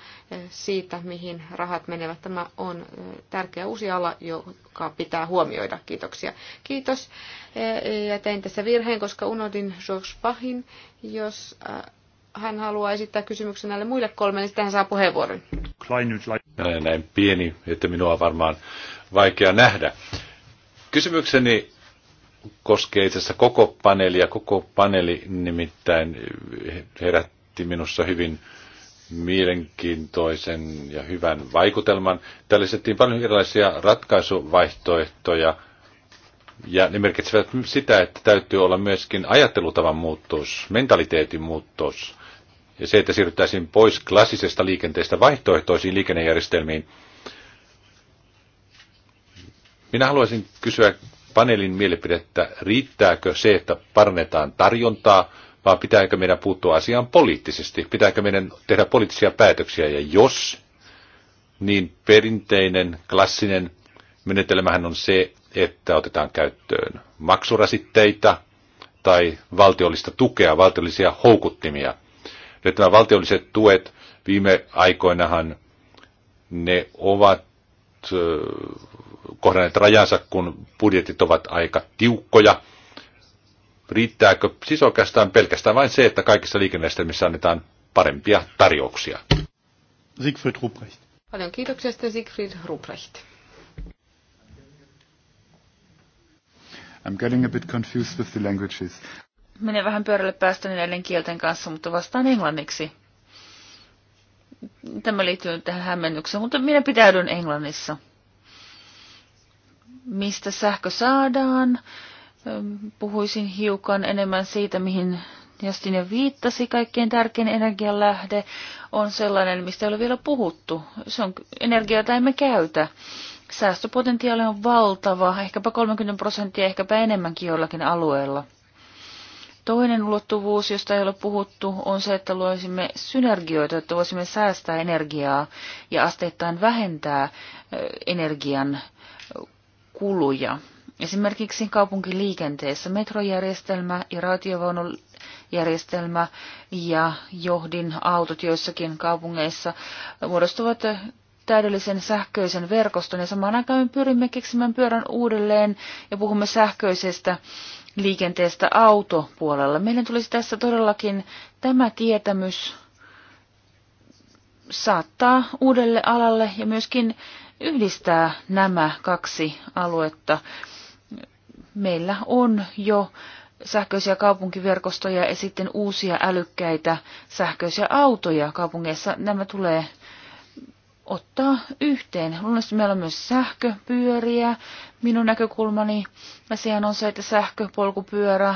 siitä, mihin rahat menevät. Tämä on tärkeä uusi ala, joka pitää huomioida. Kiitoksia. Kiitos. Ja tein tässä virheen, koska unohdin Georges Pahin. Jos hän haluaa esittää kysymyksen näille muille kolmelle, niin sitten hän saa puheenvuoron. Näin, näin pieni, että minua on varmaan vaikea nähdä. Kysymykseni koskee itse asiassa koko paneelia. Koko paneeli nimittäin herätti minussa hyvin mielenkiintoisen ja hyvän vaikutelman. Täällä esitettiin paljon erilaisia ratkaisuvaihtoehtoja, ja ne merkitsevät sitä, että täytyy olla myöskin ajattelutavan muutos, mentaliteetin muutos ja se, että siirryttäisiin pois klassisesta liikenteestä vaihtoehtoisiin liikennejärjestelmiin. Minä haluaisin kysyä paneelin mielipidettä, riittääkö se, että parannetaan tarjontaa, vaan pitääkö meidän puuttua asiaan poliittisesti? Pitääkö meidän tehdä poliittisia päätöksiä? Ja jos, niin perinteinen, klassinen menetelmähän on se, että otetaan käyttöön maksurasitteita tai valtiollista tukea, valtiollisia houkuttimia – nyt nämä valtiolliset tuet viime aikoinahan ne ovat kohdanneet rajansa, kun budjetit ovat aika tiukkoja. Riittääkö siis oikeastaan pelkästään vain se, että kaikissa liikennejärjestelmissä annetaan parempia tarjouksia? Siegfried Ruprecht. Paljon kiitoksia sitten Siegfried Ruprecht. I'm getting a bit confused with the languages menee vähän pyörälle päästäni näiden kielten kanssa, mutta vastaan englanniksi. Tämä liittyy nyt tähän hämmennykseen, mutta minä pitäydyn Englannissa. Mistä sähkö saadaan? Puhuisin hiukan enemmän siitä, mihin Justin jo viittasi. Kaikkein tärkein energianlähde on sellainen, mistä ei ole vielä puhuttu. Se on energiaa, jota emme käytä. Säästöpotentiaali on valtava, ehkäpä 30 prosenttia, ehkäpä enemmänkin joillakin alueella. Toinen ulottuvuus, josta ei ole puhuttu, on se, että luoisimme synergioita, että voisimme säästää energiaa ja asteittain vähentää energian kuluja. Esimerkiksi kaupunkiliikenteessä metrojärjestelmä ja raitiovaunujärjestelmä ja johdinautot joissakin kaupungeissa muodostuvat täydellisen sähköisen verkoston ja samaan aikaan pyrimme keksimään pyörän uudelleen ja puhumme sähköisestä liikenteestä autopuolella. Meidän tulisi tässä todellakin tämä tietämys saattaa uudelle alalle ja myöskin yhdistää nämä kaksi aluetta. Meillä on jo sähköisiä kaupunkiverkostoja ja sitten uusia älykkäitä sähköisiä autoja kaupungeissa. Nämä tulee ottaa yhteen. Luonnollisesti meillä on myös sähköpyöriä. Minun näkökulmani asiaan on se, että sähköpolkupyörä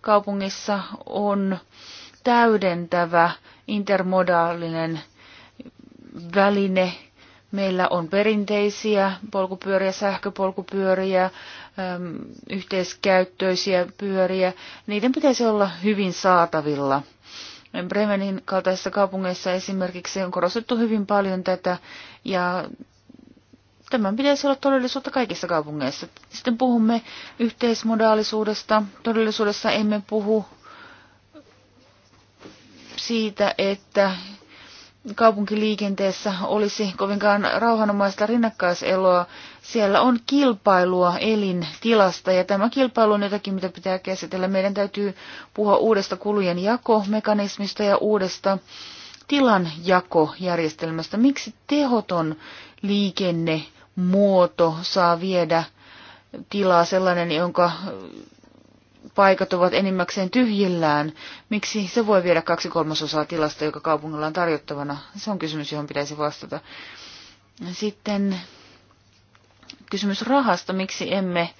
kaupungissa on täydentävä intermodaalinen väline. Meillä on perinteisiä polkupyöriä, sähköpolkupyöriä, yhteiskäyttöisiä pyöriä. Niiden pitäisi olla hyvin saatavilla – Bremenin kaltaisissa kaupungeissa esimerkiksi on korostettu hyvin paljon tätä ja tämän pitäisi olla todellisuutta kaikissa kaupungeissa. Sitten puhumme yhteismodaalisuudesta. Todellisuudessa emme puhu siitä, että kaupunkiliikenteessä olisi kovinkaan rauhanomaista rinnakkaiseloa. Siellä on kilpailua elintilasta ja tämä kilpailu on jotakin, mitä pitää käsitellä. Meidän täytyy puhua uudesta kulujen jakomekanismista ja uudesta tilanjakojärjestelmästä. Miksi tehoton liikennemuoto saa viedä tilaa sellainen, jonka paikat ovat enimmäkseen tyhjillään. Miksi se voi viedä kaksi kolmasosaa tilasta, joka kaupungilla on tarjottavana? Se on kysymys, johon pitäisi vastata. Sitten kysymys rahasta. Miksi emme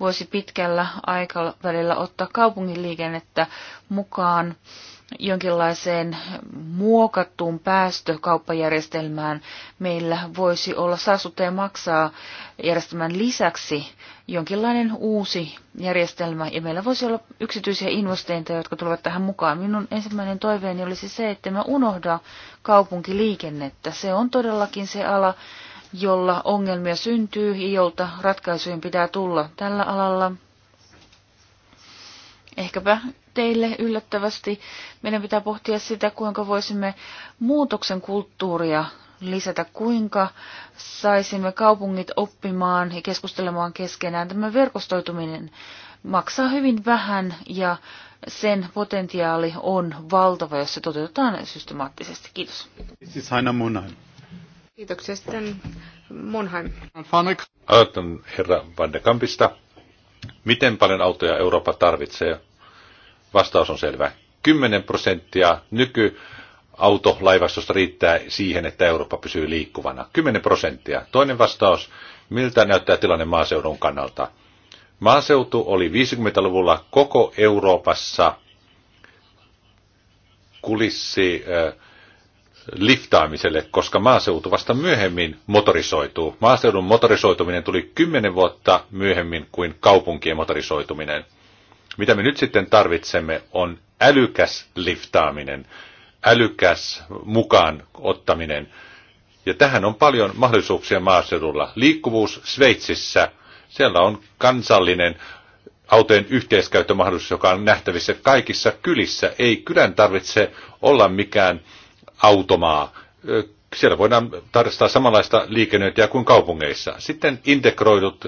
voisi pitkällä aikavälillä ottaa kaupungin liikennettä mukaan? jonkinlaiseen muokattuun päästökauppajärjestelmään meillä voisi olla saastuttaja maksaa järjestelmän lisäksi jonkinlainen uusi järjestelmä ja meillä voisi olla yksityisiä investointeja, jotka tulevat tähän mukaan. Minun ensimmäinen toiveeni olisi se, että me unohda kaupunkiliikennettä. Se on todellakin se ala, jolla ongelmia syntyy ja jolta ratkaisujen pitää tulla tällä alalla ehkäpä teille yllättävästi. Meidän pitää pohtia sitä, kuinka voisimme muutoksen kulttuuria lisätä, kuinka saisimme kaupungit oppimaan ja keskustelemaan keskenään. Tämä verkostoituminen maksaa hyvin vähän ja sen potentiaali on valtava, jos se toteutetaan systemaattisesti. Kiitos. This Heina Monheim. Kiitoksia sitten Monheim. Aloitan herra Vandekampista. Kampista. Miten paljon autoja Eurooppa tarvitsee? Vastaus on selvä. 10 prosenttia nyky autolaivastosta riittää siihen, että Eurooppa pysyy liikkuvana. 10 prosenttia. Toinen vastaus, miltä näyttää tilanne maaseudun kannalta? Maaseutu oli 50-luvulla koko Euroopassa kulissi äh, liftaamiselle, koska maaseutu vasta myöhemmin motorisoituu. Maaseudun motorisoituminen tuli kymmenen vuotta myöhemmin kuin kaupunkien motorisoituminen. Mitä me nyt sitten tarvitsemme on älykäs liftaaminen, älykäs mukaan ottaminen. Ja tähän on paljon mahdollisuuksia maaseudulla. Liikkuvuus Sveitsissä, siellä on kansallinen autojen yhteiskäyttömahdollisuus, joka on nähtävissä kaikissa kylissä. Ei kylän tarvitse olla mikään automaa. Siellä voidaan tarjota samanlaista liikennöintiä kuin kaupungeissa. Sitten integroidut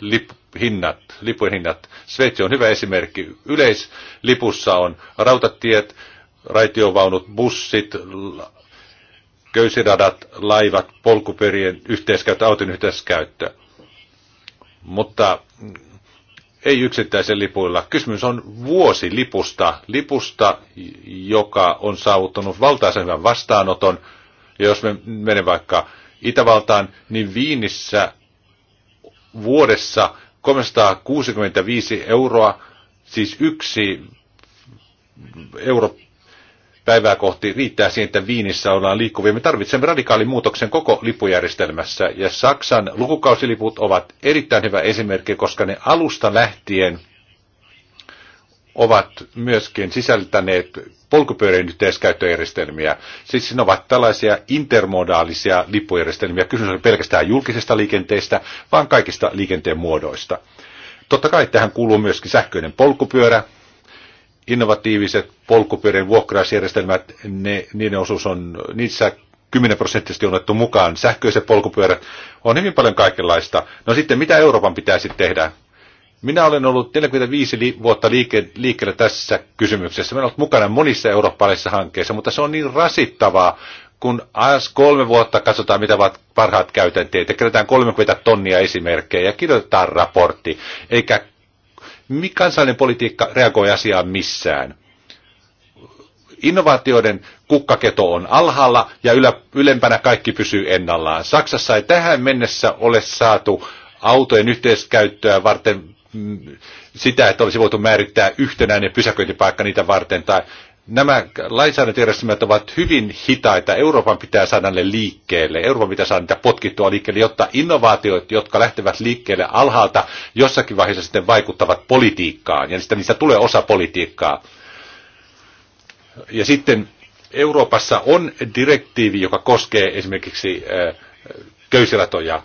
lip, hinnat, lipujen hinnat. Sveitsi on hyvä esimerkki. Yleislipussa on rautatiet, raitiovaunut, bussit, köysiradat, laivat, polkuperien yhteiskäyttö, auton yhteiskäyttö. Mutta mm, ei yksittäisen lipuilla. Kysymys on vuosilipusta, lipusta, joka on saavuttanut valtaisen hyvän vastaanoton. Ja jos me menen vaikka Itävaltaan, niin Viinissä vuodessa 365 euroa, siis yksi euro päivää kohti riittää siihen, että Viinissä ollaan liikkuvia. Me tarvitsemme radikaalin muutoksen koko lippujärjestelmässä ja Saksan lukukausiliput ovat erittäin hyvä esimerkki, koska ne alusta lähtien ovat myöskin sisältäneet polkupyörien yhteiskäyttöjärjestelmiä. Siis ne ovat tällaisia intermodaalisia lippujärjestelmiä. Kysymys on pelkästään julkisesta liikenteestä, vaan kaikista liikenteen muodoista. Totta kai tähän kuuluu myöskin sähköinen polkupyörä, innovatiiviset polkupyörien vuokrausjärjestelmät, ne, niiden osuus on, niissä 10 prosenttisesti on otettu mukaan. Sähköiset polkupyörät on hyvin paljon kaikenlaista. No sitten mitä Euroopan pitäisi tehdä? Minä olen ollut 45 li- vuotta liike- liikkeellä tässä kysymyksessä. Minä olen ollut mukana monissa eurooppalaisissa hankkeissa, mutta se on niin rasittavaa, kun AS kolme vuotta katsotaan, mitä ovat parhaat käytänteet, ja kerätään 30 tonnia esimerkkejä ja kirjoitetaan raportti, eikä kansallinen politiikka reagoi asiaan missään. Innovaatioiden kukkaketo on alhaalla ja ylempänä kaikki pysyy ennallaan. Saksassa ei tähän mennessä ole saatu autojen yhteiskäyttöä varten mm, sitä, että olisi voitu määrittää yhtenäinen pysäköintipaikka niitä varten tai Nämä lainsäädäntöjärjestelmät ovat hyvin hitaita. Euroopan pitää saada ne liikkeelle. Euroopan pitää saada niitä potkittua liikkeelle, jotta innovaatiot, jotka lähtevät liikkeelle alhaalta, jossakin vaiheessa sitten vaikuttavat politiikkaan. Ja niistä, niistä tulee osa politiikkaa. Ja sitten Euroopassa on direktiivi, joka koskee esimerkiksi äh, köysilatoja.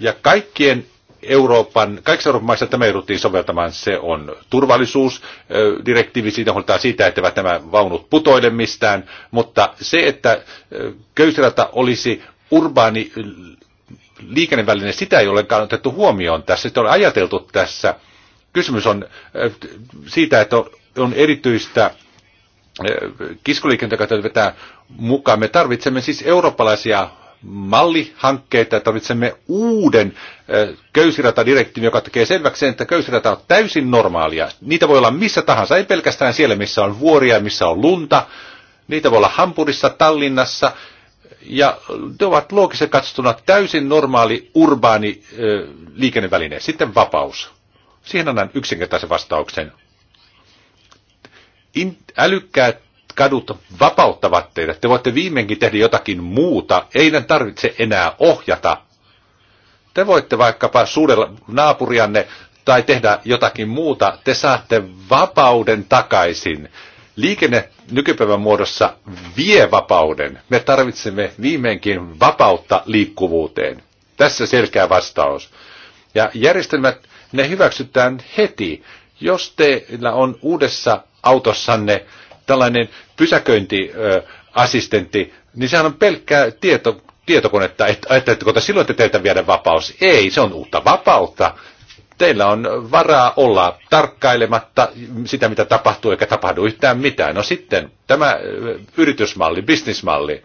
Ja kaikkien Euroopan, kaikissa Euroopan maissa tämä jouduttiin soveltamaan, se on turvallisuusdirektiivi, siitä huolitaan siitä, että nämä vaunut putoile mistään, mutta se, että köysirata olisi urbaani liikenneväline, sitä ei ollenkaan otettu huomioon tässä, sitä on ajateltu tässä. Kysymys on siitä, että on erityistä kiskoliikennettä, joka vetää mukaan. Me tarvitsemme siis eurooppalaisia mallihankkeita, ja tarvitsemme uuden köysiratadirektiivin, joka tekee selväksi sen, että köysirata on täysin normaalia. Niitä voi olla missä tahansa, ei pelkästään siellä, missä on vuoria, missä on lunta. Niitä voi olla Hampurissa, Tallinnassa, ja ne ovat loogisesti katsottuna täysin normaali urbaani ö, liikenneväline. Sitten vapaus. Siihen annan yksinkertaisen vastauksen. In, älykkäät kadut vapauttavat teidät. Te voitte viimeinkin tehdä jotakin muuta. Ei tarvitse enää ohjata. Te voitte vaikkapa suudella naapurianne tai tehdä jotakin muuta. Te saatte vapauden takaisin. Liikenne nykypäivän muodossa vie vapauden. Me tarvitsemme viimeinkin vapautta liikkuvuuteen. Tässä selkeä vastaus. Ja järjestelmät, ne hyväksytään heti. Jos teillä on uudessa autossanne tällainen pysäköintiassistentti, niin sehän on pelkkää tieto, tietokonetta, että että, että silloin te teiltä viedä vapaus. Ei, se on uutta vapautta. Teillä on varaa olla tarkkailematta sitä, mitä tapahtuu, eikä tapahdu yhtään mitään. No sitten tämä yritysmalli, bisnismalli.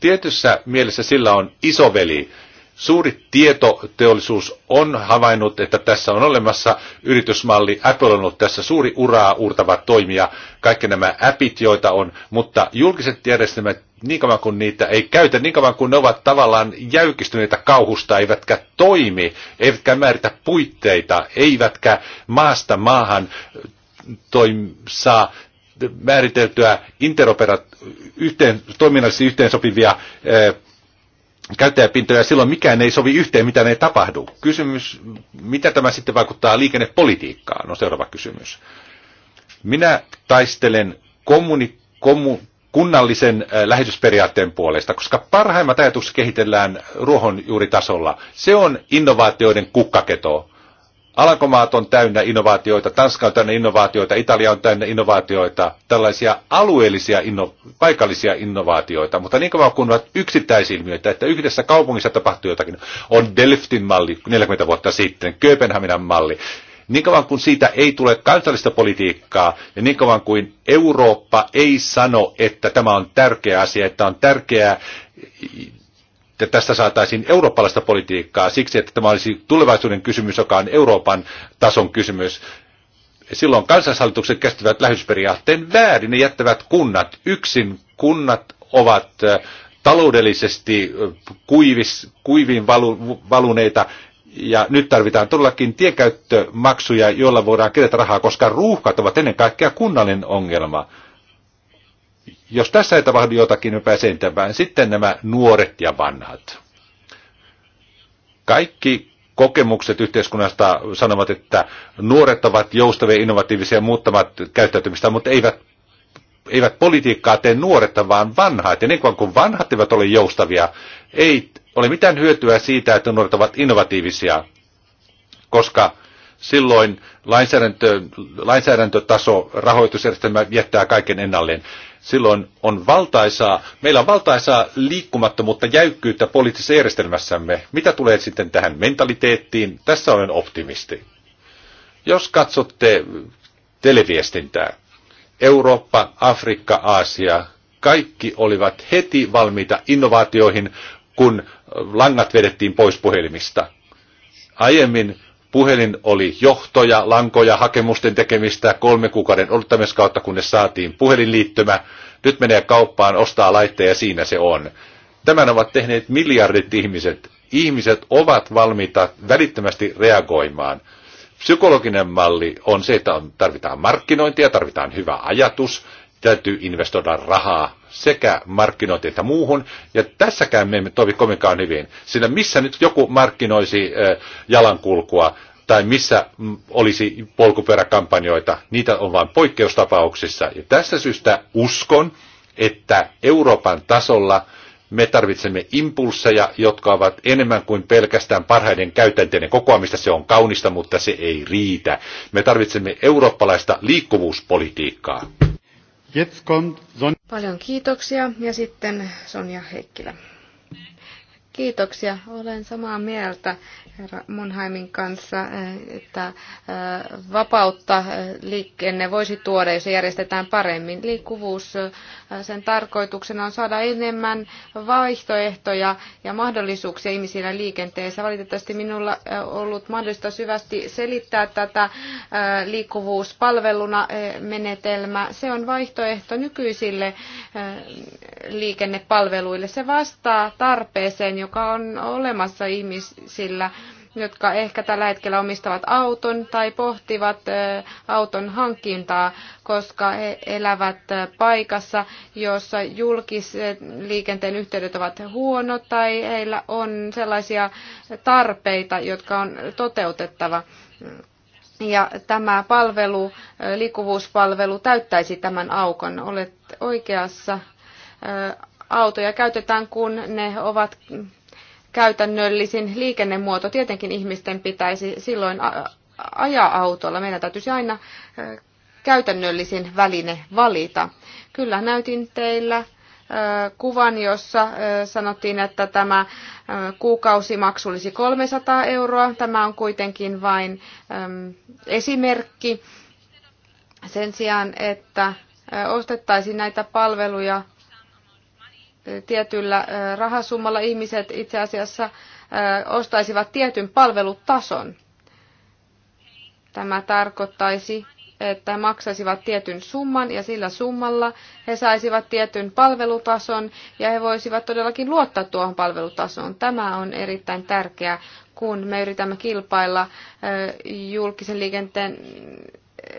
Tietyssä mielessä sillä on isoveli Suuri tietoteollisuus on havainnut, että tässä on olemassa yritysmalli. Apple on ollut tässä suuri uraa uurtava toimija, kaikki nämä appit, joita on, mutta julkiset järjestelmät, niin kauan kuin niitä ei käytä, niin kauan kuin ne ovat tavallaan jäykistyneitä kauhusta, eivätkä toimi, eivätkä määritä puitteita, eivätkä maasta maahan toim- saa määriteltyä interoperat, yhteen, toiminnallisesti yhteensopivia eh, käyttäjäpintoja, silloin mikään ei sovi yhteen, mitä ne tapahdu. Kysymys, mitä tämä sitten vaikuttaa liikennepolitiikkaan, on seuraava kysymys. Minä taistelen kommuni, kommu, kunnallisen äh, lähetysperiaatteen puolesta, koska parhaimmat ajatukset kehitellään ruohonjuuritasolla. Se on innovaatioiden kukkaketo. Alankomaat on täynnä innovaatioita, Tanska on täynnä innovaatioita, Italia on täynnä innovaatioita, tällaisia alueellisia, inno, paikallisia innovaatioita, mutta niin kauan kun ovat yksittäisilmiöitä, että yhdessä kaupungissa tapahtuu jotakin, on Delftin malli 40 vuotta sitten, Kööpenhaminan malli, niin kauan kuin siitä ei tule kansallista politiikkaa ja niin kauan kuin Eurooppa ei sano, että tämä on tärkeä asia, että on tärkeää että tästä saataisiin eurooppalaista politiikkaa siksi, että tämä olisi tulevaisuuden kysymys, joka on Euroopan tason kysymys. Silloin kansanhallitukset kestävät lähysperiaatteen väärin, ne jättävät kunnat yksin. Kunnat ovat taloudellisesti kuivis, kuiviin valu, valuneita ja nyt tarvitaan todellakin tiekäyttömaksuja, joilla voidaan kerätä rahaa, koska ruuhkat ovat ennen kaikkea kunnallinen ongelma. Jos tässä ei tapahdu jotakin niin epäsentävää, sitten nämä nuoret ja vanhat. Kaikki kokemukset yhteiskunnasta sanovat, että nuoret ovat joustavia, innovatiivisia ja muuttavat käyttäytymistä, mutta eivät, eivät politiikkaa tee nuoret, vaan vanhat. Ja niin kuin vanhat eivät ole joustavia, ei ole mitään hyötyä siitä, että nuoret ovat innovatiivisia, koska silloin lainsäädäntö, lainsäädäntötaso, rahoitusjärjestelmä jättää kaiken ennalleen silloin on valtaisaa, meillä on valtaisaa liikkumattomuutta, jäykkyyttä poliittisessa järjestelmässämme. Mitä tulee sitten tähän mentaliteettiin? Tässä olen optimisti. Jos katsotte televiestintää, Eurooppa, Afrikka, Aasia, kaikki olivat heti valmiita innovaatioihin, kun langat vedettiin pois puhelimista. Aiemmin Puhelin oli johtoja, lankoja, hakemusten tekemistä, kolme kuukauden odottamiskautta, kunnes saatiin puhelinliittymä. Nyt menee kauppaan, ostaa laitteja ja siinä se on. Tämän ovat tehneet miljardit ihmiset. Ihmiset ovat valmiita välittömästi reagoimaan. Psykologinen malli on se, että tarvitaan markkinointia, tarvitaan hyvä ajatus, täytyy investoida rahaa sekä markkinointiin että muuhun. Ja tässäkään me emme toimi kovinkaan hyvin, sillä missä nyt joku markkinoisi jalankulkua tai missä mm, olisi polkupyöräkampanjoita, niitä on vain poikkeustapauksissa. Ja tästä syystä uskon, että Euroopan tasolla me tarvitsemme impulseja, jotka ovat enemmän kuin pelkästään parhaiden käytänteiden kokoamista. Se on kaunista, mutta se ei riitä. Me tarvitsemme eurooppalaista liikkuvuuspolitiikkaa. Jetzt kommt Son- Paljon kiitoksia ja sitten Sonja Heikkilä. Kiitoksia, olen samaa mieltä herra Monheimin kanssa, eh, että eh, vapautta eh, liikenne voisi tuoda, jos se järjestetään paremmin. Liikkuvuus, sen tarkoituksena on saada enemmän vaihtoehtoja ja mahdollisuuksia ihmisillä liikenteessä. Valitettavasti minulla on ollut mahdollista syvästi selittää tätä liikkuvuuspalveluna menetelmä. Se on vaihtoehto nykyisille liikennepalveluille. Se vastaa tarpeeseen, joka on olemassa ihmisillä jotka ehkä tällä hetkellä omistavat auton tai pohtivat auton hankintaa, koska he elävät paikassa, jossa julkisliikenteen yhteydet ovat huonot tai heillä on sellaisia tarpeita, jotka on toteutettava. Ja tämä palvelu, liikkuvuuspalvelu täyttäisi tämän aukon. Olet oikeassa autoja käytetään, kun ne ovat käytännöllisin liikennemuoto. Tietenkin ihmisten pitäisi silloin ajaa autolla. Meidän täytyisi aina käytännöllisin väline valita. Kyllä näytin teillä kuvan, jossa sanottiin, että tämä kuukausimaksu olisi 300 euroa. Tämä on kuitenkin vain esimerkki. Sen sijaan, että ostettaisiin näitä palveluja tietyllä rahasummalla ihmiset itse asiassa ostaisivat tietyn palvelutason. Tämä tarkoittaisi, että maksaisivat tietyn summan ja sillä summalla he saisivat tietyn palvelutason ja he voisivat todellakin luottaa tuohon palvelutasoon. Tämä on erittäin tärkeää, kun me yritämme kilpailla julkisen liikenteen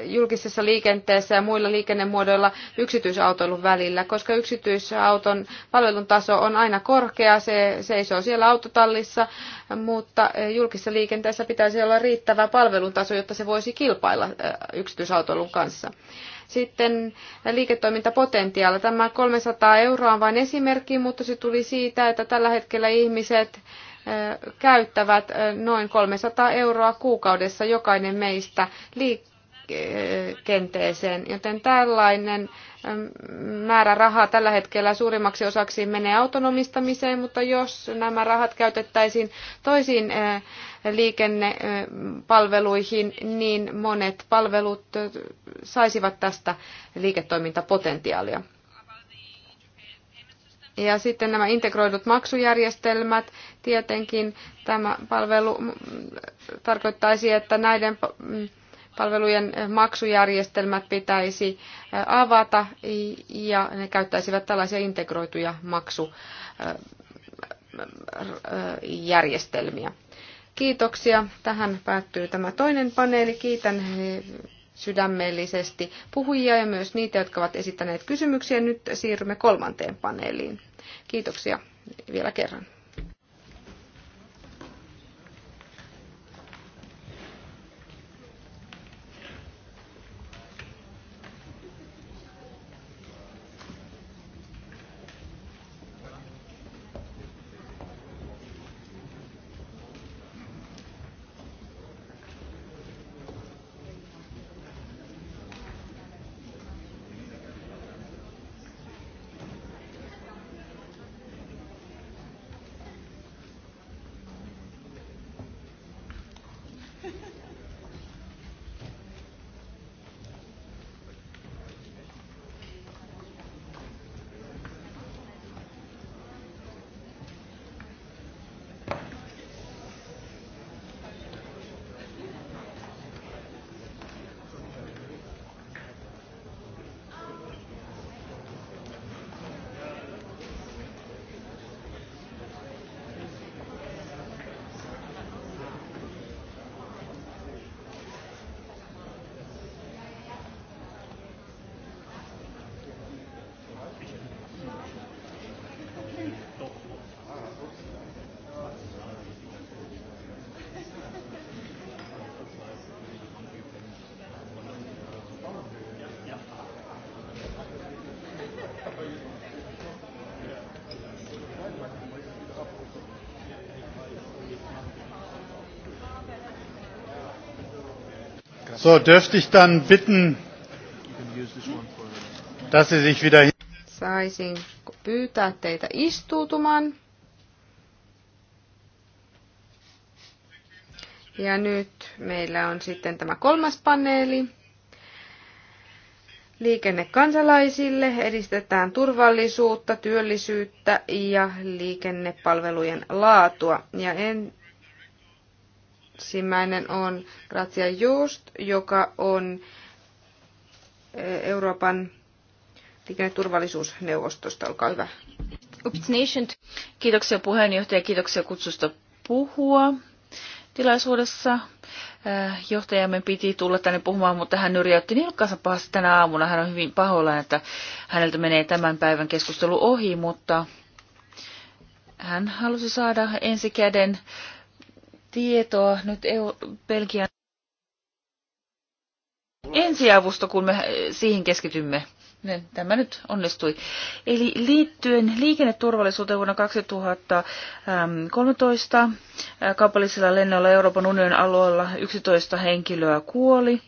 julkisessa liikenteessä ja muilla liikennemuodoilla yksityisautoilun välillä, koska yksityisauton palvelun taso on aina korkea, se seisoo siellä autotallissa, mutta eh, julkisessa liikenteessä pitäisi olla riittävä palvelun taso, jotta se voisi kilpailla eh, yksityisautoilun kanssa. Sitten liiketoimintapotentiaali. Tämä 300 euroa on vain esimerkki, mutta se tuli siitä, että tällä hetkellä ihmiset eh, käyttävät noin 300 euroa kuukaudessa jokainen meistä liik- kenteeseen. Joten tällainen määrä rahaa tällä hetkellä suurimmaksi osaksi menee autonomistamiseen, mutta jos nämä rahat käytettäisiin toisiin liikennepalveluihin, niin monet palvelut saisivat tästä liiketoimintapotentiaalia. Ja sitten nämä integroidut maksujärjestelmät, tietenkin tämä palvelu tarkoittaisi, että näiden palvelujen maksujärjestelmät pitäisi avata ja ne käyttäisivät tällaisia integroituja maksujärjestelmiä. Kiitoksia. Tähän päättyy tämä toinen paneeli. Kiitän sydämellisesti puhujia ja myös niitä, jotka ovat esittäneet kysymyksiä. Nyt siirrymme kolmanteen paneeliin. Kiitoksia vielä kerran. So, dürfte ich dann bitten, dass Sie sich wieder Saisin pyytää teitä istuutumaan. Ja nyt meillä on sitten tämä kolmas paneeli. Liikenne kansalaisille edistetään turvallisuutta, työllisyyttä ja liikennepalvelujen laatua. Ja en, Ensimmäinen on Grazia Just, joka on eh, Euroopan liikenneturvallisuusneuvostosta. Olkaa hyvä. Kiitoksia puheenjohtaja, kiitoksia kutsusta puhua tilaisuudessa. Eh, johtajamme piti tulla tänne puhumaan, mutta hän nyrjäytti nilkkansa pahasti tänä aamuna. Hän on hyvin pahoillaan, että häneltä menee tämän päivän keskustelu ohi, mutta hän halusi saada ensikäden tietoa nyt EU, Belgian ensiavusta, kun me siihen keskitymme. Tämä nyt onnistui. Eli liittyen liikenneturvallisuuteen vuonna 2013 kaupallisilla lennoilla Euroopan unionin alueella 11 henkilöä kuoli.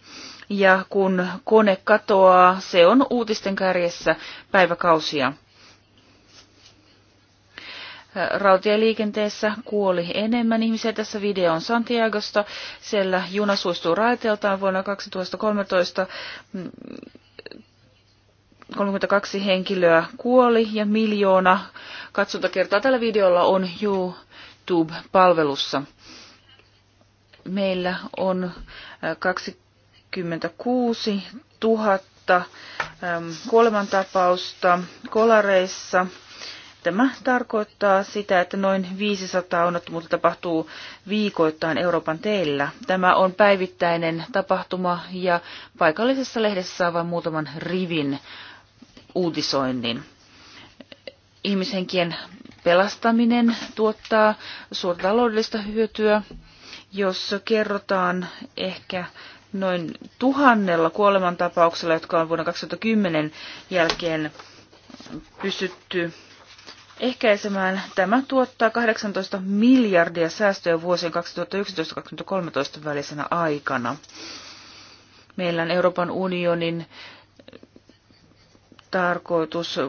Ja kun kone katoaa, se on uutisten kärjessä päiväkausia rautieliikenteessä kuoli enemmän ihmisiä. Tässä videon Santiagosta. Siellä juna suistuu raiteeltaan vuonna 2013. 32 henkilöä kuoli ja miljoona katsontakertaa tällä videolla on YouTube-palvelussa. Meillä on 26 000 kuolemantapausta kolareissa – Tämä tarkoittaa sitä, että noin 500 onnettomuutta tapahtuu viikoittain Euroopan teillä. Tämä on päivittäinen tapahtuma ja paikallisessa lehdessä saa vain muutaman rivin uutisoinnin. Ihmishenkien pelastaminen tuottaa suurta taloudellista hyötyä, jos kerrotaan ehkä noin tuhannella kuolemantapauksella, jotka on vuonna 2010 jälkeen pysytty ehkäisemään. Tämä tuottaa 18 miljardia säästöjä vuosien 2011-2013 välisenä aikana. Meillä on Euroopan unionin tarkoitus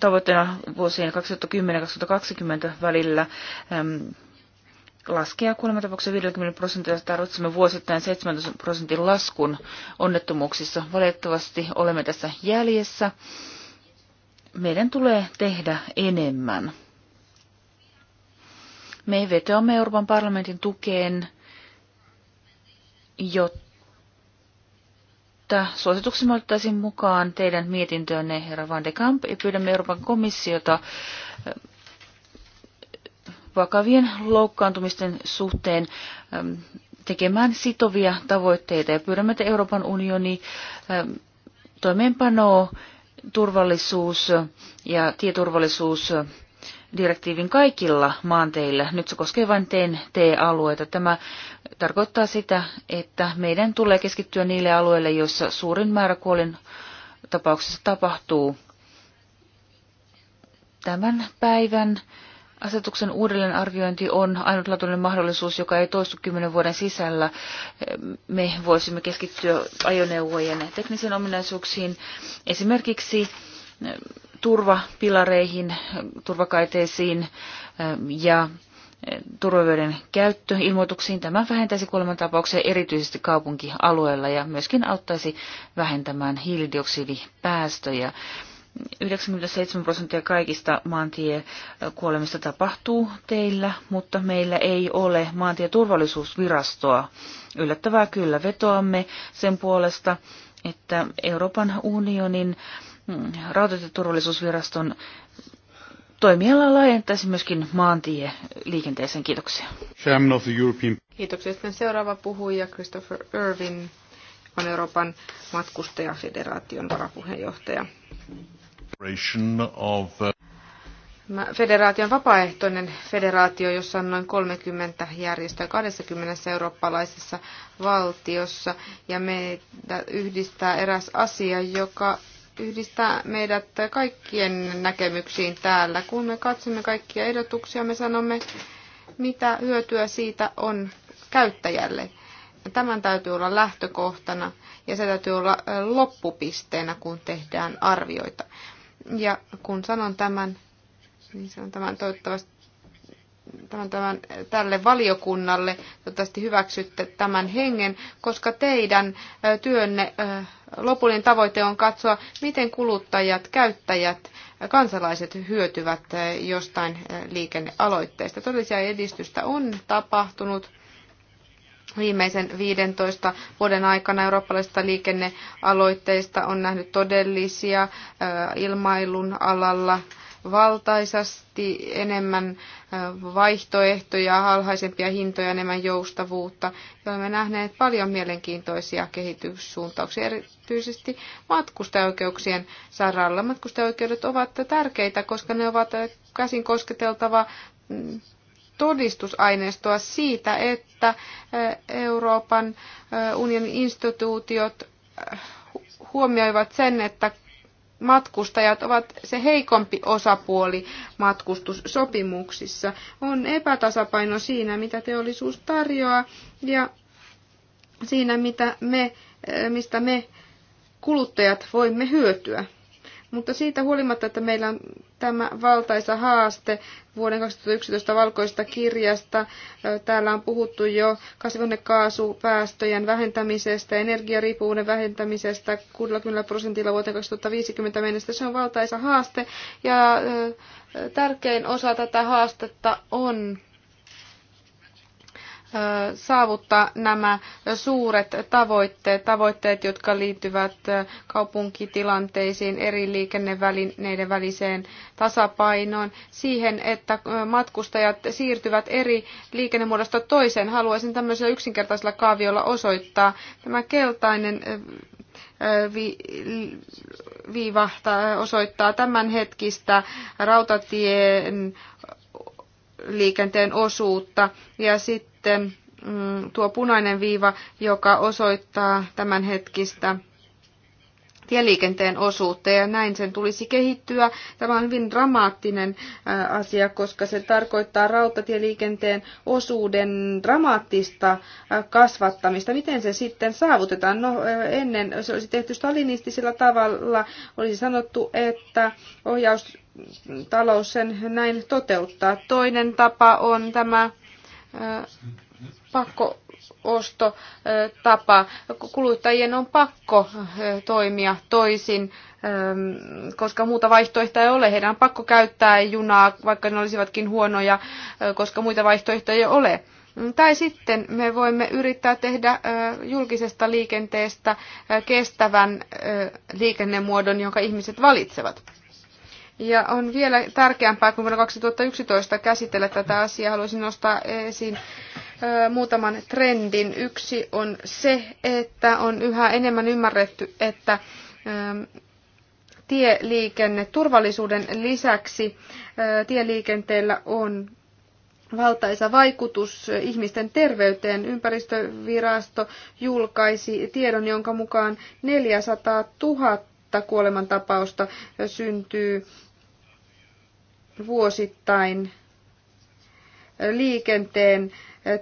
tavoitteena vuosien 2010-2020 välillä laskea kuolematapauksia 50 prosenttia Tarvitsemme vuosittain 17 prosentin laskun onnettomuuksissa. Valitettavasti olemme tässä jäljessä meidän tulee tehdä enemmän. Me vetoamme Euroopan parlamentin tukeen, jotta suosituksemme ottaisin mukaan teidän mietintöönne, herra Van de Kamp, ja pyydämme Euroopan komissiota äh, vakavien loukkaantumisten suhteen ähm, tekemään sitovia tavoitteita ja pyydämme, että Euroopan unioni ähm, toimeenpanoo turvallisuus ja tieturvallisuus direktiivin kaikilla maanteillä. Nyt se koskee vain TEN-T-alueita. Tämä tarkoittaa sitä, että meidän tulee keskittyä niille alueille, joissa suurin määrä kuolin tapauksessa tapahtuu. Tämän päivän Asetuksen uudelleenarviointi on ainutlaatuinen mahdollisuus, joka ei toistu kymmenen vuoden sisällä. Me voisimme keskittyä ajoneuvojen teknisiin ominaisuuksiin, esimerkiksi turvapilareihin, turvakaiteisiin ja turvavöiden käyttö ilmoituksiin. Tämä vähentäisi kuolemantapauksia erityisesti kaupunkialueella ja myöskin auttaisi vähentämään hiilidioksidipäästöjä. 97 prosenttia kaikista maantiekuolemista tapahtuu teillä, mutta meillä ei ole maantieturvallisuusvirastoa. Yllättävää kyllä vetoamme sen puolesta, että Euroopan unionin mm, rautatieturvallisuusviraston toimialalla laajentaisi myöskin maantie liikenteeseen. Kiitoksia. Chairman of the European... Kiitoksia. Sitten seuraava puhuja Christopher Irvin on Euroopan matkustajafederaation varapuheenjohtaja. Uh, federaation vapaaehtoinen federaatio, jossa on noin 30 järjestöä 20 eurooppalaisessa valtiossa. Ja meitä yhdistää eräs asia, joka yhdistää meidät kaikkien näkemyksiin täällä. Kun me katsomme kaikkia ehdotuksia, me sanomme, mitä hyötyä siitä on käyttäjälle. Tämän täytyy olla lähtökohtana ja se täytyy olla loppupisteenä, kun tehdään arvioita. Ja kun sanon tämän, niin sanon tämän toivottavasti tämän, tämän, tälle valiokunnalle, toivottavasti hyväksytte tämän hengen, koska teidän työnne lopullinen tavoite on katsoa, miten kuluttajat, käyttäjät, kansalaiset hyötyvät jostain liikennealoitteesta. Todellisia edistystä on tapahtunut Viimeisen 15 vuoden aikana eurooppalaisista liikennealoitteista on nähnyt todellisia ilmailun alalla valtaisasti enemmän vaihtoehtoja, alhaisempia hintoja, enemmän joustavuutta. Ja olemme nähneet paljon mielenkiintoisia kehityssuuntauksia, erityisesti matkustajoikeuksien saralla. Matkustajoikeudet ovat tärkeitä, koska ne ovat käsin kosketeltava mm, todistusaineistoa siitä, että Euroopan unionin instituutiot huomioivat sen, että matkustajat ovat se heikompi osapuoli matkustussopimuksissa. On epätasapaino siinä, mitä teollisuus tarjoaa ja siinä, mitä me, mistä me kuluttajat voimme hyötyä. Mutta siitä huolimatta, että meillä on tämä valtaisa haaste vuoden 2011 valkoista kirjasta, täällä on puhuttu jo kasvihuonekaasupäästöjen vähentämisestä, energiariippuvuuden vähentämisestä 60 prosentilla vuoteen 2050 mennessä. Se on valtaisa haaste ja tärkein osa tätä haastetta on saavuttaa nämä suuret tavoitteet, tavoitteet, jotka liittyvät kaupunkitilanteisiin, eri liikennevälineiden väliseen tasapainoon, siihen, että matkustajat siirtyvät eri liikennemuodosta toiseen. Haluaisin tämmöisellä yksinkertaisella kaaviolla osoittaa tämä keltainen viiva osoittaa tämänhetkistä rautatien liikenteen osuutta. Ja sitten mm, tuo punainen viiva, joka osoittaa tämänhetkistä tieliikenteen osuutta ja näin sen tulisi kehittyä. Tämä on hyvin dramaattinen asia, koska se tarkoittaa rautatieliikenteen osuuden dramaattista kasvattamista. Miten se sitten saavutetaan? No ennen se olisi tehty stalinistisella tavalla, olisi sanottu, että ohjaus talous sen näin toteuttaa. Toinen tapa on tämä pakko ostotapa. Kuluttajien on pakko toimia toisin, koska muuta vaihtoehtoa ei ole. Heidän on pakko käyttää junaa, vaikka ne olisivatkin huonoja, koska muita vaihtoehtoja ei ole. Tai sitten me voimme yrittää tehdä julkisesta liikenteestä kestävän liikennemuodon, jonka ihmiset valitsevat. Ja on vielä tärkeämpää, kuin vuonna 2011 käsitellä tätä asiaa, haluaisin nostaa esiin muutaman trendin. Yksi on se, että on yhä enemmän ymmärretty, että tieliikenne turvallisuuden lisäksi tieliikenteellä on valtaisa vaikutus ihmisten terveyteen. Ympäristövirasto julkaisi tiedon, jonka mukaan 400 000 kuolemantapausta syntyy vuosittain liikenteen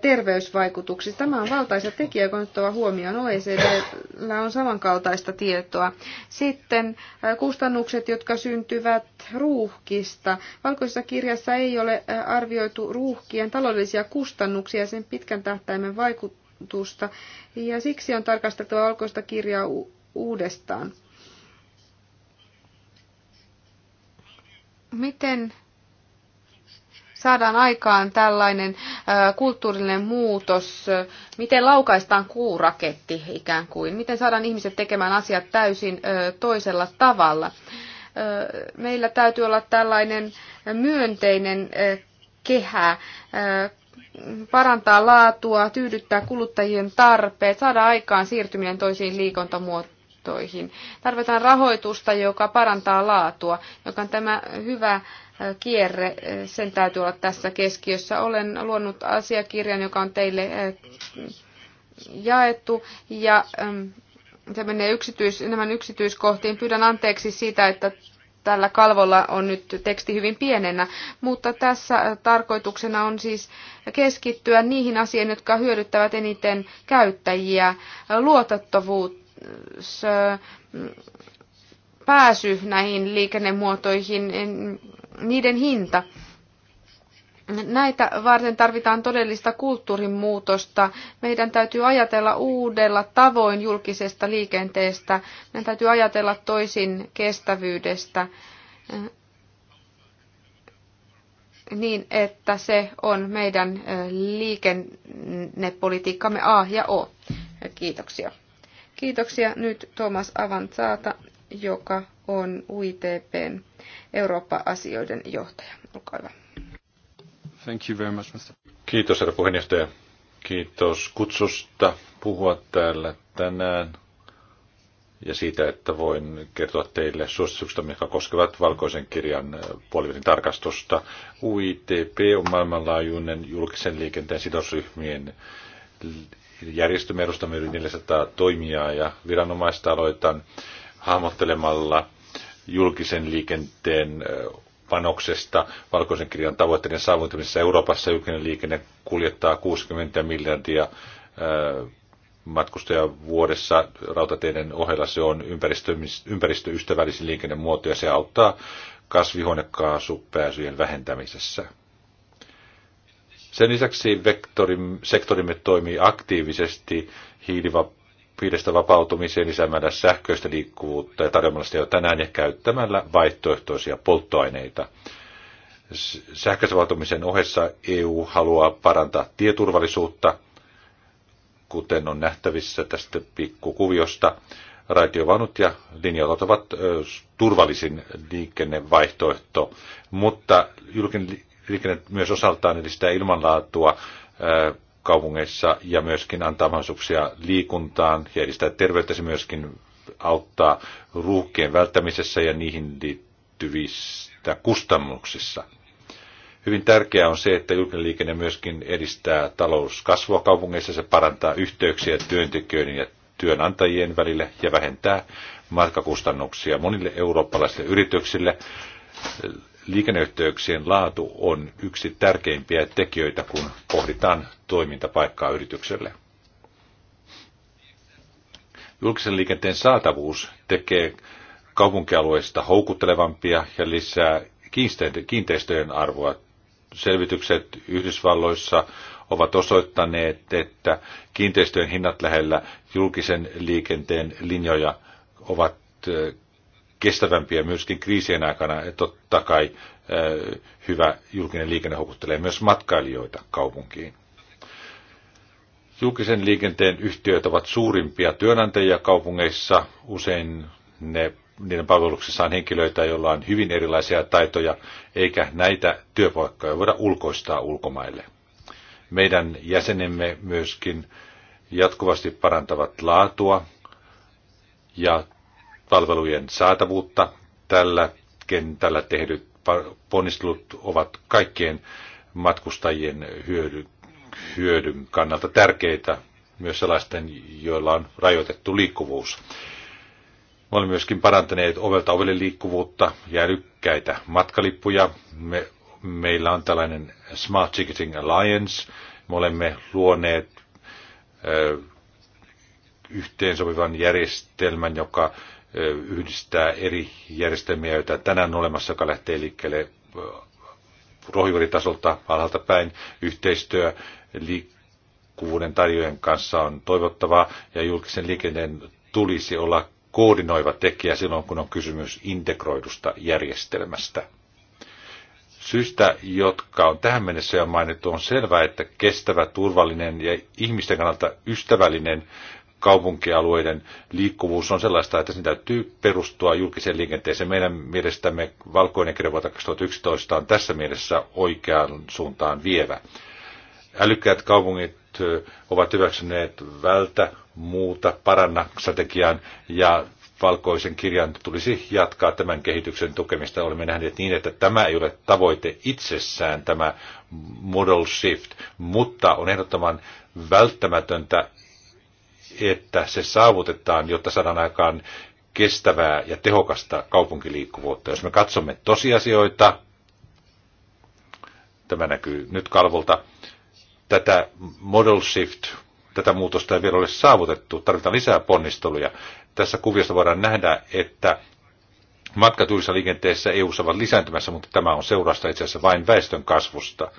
terveysvaikutuksista. Tämä on valtaisa tekijä, kun otettava huomioon. OECDllä on samankaltaista tietoa. Sitten äh, kustannukset, jotka syntyvät ruuhkista. Valkoisessa kirjassa ei ole äh, arvioitu ruuhkien taloudellisia kustannuksia ja sen pitkän tähtäimen vaikutusta, ja siksi on tarkasteltava valkoista kirjaa uudestaan. Miten saadaan aikaan tällainen kulttuurinen muutos? Miten laukaistaan kuuraketti ikään kuin? Miten saadaan ihmiset tekemään asiat täysin toisella tavalla? Meillä täytyy olla tällainen myönteinen kehä, parantaa laatua, tyydyttää kuluttajien tarpeet, saada aikaan siirtyminen toisiin liikuntamuotoihin. Tarvitaan rahoitusta, joka parantaa laatua, joka on tämä hyvä kierre, sen täytyy olla tässä keskiössä. Olen luonut asiakirjan, joka on teille eh, jaettu ja se menee yksityis, enemmän yksityiskohtiin. Pyydän anteeksi siitä, että tällä kalvolla on nyt teksti hyvin pienenä, mutta tässä tarkoituksena on siis keskittyä niihin asioihin, jotka hyödyttävät eniten käyttäjiä. Luotettavuus, eh, pääsy näihin liikennemuotoihin, niiden hinta. Näitä varten tarvitaan todellista kulttuurin muutosta. Meidän täytyy ajatella uudella tavoin julkisesta liikenteestä. Meidän täytyy ajatella toisin kestävyydestä eh, niin, että se on meidän eh, liikennepolitiikkamme A ja O. Kiitoksia. Kiitoksia nyt Thomas Avanzaata joka on UITPn Eurooppa-asioiden johtaja. Olkaa hyvä. Thank you very much, Mr. Kiitos, herra puheenjohtaja. Kiitos kutsusta puhua täällä tänään ja siitä, että voin kertoa teille suosituksista, jotka koskevat valkoisen kirjan puolivälin tarkastusta. UITP on maailmanlaajuinen julkisen liikenteen sidosryhmien järjestömerustamme yli 400 toimijaa ja viranomaista aloitan hahmottelemalla julkisen liikenteen panoksesta valkoisen kirjan tavoitteiden saavuttamisessa Euroopassa julkinen liikenne kuljettaa 60 miljardia matkustajaa vuodessa rautateiden ohella. Se on ympäristöystävällisin liikennemuoto ja se auttaa kasvihuonekaasupääsyjen vähentämisessä. Sen lisäksi vektorim, sektorimme toimii aktiivisesti hiilivapaa hiilestä vapautumiseen lisäämällä sähköistä liikkuvuutta ja tarjoamalla sitä jo tänään ja käyttämällä vaihtoehtoisia polttoaineita. Sähköisen vapautumisen ohessa EU haluaa parantaa tieturvallisuutta, kuten on nähtävissä tästä pikkukuviosta. Raitiovaunut ja linja ovat turvallisin liikennevaihtoehto, mutta julkinen liikenne myös osaltaan edistää ilmanlaatua kaupungeissa ja myöskin antaa mahdollisuuksia liikuntaan ja edistää terveyttä. Se myöskin auttaa ruuhkien välttämisessä ja niihin liittyvistä kustannuksissa. Hyvin tärkeää on se, että julkinen liikenne myöskin edistää talouskasvua kaupungeissa. Se parantaa yhteyksiä työntekijöiden ja työnantajien välille ja vähentää matkakustannuksia monille eurooppalaisille yrityksille liikenneyhteyksien laatu on yksi tärkeimpiä tekijöitä, kun pohditaan toimintapaikkaa yritykselle. Julkisen liikenteen saatavuus tekee kaupunkialueista houkuttelevampia ja lisää kiinteistöjen arvoa. Selvitykset Yhdysvalloissa ovat osoittaneet, että kiinteistöjen hinnat lähellä julkisen liikenteen linjoja ovat kestävämpiä myöskin kriisien aikana. Ja totta kai eh, hyvä julkinen liikenne houkuttelee myös matkailijoita kaupunkiin. Julkisen liikenteen yhtiöt ovat suurimpia työnantajia kaupungeissa. Usein ne, niiden palveluksessa on henkilöitä, joilla on hyvin erilaisia taitoja, eikä näitä työpaikkoja voida ulkoistaa ulkomaille. Meidän jäsenemme myöskin jatkuvasti parantavat laatua ja palvelujen saatavuutta. Tällä kentällä tehdyt ponnistelut ovat kaikkien matkustajien hyödy, hyödyn kannalta tärkeitä, myös sellaisten, joilla on rajoitettu liikkuvuus. Me olemme myöskin parantaneet ovelta ovelle liikkuvuutta ja älykkäitä matkalippuja. Me, meillä on tällainen Smart Ticketing Alliance. Me olemme luoneet ö, yhteensopivan järjestelmän, joka yhdistää eri järjestelmiä, joita tänään on olemassa, joka lähtee liikkeelle ruohonjuuritasolta alhaalta päin. Yhteistyö liikkuvuuden tarjoajien kanssa on toivottavaa ja julkisen liikenteen tulisi olla koordinoiva tekijä silloin, kun on kysymys integroidusta järjestelmästä. Syystä, jotka on tähän mennessä jo mainittu, on selvää, että kestävä, turvallinen ja ihmisten kannalta ystävällinen kaupunkialueiden liikkuvuus on sellaista, että sen täytyy perustua julkiseen liikenteeseen. Meidän mielestämme valkoinen kirja vuotta 2011 on tässä mielessä oikeaan suuntaan vievä. Älykkäät kaupungit ovat hyväksyneet vältä muuta paranna strategian ja valkoisen kirjan tulisi jatkaa tämän kehityksen tukemista. Olemme nähneet niin, että tämä ei ole tavoite itsessään, tämä model shift, mutta on ehdottoman välttämätöntä, että se saavutetaan, jotta saadaan aikaan kestävää ja tehokasta kaupunkiliikkuvuutta. Jos me katsomme tosiasioita, tämä näkyy nyt kalvolta, tätä model shift, tätä muutosta ei vielä ole saavutettu, tarvitaan lisää ponnisteluja. Tässä kuviossa voidaan nähdä, että matkat liikenteessä EU ovat lisääntymässä, mutta tämä on seurasta itse asiassa vain väestön kasvusta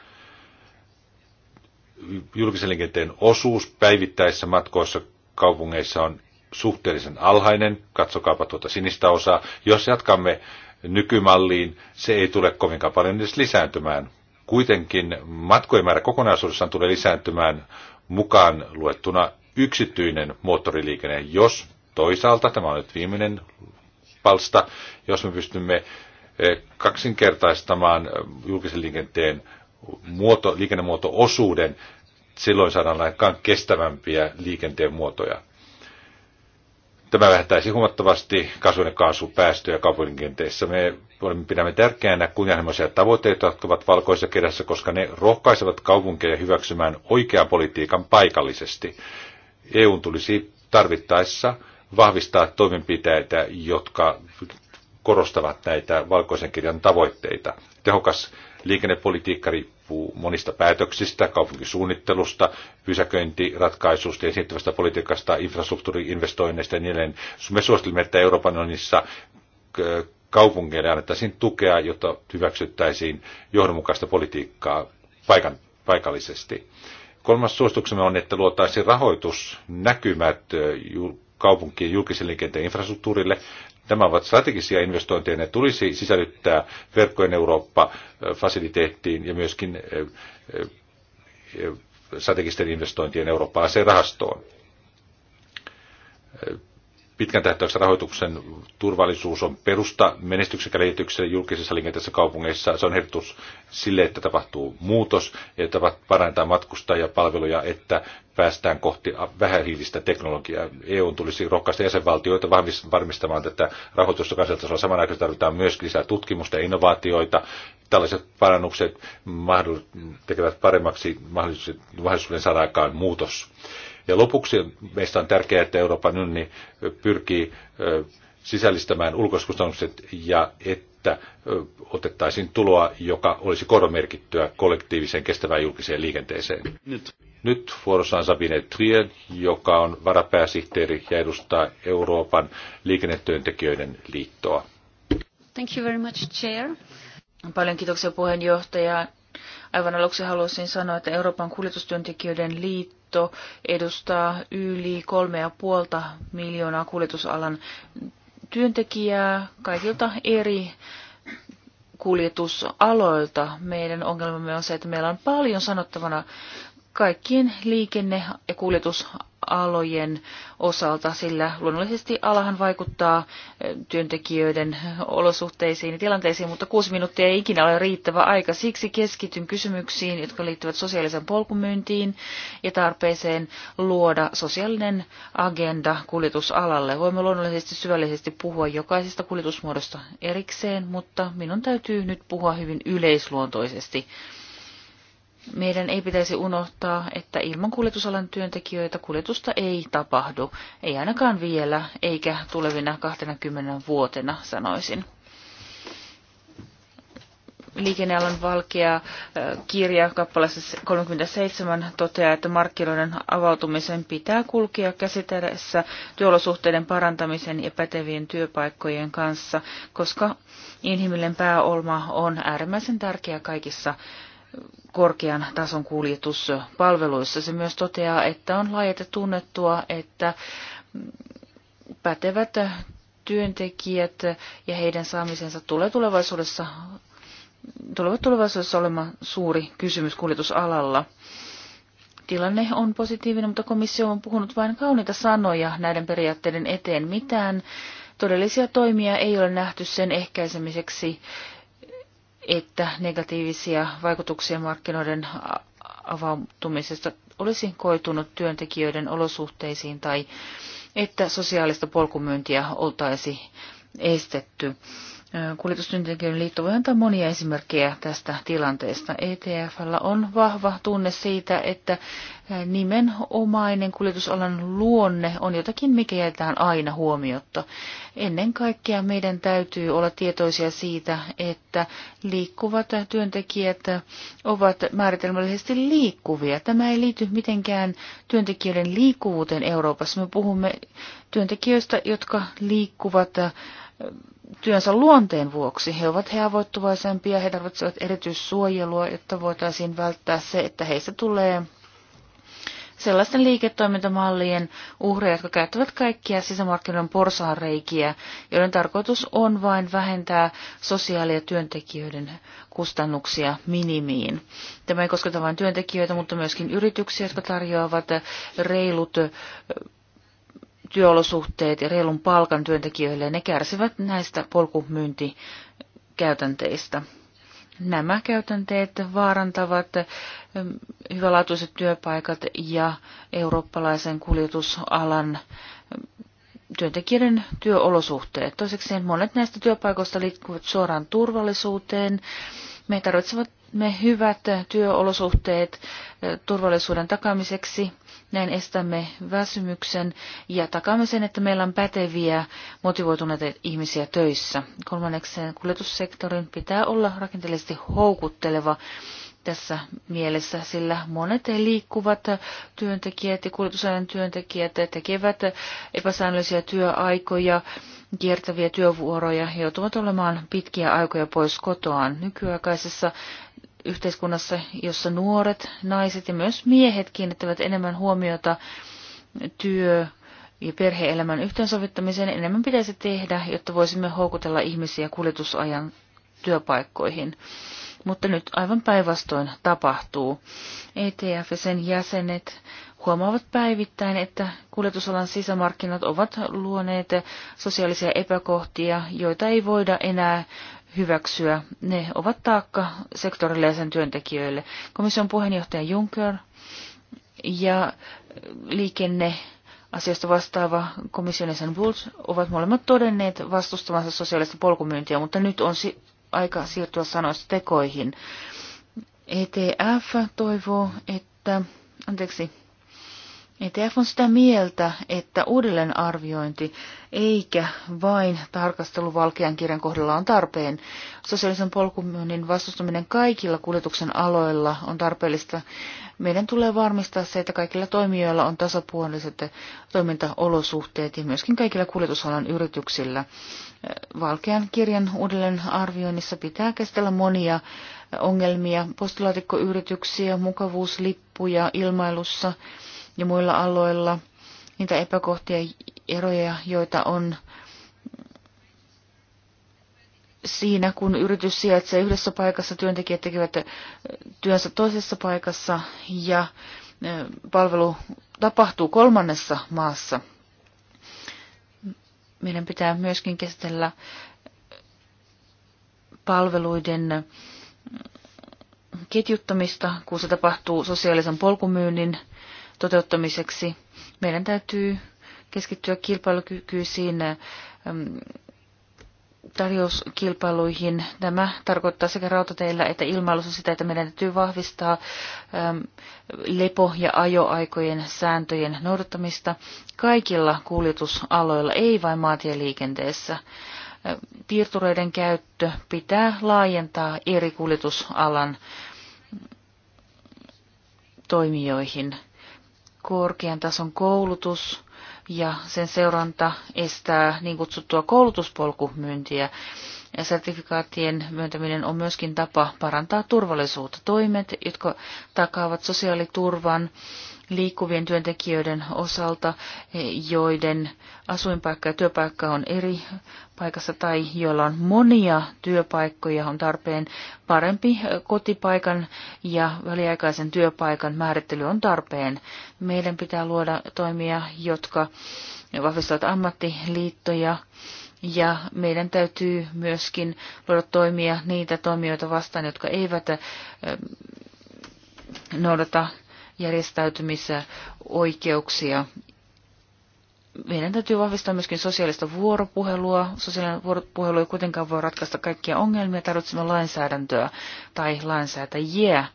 julkisen liikenteen osuus päivittäisissä matkoissa kaupungeissa on suhteellisen alhainen, katsokaapa tuota sinistä osaa. Jos jatkamme nykymalliin, se ei tule kovinkaan paljon edes lisääntymään. Kuitenkin matkojen määrä kokonaisuudessaan tulee lisääntymään mukaan luettuna yksityinen moottoriliikenne, jos toisaalta, tämä on nyt viimeinen palsta, jos me pystymme eh, kaksinkertaistamaan julkisen liikenteen muoto, liikennemuoto-osuuden, silloin saadaan aikaan kestävämpiä liikenteen muotoja. Tämä vähentäisi huomattavasti kasvihuonekaasupäästöjä kaupunginkenteessä. Me pidämme tärkeänä kunnianhimoisia tavoitteita, jotka ovat valkoisessa kerässä, koska ne rohkaisevat kaupunkeja hyväksymään oikean politiikan paikallisesti. EUn tulisi tarvittaessa vahvistaa toimenpiteitä, jotka korostavat näitä valkoisen kirjan tavoitteita. Tehokas liikennepolitiikka riippuu monista päätöksistä, kaupunkisuunnittelusta, pysäköintiratkaisusta ja politiikasta, infrastruktuuriinvestoinneista ja niin edelleen. Me suosittelimme, että Euroopan unionissa kaupungeille annettaisiin tukea, jotta hyväksyttäisiin johdonmukaista politiikkaa paikan, paikallisesti. Kolmas suosituksemme on, että luotaisiin rahoitusnäkymät kaupunkien julkisen liikenteen infrastruktuurille. Nämä ovat strategisia investointeja, ne tulisi sisällyttää verkkojen Eurooppa-fasiliteettiin ja myöskin strategisten investointien Eurooppaan se rahastoon pitkän tähtäyksen rahoituksen turvallisuus on perusta menestyksekälle kehitykselle julkisessa liikenteessä kaupungeissa. Se on ehdotus sille, että tapahtuu muutos, että parannetaan matkustajapalveluja, että päästään kohti vähähiilistä teknologiaa. EU tulisi rohkaista jäsenvaltioita varmistamaan tätä rahoitusta kansallisella Samanaikaisesti tarvitaan myös lisää tutkimusta ja innovaatioita. Tällaiset parannukset tekevät paremmaksi mahdollisuuden saada aikaan muutos. Ja lopuksi meistä on tärkeää, että Euroopan unioni pyrkii sisällistämään ulkoiskustannukset ja että otettaisiin tuloa, joka olisi korvamerkittyä kollektiiviseen kestävään julkiseen liikenteeseen. Nyt. Nyt vuorossa on Sabine Trier, joka on varapääsihteeri ja edustaa Euroopan liikennetyöntekijöiden liittoa. Thank you very much, Chair. Paljon kiitoksia puheenjohtaja. Aivan aluksi haluaisin sanoa, että Euroopan kuljetustyöntekijöiden liitto edustaa yli 3,5 miljoonaa kuljetusalan työntekijää kaikilta eri kuljetusaloilta. Meidän ongelmamme on se, että meillä on paljon sanottavana kaikkien liikenne- ja kuljetusalojen alojen osalta, sillä luonnollisesti alahan vaikuttaa eh, työntekijöiden olosuhteisiin ja tilanteisiin, mutta kuusi minuuttia ei ikinä ole riittävä aika. Siksi keskityn kysymyksiin, jotka liittyvät sosiaalisen polkumyyntiin ja tarpeeseen luoda sosiaalinen agenda kuljetusalalle. Voimme luonnollisesti syvällisesti puhua jokaisesta kuljetusmuodosta erikseen, mutta minun täytyy nyt puhua hyvin yleisluontoisesti meidän ei pitäisi unohtaa, että ilman kuljetusalan työntekijöitä kuljetusta ei tapahdu, ei ainakaan vielä, eikä tulevina 20 vuotena, sanoisin. Liikennealan valkea kirja kappaleessa 37 toteaa, että markkinoiden avautumisen pitää kulkea käsitellessä työolosuhteiden parantamisen ja pätevien työpaikkojen kanssa, koska inhimillinen pääolma on äärimmäisen tärkeä kaikissa korkean tason kuljetuspalveluissa. Se myös toteaa, että on laajalti tunnettua, että pätevät työntekijät ja heidän saamisensa tulee tulevaisuudessa, tulevat tulevaisuudessa olemaan suuri kysymys kuljetusalalla. Tilanne on positiivinen, mutta komissio on puhunut vain kauniita sanoja näiden periaatteiden eteen. Mitään todellisia toimia ei ole nähty sen ehkäisemiseksi, että negatiivisia vaikutuksia markkinoiden avautumisesta olisi koitunut työntekijöiden olosuhteisiin tai että sosiaalista polkumyyntiä oltaisi estetty kuljetustyöntekijöiden liitto voi antaa monia esimerkkejä tästä tilanteesta. ETF on vahva tunne siitä, että nimenomainen kuljetusalan luonne on jotakin, mikä jätetään aina huomiotta. Ennen kaikkea meidän täytyy olla tietoisia siitä, että liikkuvat työntekijät ovat määritelmällisesti liikkuvia. Tämä ei liity mitenkään työntekijöiden liikkuvuuteen Euroopassa. Me puhumme työntekijöistä, jotka liikkuvat työnsä luonteen vuoksi. He ovat heavoittuvaisempia, he tarvitsevat erityissuojelua, jotta voitaisiin välttää se, että heistä tulee sellaisten liiketoimintamallien uhreja, jotka käyttävät kaikkia sisämarkkinoiden porsaanreikiä, joiden tarkoitus on vain vähentää sosiaali- ja työntekijöiden kustannuksia minimiin. Tämä ei kosketa vain työntekijöitä, mutta myöskin yrityksiä, jotka tarjoavat reilut työolosuhteet ja reilun palkan työntekijöille, ne kärsivät näistä polkumyyntikäytänteistä. Nämä käytänteet vaarantavat ähm, hyvälaatuiset työpaikat ja eurooppalaisen kuljetusalan ähm, työntekijöiden työolosuhteet. Toisekseen monet näistä työpaikoista liittyvät suoraan turvallisuuteen. Me tarvitsevat me hyvät työolosuhteet turvallisuuden takamiseksi. Näin estämme väsymyksen ja takaamme sen, että meillä on päteviä, motivoituneita ihmisiä töissä. Kolmanneksi kuljetussektorin pitää olla rakenteellisesti houkutteleva tässä mielessä, sillä monet liikkuvat työntekijät ja kuljetusajan työntekijät tekevät epäsäännöllisiä työaikoja, kiertäviä työvuoroja, joutuvat olemaan pitkiä aikoja pois kotoaan. Nykyaikaisessa yhteiskunnassa, jossa nuoret, naiset ja myös miehet kiinnittävät enemmän huomiota työ- ja perhe-elämän yhteensovittamiseen, enemmän pitäisi tehdä, jotta voisimme houkutella ihmisiä kuljetusajan työpaikkoihin. Mutta nyt aivan päinvastoin tapahtuu. ETF ja sen jäsenet huomaavat päivittäin, että kuljetusalan sisämarkkinat ovat luoneet sosiaalisia epäkohtia, joita ei voida enää hyväksyä. Ne ovat taakka sektorille ja sen työntekijöille. Komission puheenjohtaja Juncker ja liikenne asiasta vastaava komission jäsen Bulls ovat molemmat todenneet vastustavansa sosiaalista polkumyyntiä, mutta nyt on si- aika siirtyä sanoista tekoihin. ETF toivoo, että, anteeksi, ETF on sitä mieltä, että uudelleenarviointi eikä vain tarkastelu valkean kirjan kohdalla on tarpeen. Sosiaalisen polkumyynnin vastustaminen kaikilla kuljetuksen aloilla on tarpeellista. Meidän tulee varmistaa se, että kaikilla toimijoilla on tasapuoliset toimintaolosuhteet ja myöskin kaikilla kuljetusalan yrityksillä. Valkean kirjan uudelleenarvioinnissa pitää käsitellä monia ongelmia, postilaatikkoyrityksiä, mukavuuslippuja ilmailussa – ja muilla aloilla, niitä epäkohtia, eroja, joita on siinä, kun yritys sijaitsee yhdessä paikassa, työntekijät tekevät äh, työnsä toisessa paikassa ja äh, palvelu tapahtuu kolmannessa maassa. Meidän pitää myöskin käsitellä palveluiden äh, ketjuttamista, kun se tapahtuu sosiaalisen polkumyynnin toteuttamiseksi. Meidän täytyy keskittyä kilpailukykyisiin tarjouskilpailuihin. Tämä tarkoittaa sekä rautateillä että ilmailussa sitä, että meidän täytyy vahvistaa lepo- ja ajoaikojen sääntöjen noudattamista kaikilla kuljetusaloilla, ei vain maatieliikenteessä. Piirtureiden käyttö pitää laajentaa eri kuljetusalan toimijoihin. Korkean tason koulutus ja sen seuranta estää niin kutsuttua koulutuspolkumyyntiä. Ja sertifikaattien myöntäminen on myöskin tapa parantaa turvallisuutta. Toimet, jotka takaavat sosiaaliturvan liikkuvien työntekijöiden osalta, joiden asuinpaikka ja työpaikka on eri paikassa tai joilla on monia työpaikkoja, on tarpeen parempi kotipaikan ja väliaikaisen työpaikan määrittely on tarpeen. Meidän pitää luoda toimia, jotka vahvistavat ammattiliittoja, ja meidän täytyy myöskin luoda toimia niitä toimijoita vastaan, jotka eivät noudata järjestäytymisoikeuksia. Meidän täytyy vahvistaa myöskin sosiaalista vuoropuhelua. Sosiaalinen vuoropuhelu ei kuitenkaan voi ratkaista kaikkia ongelmia. Tarvitsemme lainsäädäntöä tai lainsäätäjiä.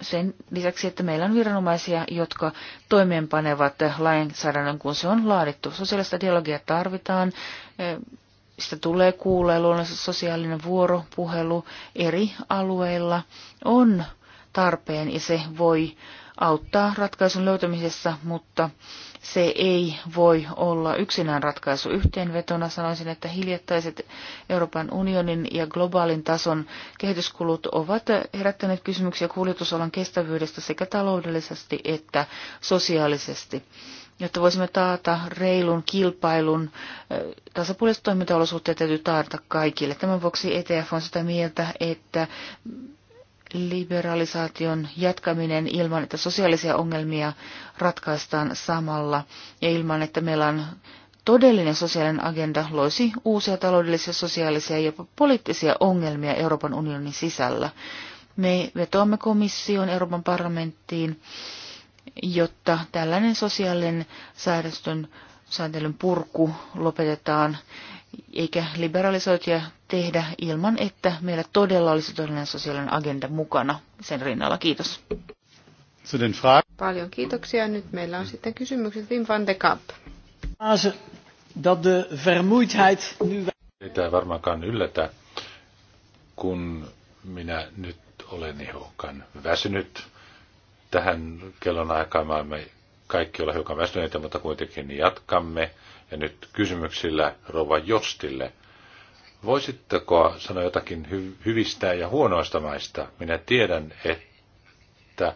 Sen lisäksi, että meillä on viranomaisia, jotka toimeenpanevat lainsäädännön, kun se on laadittu. Sosiaalista dialogia tarvitaan sitä tulee kuulla luonnollisesti sosiaalinen vuoropuhelu eri alueilla, on tarpeen ja se voi auttaa ratkaisun löytämisessä, mutta se ei voi olla yksinään ratkaisu yhteenvetona. Sanoisin, että hiljattaiset Euroopan unionin ja globaalin tason kehityskulut ovat herättäneet kysymyksiä kuljetusalan kestävyydestä sekä taloudellisesti että sosiaalisesti. Jotta voisimme taata reilun kilpailun, tasapuoliset toimintaolosuhteet täytyy taata kaikille. Tämän vuoksi ETF on sitä mieltä, että liberalisaation jatkaminen ilman, että sosiaalisia ongelmia ratkaistaan samalla ja ilman, että meillä on todellinen sosiaalinen agenda loisi uusia taloudellisia, sosiaalisia ja jopa poliittisia ongelmia Euroopan unionin sisällä. Me vetoamme komissioon Euroopan parlamenttiin, jotta tällainen sosiaalinen säädöstön sääntelyn purku lopetetaan eikä liberalisoitia tehdä ilman, että meillä todella olisi todellinen sosiaalinen agenda mukana sen rinnalla. Kiitos. Paljon kiitoksia. Nyt meillä on sitten kysymykset Wim van de Kamp. Dat Ei tämä varmaankaan yllätä, kun minä nyt olen hiukan väsynyt. Tähän kellon aikaan me kaikki olla hiukan väsyneitä, mutta kuitenkin jatkamme ja nyt kysymyksillä Rova Jostille. Voisitteko sanoa jotakin hy- hyvistä ja huonoista maista? Minä tiedän, että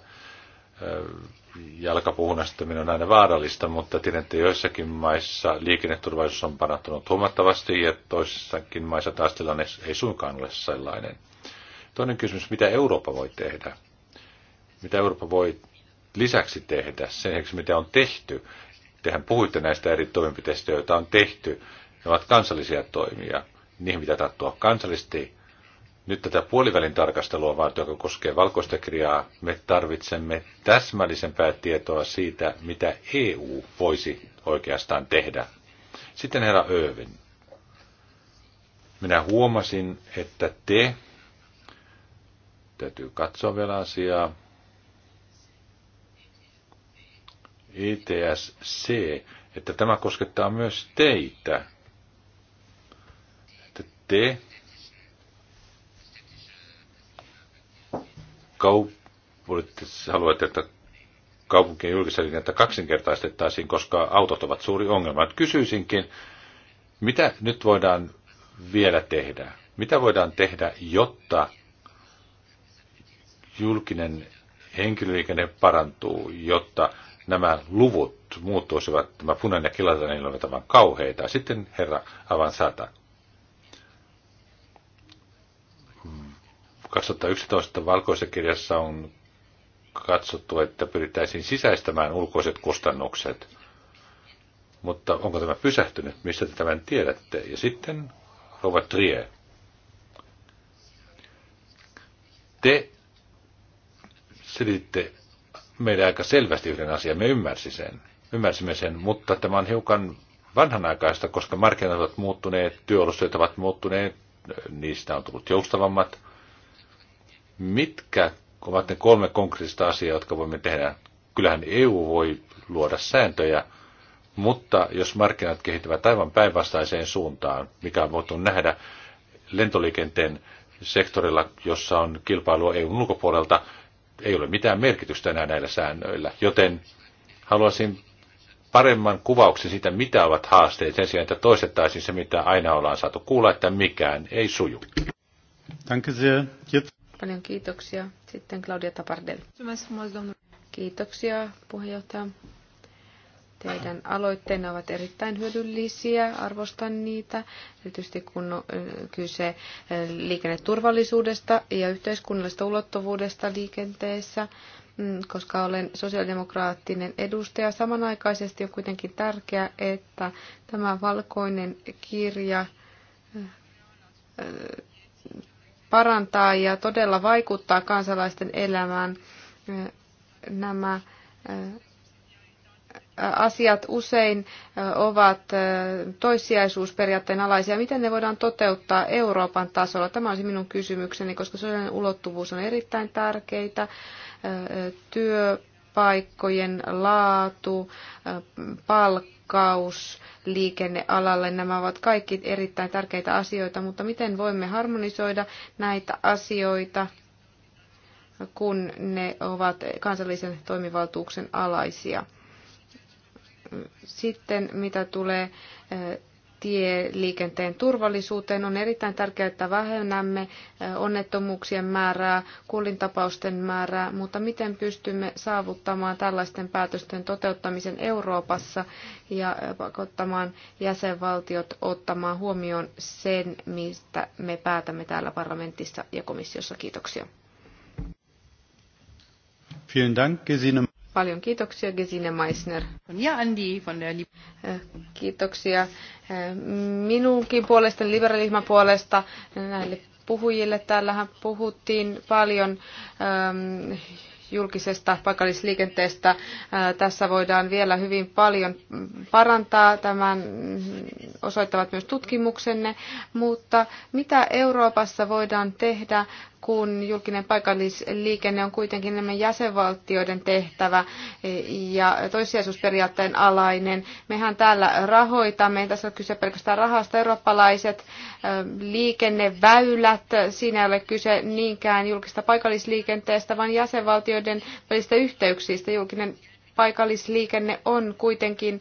jalkapuhunastaminen on aina vaarallista, mutta tiedän, että joissakin maissa liikenneturvallisuus on parantunut huomattavasti ja toisissakin maissa taas tilanne ei suinkaan ole sellainen. Toinen kysymys, mitä Eurooppa voi tehdä? Mitä Eurooppa voi lisäksi tehdä sen mitä on tehty, Tehän puhuitte näistä eri toimenpiteistä, joita on tehty. Ne ovat kansallisia toimia. Niihin pitää tarttua kansallisesti. Nyt tätä puolivälin tarkastelua vaan, joka koskee valkoista kirjaa, me tarvitsemme täsmällisempää tietoa siitä, mitä EU voisi oikeastaan tehdä. Sitten herra Öövin. Minä huomasin, että te, täytyy katsoa vielä asiaa, ETSC, että tämä koskettaa myös teitä. Että te kaup- siis haluatte, että kaupunkien että kaksinkertaistettaisiin, koska autot ovat suuri ongelma. Kysyisinkin, mitä nyt voidaan vielä tehdä? Mitä voidaan tehdä, jotta julkinen henkilöliikenne parantuu, jotta nämä luvut muuttuisivat, tämä punainen ja keltainen oli aivan kauheita. Sitten herra Avansata. 2011 valkoisessa kirjassa on katsottu, että pyrittäisiin sisäistämään ulkoiset kustannukset. Mutta onko tämä pysähtynyt? Mistä te tämän tiedätte? Ja sitten Rova Trie. Te selititte meille aika selvästi yhden asian. Me ymmärsi sen. ymmärsimme sen, mutta tämä on hiukan vanhanaikaista, koska markkinat ovat muuttuneet, työolosuhteet ovat muuttuneet, niistä on tullut joustavammat. Mitkä ovat ne kolme konkreettista asiaa, jotka voimme tehdä? Kyllähän EU voi luoda sääntöjä, mutta jos markkinat kehittyvät aivan päinvastaiseen suuntaan, mikä on voitu nähdä lentoliikenteen sektorilla, jossa on kilpailua EUn ulkopuolelta, ei ole mitään merkitystä enää näillä säännöillä, joten haluaisin paremman kuvauksen siitä, mitä ovat haasteet sen sijaan, että toistettaisiin se, mitä aina ollaan saatu kuulla, että mikään ei suju. Paljon kiitoksia. Sitten Claudia Tapardel. Kiitoksia puheenjohtaja. Teidän aloitteena ovat erittäin hyödyllisiä, arvostan niitä, erityisesti kun on kyse liikenneturvallisuudesta ja yhteiskunnallisesta ulottuvuudesta liikenteessä, mm, koska olen sosiaalidemokraattinen edustaja. Samanaikaisesti on kuitenkin tärkeää, että tämä valkoinen kirja parantaa ja todella vaikuttaa kansalaisten elämään nämä asiat usein ovat toissijaisuusperiaatteen alaisia. Miten ne voidaan toteuttaa Euroopan tasolla? Tämä olisi minun kysymykseni, koska sosiaalinen ulottuvuus on erittäin tärkeitä. Työpaikkojen laatu, palkkaus, liikennealalle. Nämä ovat kaikki erittäin tärkeitä asioita, mutta miten voimme harmonisoida näitä asioita, kun ne ovat kansallisen toimivaltuuksen alaisia? Sitten mitä tulee tieliikenteen turvallisuuteen, on erittäin tärkeää, että vähennämme onnettomuuksien määrää, kuolintapausten määrää, mutta miten pystymme saavuttamaan tällaisten päätösten toteuttamisen Euroopassa ja pakottamaan jäsenvaltiot ottamaan huomioon sen, mistä me päätämme täällä parlamentissa ja komissiossa. Kiitoksia. Vielen Dank, Gesine. Paljon kiitoksia Gesine Meissner. Ja Andi von der äh, Kiitoksia äh, minunkin puolestani, liberalismin puolesta näille puhujille. Täällähän puhuttiin paljon ähm, julkisesta paikallisliikenteestä. Äh, tässä voidaan vielä hyvin paljon parantaa, tämän osoittavat myös tutkimuksenne, mutta mitä Euroopassa voidaan tehdä kun julkinen paikallisliikenne on kuitenkin enemmän jäsenvaltioiden tehtävä ja toissijaisuusperiaatteen alainen. Mehän täällä rahoitamme, tässä on kyse pelkästään rahasta, eurooppalaiset liikenneväylät, siinä ei ole kyse niinkään julkista paikallisliikenteestä, vaan jäsenvaltioiden välistä yhteyksistä. Julkinen paikallisliikenne on kuitenkin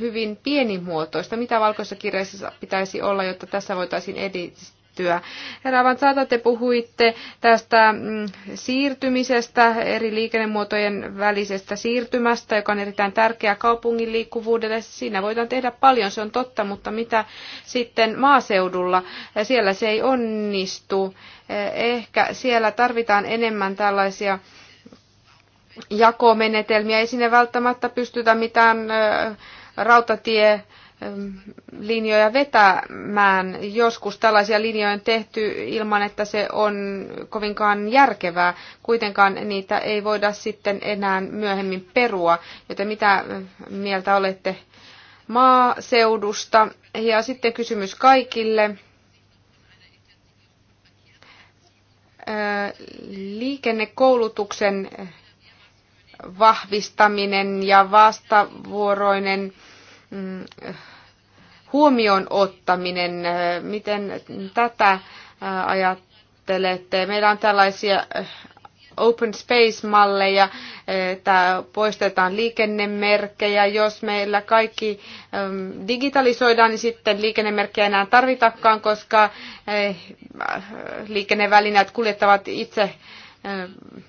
hyvin pienimuotoista. Mitä valkoisessa kirjassa pitäisi olla, jotta tässä voitaisiin edistää? kehittyä. Herra Avantsata, te puhuitte tästä mm, siirtymisestä, eri liikennemuotojen välisestä siirtymästä, joka on erittäin tärkeä kaupungin liikkuvuudelle. Siinä voidaan tehdä paljon, se on totta, mutta mitä sitten maaseudulla? Siellä se ei onnistu. Ehkä siellä tarvitaan enemmän tällaisia jakomenetelmiä. Ei sinne välttämättä pystytä mitään rautatie Ähm, linjoja vetämään. Joskus tällaisia linjoja on tehty ilman, että se on kovinkaan järkevää. Kuitenkaan niitä ei voida sitten enää myöhemmin perua. Joten mitä äh, mieltä olette maaseudusta? Ja sitten kysymys kaikille. Äh, liikennekoulutuksen vahvistaminen ja vastavuoroinen Mm, huomioon ottaminen, miten tätä äh, ajattelette? Meillä on tällaisia äh, open space-malleja, että poistetaan liikennemerkkejä. Jos meillä kaikki ähm, digitalisoidaan, niin sitten liikennemerkkejä enää tarvitakaan, koska äh, liikennevälineet kuljettavat itse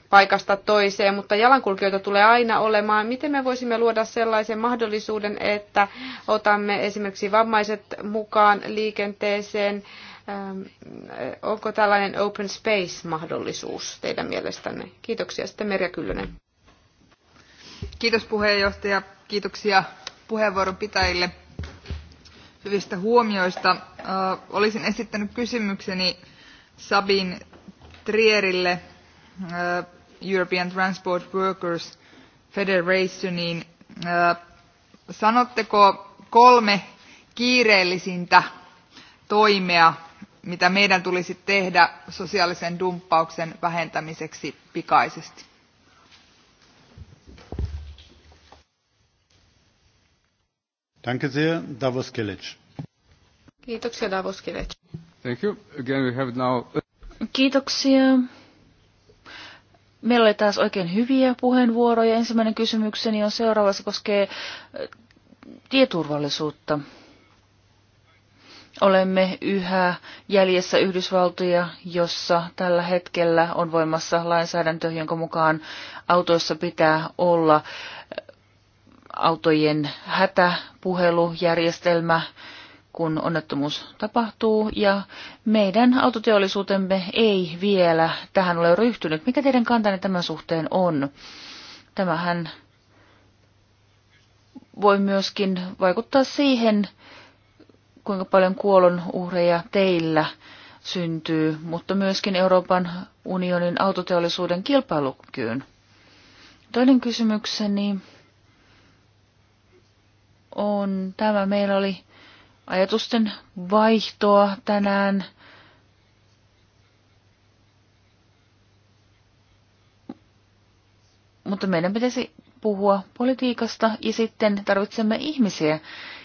paikasta toiseen, mutta jalankulkijoita tulee aina olemaan. Miten me voisimme luoda sellaisen mahdollisuuden, että otamme esimerkiksi vammaiset mukaan liikenteeseen? Onko tällainen open space-mahdollisuus teidän mielestänne? Kiitoksia sitten Merja Kyllönen. Kiitos puheenjohtaja. Kiitoksia puheenvuoron pitäjille hyvistä huomioista. Olisin esittänyt kysymykseni Sabin Trierille Uh, European Transport Workers Federationiin. Uh, sanotteko kolme kiireellisintä toimea, mitä meidän tulisi tehdä sosiaalisen dumppauksen vähentämiseksi pikaisesti? Danke sehr, Davos Kilic. Kiitoksia, Davos Kilic. Thank you. Again, we have now... Kiitoksia. Meillä oli taas oikein hyviä puheenvuoroja. Ensimmäinen kysymykseni on seuraava, se koskee äh, tieturvallisuutta. Olemme yhä jäljessä Yhdysvaltoja, jossa tällä hetkellä on voimassa lainsäädäntö, jonka mukaan autoissa pitää olla äh, autojen hätäpuhelujärjestelmä, kun onnettomuus tapahtuu, ja meidän autoteollisuutemme ei vielä tähän ole ryhtynyt. Mikä teidän kantanne tämän suhteen on? Tämähän voi myöskin vaikuttaa siihen, kuinka paljon kuolon uhreja teillä syntyy, mutta myöskin Euroopan unionin autoteollisuuden kilpailukykyyn. Toinen kysymykseni on tämä. Meillä oli ajatusten vaihtoa tänään. Mutta meidän pitäisi puhua politiikasta ja sitten tarvitsemme ihmisiä,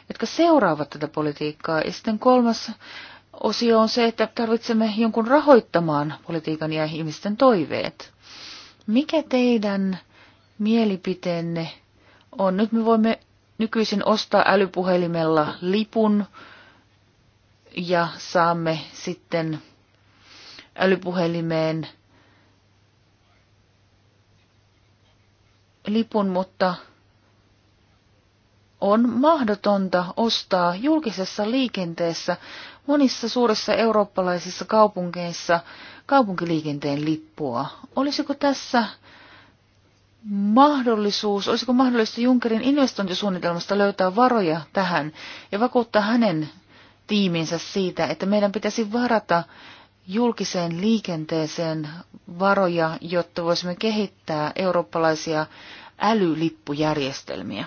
jotka seuraavat tätä politiikkaa. Ja sitten kolmas osio on se, että tarvitsemme jonkun rahoittamaan politiikan ja ihmisten toiveet. Mikä teidän mielipiteenne on? Nyt me voimme nykyisin ostaa älypuhelimella lipun ja saamme sitten älypuhelimeen lipun, mutta on mahdotonta ostaa julkisessa liikenteessä monissa suurissa eurooppalaisissa kaupunkeissa kaupunkiliikenteen lippua. Olisiko tässä mahdollisuus, olisiko mahdollista Junckerin investointisuunnitelmasta löytää varoja tähän ja vakuuttaa hänen tiiminsä siitä, että meidän pitäisi varata julkiseen liikenteeseen varoja, jotta voisimme kehittää eurooppalaisia älylippujärjestelmiä.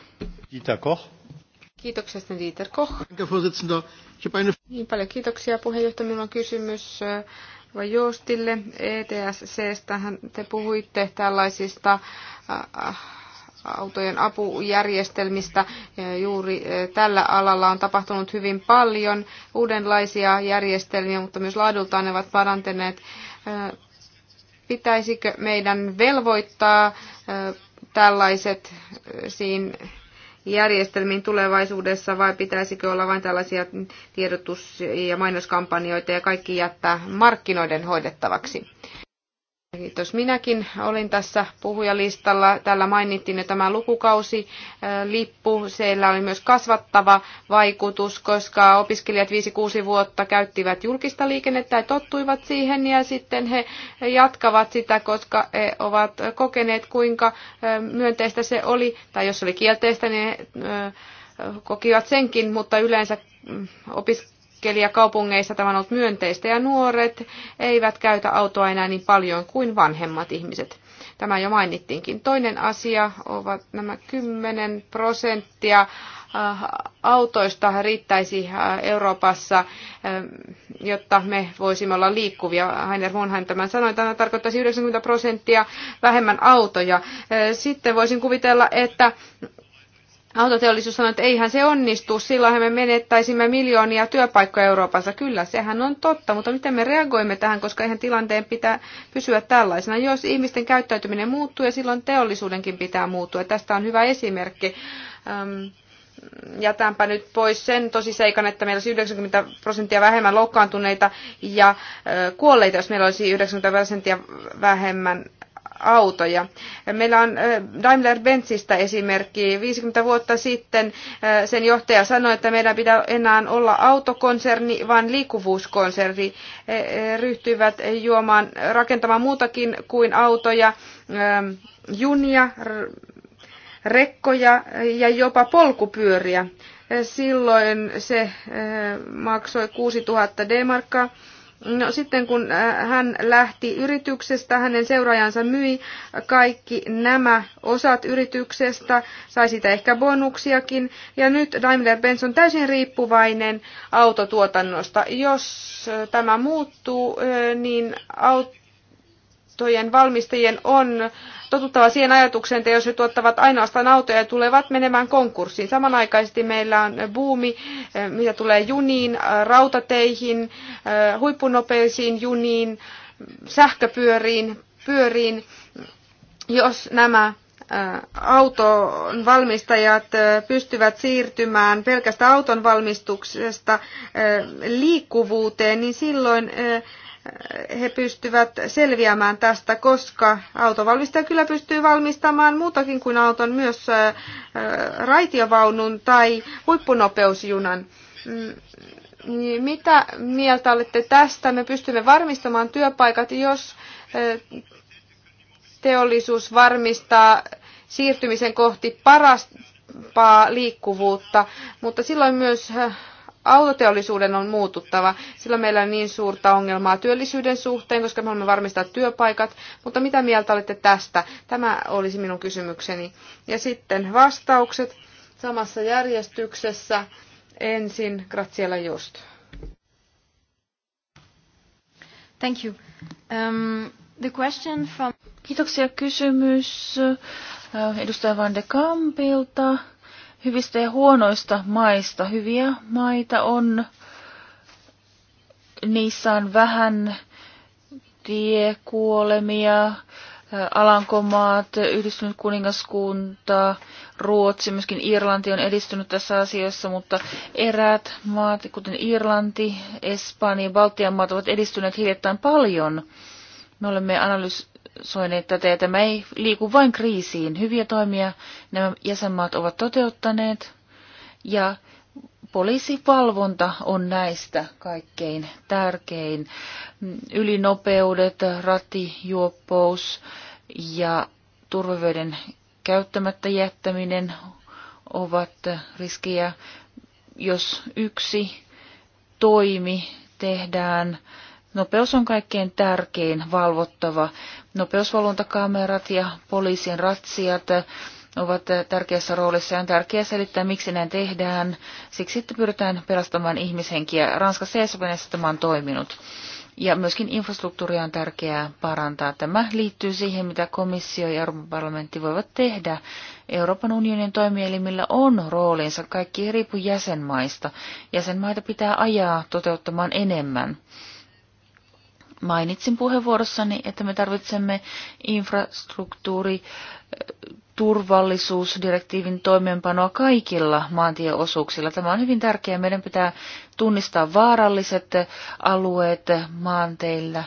Dieter Koch. Kiitokset, Dieter Koch. Niin paljon kiitoksia puheenjohtaja. Minulla on kysymys Joostille ETSCstä. Te puhuitte tällaisista äh, äh, autojen apujärjestelmistä. Juuri äh, tällä alalla on tapahtunut hyvin paljon uudenlaisia järjestelmiä, mutta myös laadultaan ne ovat parantaneet. Pitäisikö meidän velvoittaa tällaiset siinä järjestelmiin tulevaisuudessa vai pitäisikö olla vain tällaisia tiedotus- ja mainoskampanjoita ja kaikki jättää markkinoiden hoidettavaksi? Kiitos. Minäkin olin tässä puhujalistalla. Täällä mainittiin jo tämä lukukausilippu. Siellä oli myös kasvattava vaikutus, koska opiskelijat 5-6 vuotta käyttivät julkista liikennettä ja tottuivat siihen ja sitten he jatkavat sitä, koska he ovat kokeneet, kuinka myönteistä se oli. Tai jos oli kielteistä, niin he kokivat senkin, mutta yleensä mm, opiskelijat opiskelijakaupungeissa tämä on ollut myönteistä ja nuoret eivät käytä autoa enää niin paljon kuin vanhemmat ihmiset. Tämä jo mainittiinkin. Toinen asia ovat nämä 10 prosenttia äh, autoista riittäisi äh, Euroopassa, äh, jotta me voisimme olla liikkuvia. Heiner Monheim tämän sanoi, että tämä tarkoittaisi 90 prosenttia vähemmän autoja. Sitten voisin kuvitella, että autoteollisuus sanoi, että eihän se onnistu, silloin me menettäisimme miljoonia työpaikkoja Euroopassa. Kyllä, sehän on totta, mutta miten me reagoimme tähän, koska eihän tilanteen pitää pysyä tällaisena. Jos ihmisten käyttäytyminen muuttuu ja silloin teollisuudenkin pitää muuttua. Tästä on hyvä esimerkki. Öm, jätänpä nyt pois sen tosiseikan, että meillä olisi 90 prosenttia vähemmän loukkaantuneita ja kuolleita, jos meillä olisi 90 prosenttia vähemmän autoja. Meillä on äh, Daimler-Benzistä esimerkki. 50 vuotta sitten äh, sen johtaja sanoi, että meidän pitää enää olla autokonserni, vaan liikkuvuuskonserni. Äh, ryhtyivät juomaan, rakentamaan muutakin kuin autoja, ähm, junia, rekkoja ja jopa polkupyöriä. Silloin se maksoi 6000 D-markkaa No, sitten kun äh, hän lähti yrityksestä, hänen seuraajansa myi kaikki nämä osat yrityksestä, sai sitä ehkä bonuksiakin. Ja nyt Daimler-Benz on täysin riippuvainen autotuotannosta. Jos äh, tämä muuttuu, äh, niin auto autojen valmistajien on totuttava siihen ajatukseen, että jos he tuottavat ainoastaan autoja tulevat menemään konkurssiin. Samanaikaisesti meillä on buumi, eh, mitä tulee juniin, eh, rautateihin, eh, huippunopeisiin juniin, sähköpyöriin, pyöriin. Jos nämä auton valmistajat pystyvät siirtymään pelkästä auton valmistuksesta liikkuvuuteen, niin silloin he pystyvät selviämään tästä, koska autovalmistaja kyllä pystyy valmistamaan muutakin kuin auton, myös äh, äh, raitiovaunun tai huippunopeusjunan. Mm, niin mitä mieltä olette tästä? Me pystymme varmistamaan työpaikat, jos äh, teollisuus varmistaa siirtymisen kohti parasta liikkuvuutta, mutta silloin myös autoteollisuuden on muututtava. Sillä meillä on niin suurta ongelmaa työllisyyden suhteen, koska me haluamme varmistaa työpaikat. Mutta mitä mieltä olette tästä? Tämä olisi minun kysymykseni. Ja sitten vastaukset samassa järjestyksessä. Ensin Graziella Just. Thank you. Um, the question from... Kiitoksia kysymys uh, edustaja Van de Kampilta hyvistä ja huonoista maista. Hyviä maita on, niissä on vähän tiekuolemia, Alankomaat, yhdistynyt kuningaskunta, Ruotsi, myöskin Irlanti on edistynyt tässä asiassa, mutta eräät maat, kuten Irlanti, Espanja ja Baltian maat, ovat edistyneet hiljattain paljon. Me olemme analysoineet suojaneet että ja tämä ei liiku vain kriisiin. Hyviä toimia nämä jäsenmaat ovat toteuttaneet, ja poliisivalvonta on näistä kaikkein tärkein. Ylinopeudet, rattijuoppous ja turvavöiden käyttämättä jättäminen ovat riskejä, jos yksi toimi tehdään Nopeus on kaikkein tärkein valvottava. Nopeusvalvontakamerat ja poliisin ratsiat ovat tärkeässä roolissa ja on tärkeää selittää, miksi näin tehdään. Siksi, että pyritään pelastamaan ihmishenkiä. Ranskassa ja Espanjassa tämä on toiminut. Ja myöskin infrastruktuuria on tärkeää parantaa. Tämä liittyy siihen, mitä komissio ja Euroopan parlamentti voivat tehdä. Euroopan unionin toimielimillä on roolinsa, kaikki ei riipu jäsenmaista. Jäsenmaita pitää ajaa toteuttamaan enemmän. Mainitsin puheenvuorossani, että me tarvitsemme infrastruktuuri eh, turvallisuusdirektiivin toimeenpanoa kaikilla maantieosuuksilla. Tämä on hyvin tärkeää. Meidän pitää tunnistaa vaaralliset alueet maanteillä.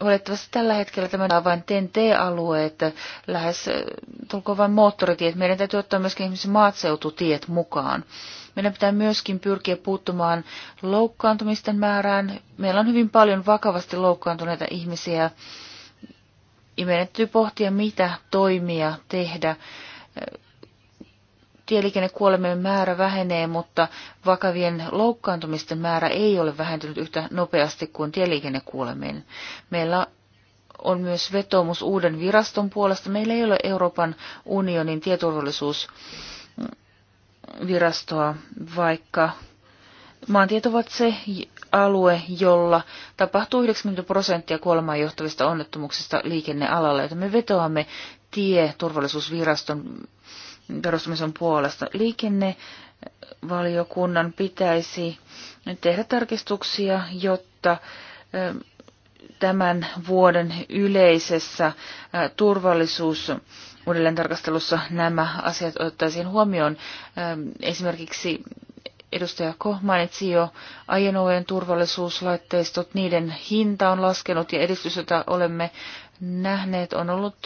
Olettavasti tällä hetkellä tämä on vain TNT-alueet, lähes eh, tulkoon vain moottoritiet. Meidän täytyy ottaa myöskin esimerkiksi maatseututiet mukaan. Meidän pitää myöskin pyrkiä puuttumaan loukkaantumisten määrään. Meillä on hyvin paljon vakavasti loukkaantuneita ihmisiä ja meidän täytyy pohtia, mitä toimia tehdä. Tieliikennekuolemien määrä vähenee, mutta vakavien loukkaantumisten määrä ei ole vähentynyt yhtä nopeasti kuin tieliikennekuolemien. Meillä on myös vetoomus uuden viraston puolesta. Meillä ei ole Euroopan unionin tieturvallisuus virastoa, vaikka maantiet ovat se alue, jolla tapahtuu 90 prosenttia kuolemaan johtavista onnettomuuksista liikennealalla, joten me vetoamme tie turvallisuusviraston perustamisen puolesta. Liikennevaliokunnan pitäisi tehdä tarkistuksia, jotta tämän vuoden yleisessä turvallisuus uudelleen tarkastelussa nämä asiat otettaisiin huomioon. Ähm, esimerkiksi edustaja Koh mainitsi jo ajoneuvojen turvallisuuslaitteistot, niiden hinta on laskenut ja edistys, jota olemme nähneet, on ollut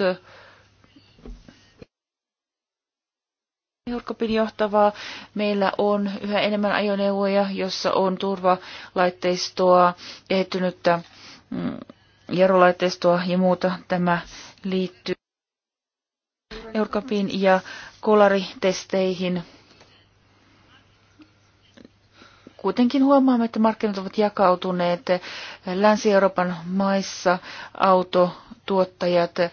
Jurkopin äh, johtavaa. Meillä on yhä enemmän ajoneuvoja, jossa on turvalaitteistoa, kehittynyttä mm, jarrulaitteistoa ja muuta. Tämä liittyy Eurkapiin ja kolaritesteihin. Kuitenkin huomaamme, että markkinat ovat jakautuneet. Länsi-Euroopan maissa autotuottajat eh,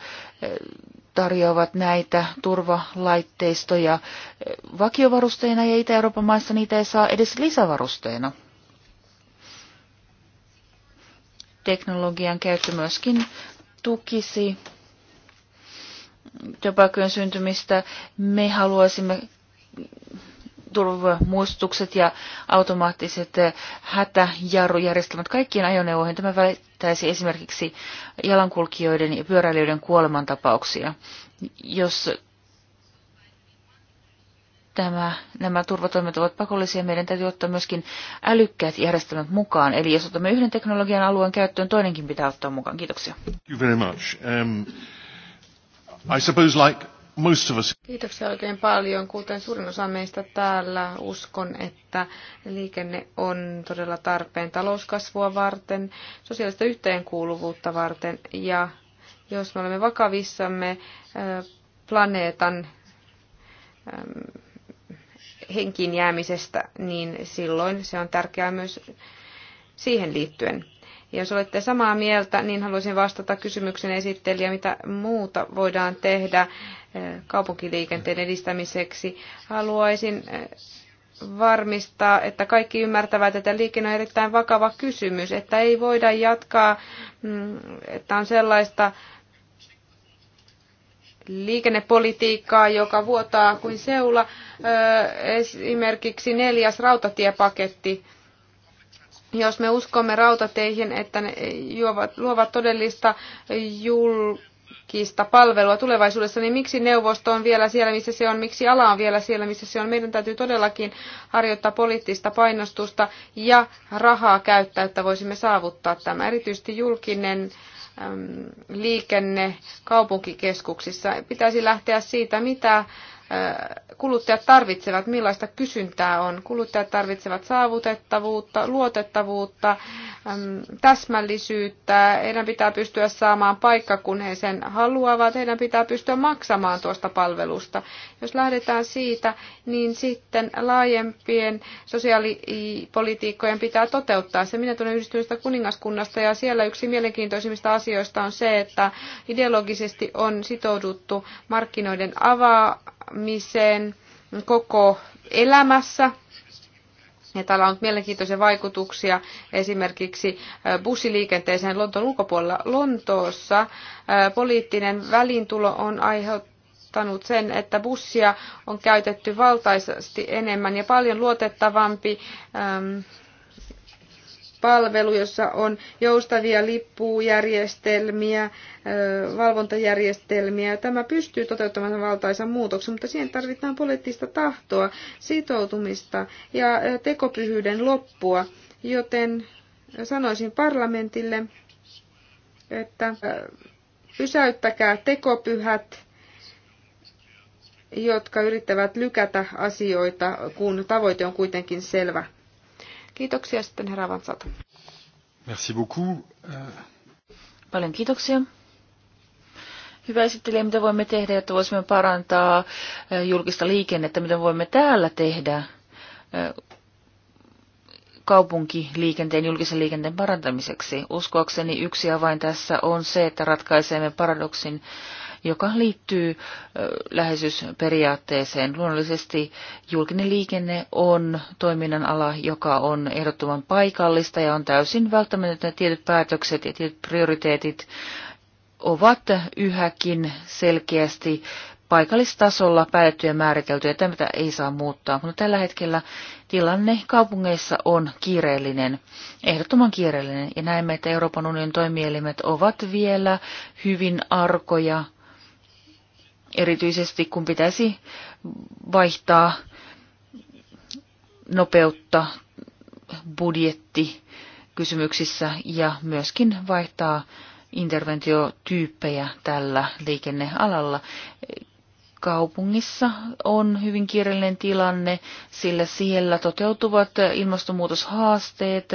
tarjoavat näitä turvalaitteistoja vakiovarusteina ja Itä-Euroopan maissa niitä ei saa edes lisävarusteina. Teknologian käyttö myöskin tukisi työpaikkojen syntymistä. Me haluaisimme turvamuistutukset ja automaattiset hätäjarrujärjestelmät kaikkiin ajoneuvoihin. Tämä välittäisi esimerkiksi jalankulkijoiden ja pyöräilijöiden kuolemantapauksia. Jos tämä, nämä turvatoimet ovat pakollisia, meidän täytyy ottaa myöskin älykkäät järjestelmät mukaan. Eli jos otamme yhden teknologian alueen käyttöön, toinenkin pitää ottaa mukaan. Kiitoksia. Thank you very much. Um... I suppose like most of us. Kiitoksia oikein paljon. Kuten suurin osa meistä täällä, uskon, että liikenne on todella tarpeen talouskasvua varten, sosiaalista yhteenkuuluvuutta varten ja jos me olemme vakavissamme planeetan henkiin jäämisestä, niin silloin se on tärkeää myös siihen liittyen. Jos olette samaa mieltä, niin haluaisin vastata kysymyksen esittelijä, mitä muuta voidaan tehdä eh, kaupunkiliikenteen edistämiseksi. Haluaisin eh, varmistaa, että kaikki ymmärtävät, että liikenne on erittäin vakava kysymys, että ei voida jatkaa, mm, että on sellaista liikennepolitiikkaa, joka vuotaa kuin seula. Eh, esimerkiksi neljäs rautatiepaketti jos me uskomme rautateihin, että ne juovat, luovat todellista julkista palvelua tulevaisuudessa, niin miksi neuvosto on vielä siellä, missä se on, miksi ala on vielä siellä, missä se on. Meidän täytyy todellakin harjoittaa poliittista painostusta ja rahaa käyttää, että voisimme saavuttaa tämä. Erityisesti julkinen liikenne kaupunkikeskuksissa. Pitäisi lähteä siitä, mitä kuluttajat tarvitsevat, millaista kysyntää on. Kuluttajat tarvitsevat saavutettavuutta, luotettavuutta, täsmällisyyttä. Heidän pitää pystyä saamaan paikka, kun he sen haluavat. Heidän pitää pystyä maksamaan tuosta palvelusta. Jos lähdetään siitä, niin sitten laajempien sosiaalipolitiikkojen pitää toteuttaa se. Minä tulen yhdistyneestä kuningaskunnasta ja siellä yksi mielenkiintoisimmista asioista on se, että ideologisesti on sitouduttu markkinoiden avaa parantamiseen koko elämässä. Ja täällä on mielenkiintoisia vaikutuksia esimerkiksi äh, bussiliikenteeseen Lontoon ulkopuolella. Lontoossa äh, poliittinen välintulo on aiheuttanut sen, että bussia on käytetty valtaisesti enemmän ja paljon luotettavampi ähm, palvelu, jossa on joustavia lippujärjestelmiä, valvontajärjestelmiä. Tämä pystyy toteuttamaan valtaisan muutoksen, mutta siihen tarvitaan poliittista tahtoa, sitoutumista ja tekopyhyyden loppua. Joten sanoisin parlamentille, että pysäyttäkää tekopyhät, jotka yrittävät lykätä asioita, kun tavoite on kuitenkin selvä. Kiitoksia sitten herra Vansalta. Merci beaucoup. Äh. Paljon kiitoksia. Hyvä esittelijä, mitä voimme tehdä, jotta voisimme parantaa äh, julkista liikennettä, mitä voimme täällä tehdä äh, kaupunkiliikenteen, julkisen liikenteen parantamiseksi. Uskoakseni yksi avain tässä on se, että ratkaisemme paradoksin joka liittyy läheisyysperiaatteeseen. Luonnollisesti julkinen liikenne on toiminnan ala, joka on ehdottoman paikallista ja on täysin välttämätöntä tietyt päätökset ja tietyt prioriteetit ovat yhäkin selkeästi paikallistasolla määritelty, määriteltyjä. Tämä ei saa muuttaa, mutta tällä hetkellä tilanne kaupungeissa on kiireellinen, ehdottoman kiireellinen. Ja näemme, että Euroopan unionin toimielimet ovat vielä hyvin arkoja erityisesti kun pitäisi vaihtaa nopeutta budjetti kysymyksissä ja myöskin vaihtaa interventiotyyppejä tällä liikennealalla. Kaupungissa on hyvin kiireellinen tilanne, sillä siellä toteutuvat ilmastonmuutoshaasteet,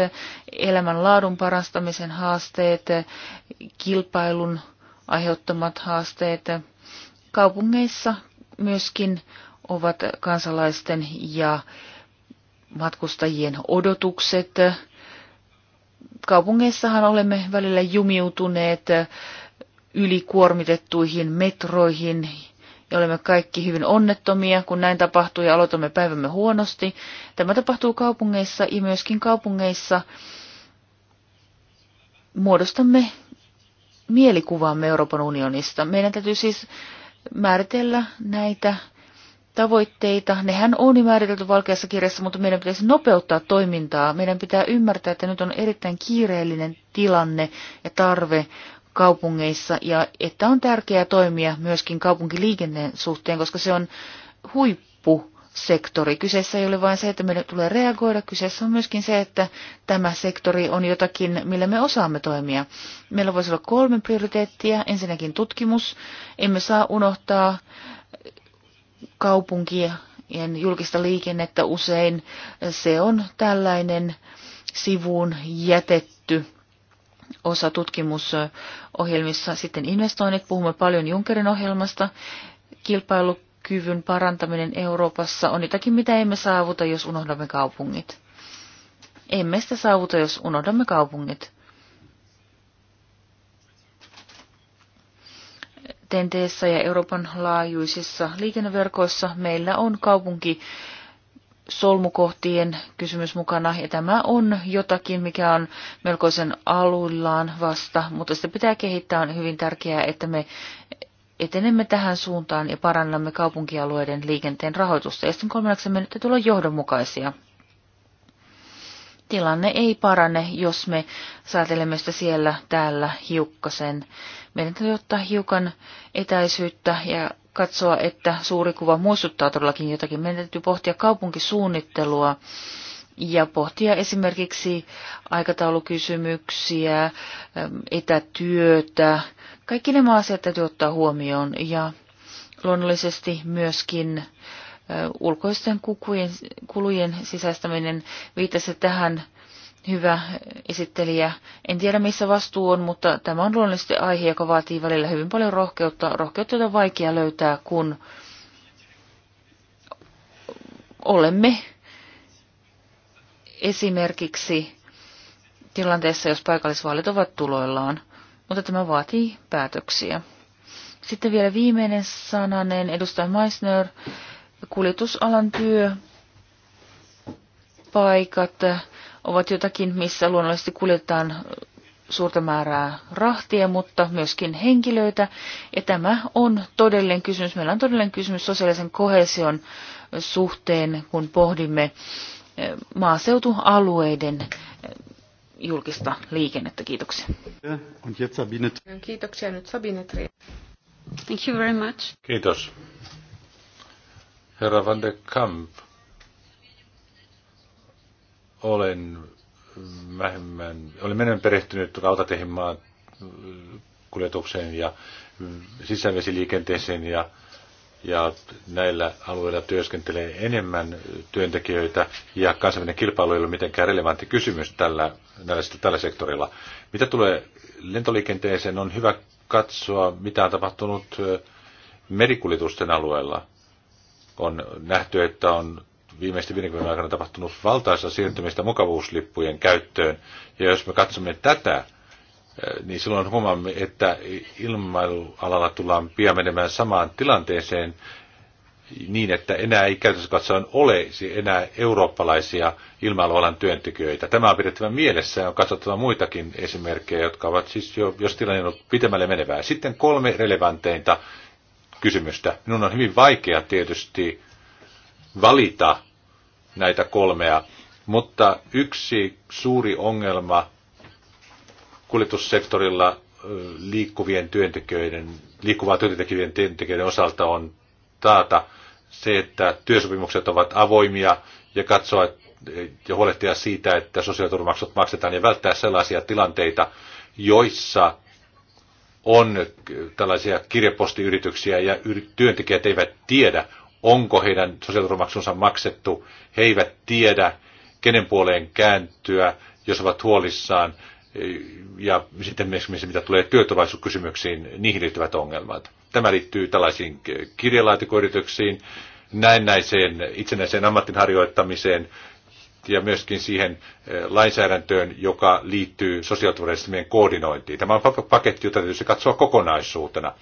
elämänlaadun parastamisen haasteet, kilpailun aiheuttamat haasteet, kaupungeissa myöskin ovat kansalaisten ja matkustajien odotukset. Kaupungeissahan olemme välillä jumiutuneet ylikuormitettuihin metroihin ja olemme kaikki hyvin onnettomia, kun näin tapahtuu ja aloitamme päivämme huonosti. Tämä tapahtuu kaupungeissa ja myöskin kaupungeissa muodostamme mielikuvamme Euroopan unionista. Meidän täytyy siis määritellä näitä tavoitteita. Nehän on jo määritelty valkeassa kirjassa, mutta meidän pitäisi nopeuttaa toimintaa. Meidän pitää ymmärtää, että nyt on erittäin kiireellinen tilanne ja tarve kaupungeissa ja että on tärkeää toimia myöskin kaupunkiliikenteen suhteen, koska se on huippu sektori. Kyseessä ei ole vain se, että meidän tulee reagoida. Kyseessä on myöskin se, että tämä sektori on jotakin, millä me osaamme toimia. Meillä voisi olla kolme prioriteettia. Ensinnäkin tutkimus. Emme saa unohtaa kaupunkia ja julkista liikennettä usein. Se on tällainen sivuun jätetty osa tutkimusohjelmissa. Sitten investoinnit. Puhumme paljon Junckerin ohjelmasta kilpailu kyvyn parantaminen Euroopassa on jotakin, mitä emme saavuta, jos unohdamme kaupungit. Emme sitä saavuta, jos unohdamme kaupungit. Tenteessä ja Euroopan laajuisissa liikenneverkoissa meillä on kaupunki solmukohtien kysymys mukana, ja tämä on jotakin, mikä on melkoisen aluillaan vasta, mutta sitä pitää kehittää. On hyvin tärkeää, että me etenemme tähän suuntaan ja parannamme kaupunkialueiden liikenteen rahoitusta. Ja sitten kolmanneksi me nyt tulla johdonmukaisia. Tilanne ei parane, jos me säätelemme sitä siellä täällä hiukkasen. Meidän täytyy ottaa hiukan etäisyyttä ja katsoa, että suuri kuva muistuttaa todellakin jotakin. Meidän täytyy pohtia kaupunkisuunnittelua ja pohtia esimerkiksi aikataulukysymyksiä, etätyötä, kaikki nämä asiat täytyy ottaa huomioon ja luonnollisesti myöskin ulkoisten kukujen, kulujen sisäistäminen viitasi tähän hyvä esittelijä. En tiedä missä vastuu on, mutta tämä on luonnollisesti aihe, joka vaatii välillä hyvin paljon rohkeutta. Rohkeutta on vaikea löytää, kun olemme esimerkiksi tilanteessa, jos paikallisvaalit ovat tuloillaan mutta tämä vaatii päätöksiä. Sitten vielä viimeinen sananen, edustaja Meissner, kuljetusalan työpaikat ovat jotakin, missä luonnollisesti kuljetetaan suurta määrää rahtia, mutta myöskin henkilöitä. Ja tämä on todellinen kysymys. Meillä on todellinen kysymys sosiaalisen kohesion suhteen, kun pohdimme maaseutualueiden julkista liikennettä. Kiitoksia. Kiitoksia nyt Sabine Thank you very much. Kiitos. Herra Van de Kamp, olen vähemmän, olen enemmän perehtynyt rautateihin kuljetukseen ja sisävesiliikenteeseen ja ja näillä alueilla työskentelee enemmän työntekijöitä ja kansainvälinen kilpailu ei ole mitenkään relevantti kysymys tällä, näillä, tällä sektorilla. Mitä tulee lentoliikenteeseen, on hyvä katsoa, mitä on tapahtunut merikuljetusten alueella. On nähty, että on viimeisten 50 aikana tapahtunut valtaisa siirtymistä mukavuuslippujen käyttöön. Ja jos me katsomme tätä, niin silloin huomaamme, että ilmailualalla tullaan pian menemään samaan tilanteeseen niin, että enää ei käytännössä katsoen ole enää eurooppalaisia ilmailualan työntekijöitä. Tämä on pidettävä mielessä ja on katsottava muitakin esimerkkejä, jotka ovat siis jo, jos tilanne on pitemmälle menevää. Sitten kolme relevanteinta kysymystä. Minun on hyvin vaikea tietysti valita näitä kolmea, mutta yksi suuri ongelma kuljetussektorilla liikkuvien työntekijöiden, liikkuvaa työntekijöiden työntekijöiden osalta on taata se, että työsopimukset ovat avoimia ja katsoa ja huolehtia siitä, että sosiaaliturvamaksut maksetaan ja välttää sellaisia tilanteita, joissa on tällaisia kirjepostiyrityksiä ja työntekijät eivät tiedä, onko heidän sosiaaliturvamaksunsa maksettu. He eivät tiedä, kenen puoleen kääntyä, jos ovat huolissaan ja sitten esimerkiksi mitä tulee työturvallisuuskysymyksiin, niihin liittyvät ongelmat. Tämä liittyy tällaisiin kirjalaatikoyrityksiin, näennäiseen itsenäiseen ammatin harjoittamiseen ja myöskin siihen eh, lainsäädäntöön, joka liittyy sosiaaliturvallisuuden koordinointiin. Tämä on paketti, jota täytyy katsoa kokonaisuutena.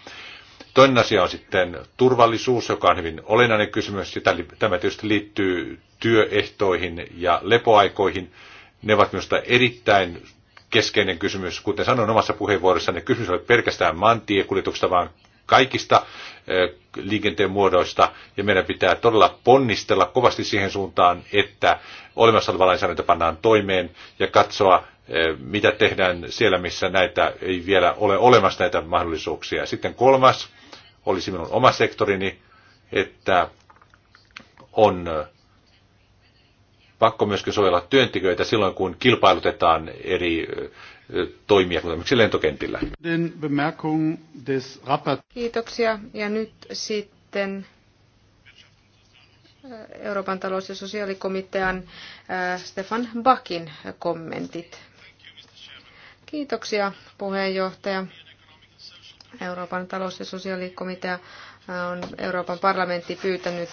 Toinen asia on sitten turvallisuus, joka on hyvin olennainen kysymys. Ja tämä tietysti liittyy työehtoihin ja lepoaikoihin. Ne ovat minusta erittäin keskeinen kysymys. Kuten sanoin omassa puheenvuorossani, kysymys oli pelkästään maantiekuljetuksesta, vaan kaikista eh, liikenteen muodoista, ja meidän pitää todella ponnistella kovasti siihen suuntaan, että olemassa oleva lainsäädäntö pannaan toimeen ja katsoa, eh, mitä tehdään siellä, missä näitä ei vielä ole olemassa näitä mahdollisuuksia. Sitten kolmas olisi minun oma sektorini, että on eh, pakko myöskin suojella työntekijöitä silloin, kun kilpailutetaan eri toimia, kuten esimerkiksi lentokentillä. Kiitoksia. Ja nyt sitten Euroopan talous- ja sosiaalikomitean Stefan Bakin kommentit. Kiitoksia puheenjohtaja. Euroopan talous- ja sosiaalikomitea on Euroopan parlamentti pyytänyt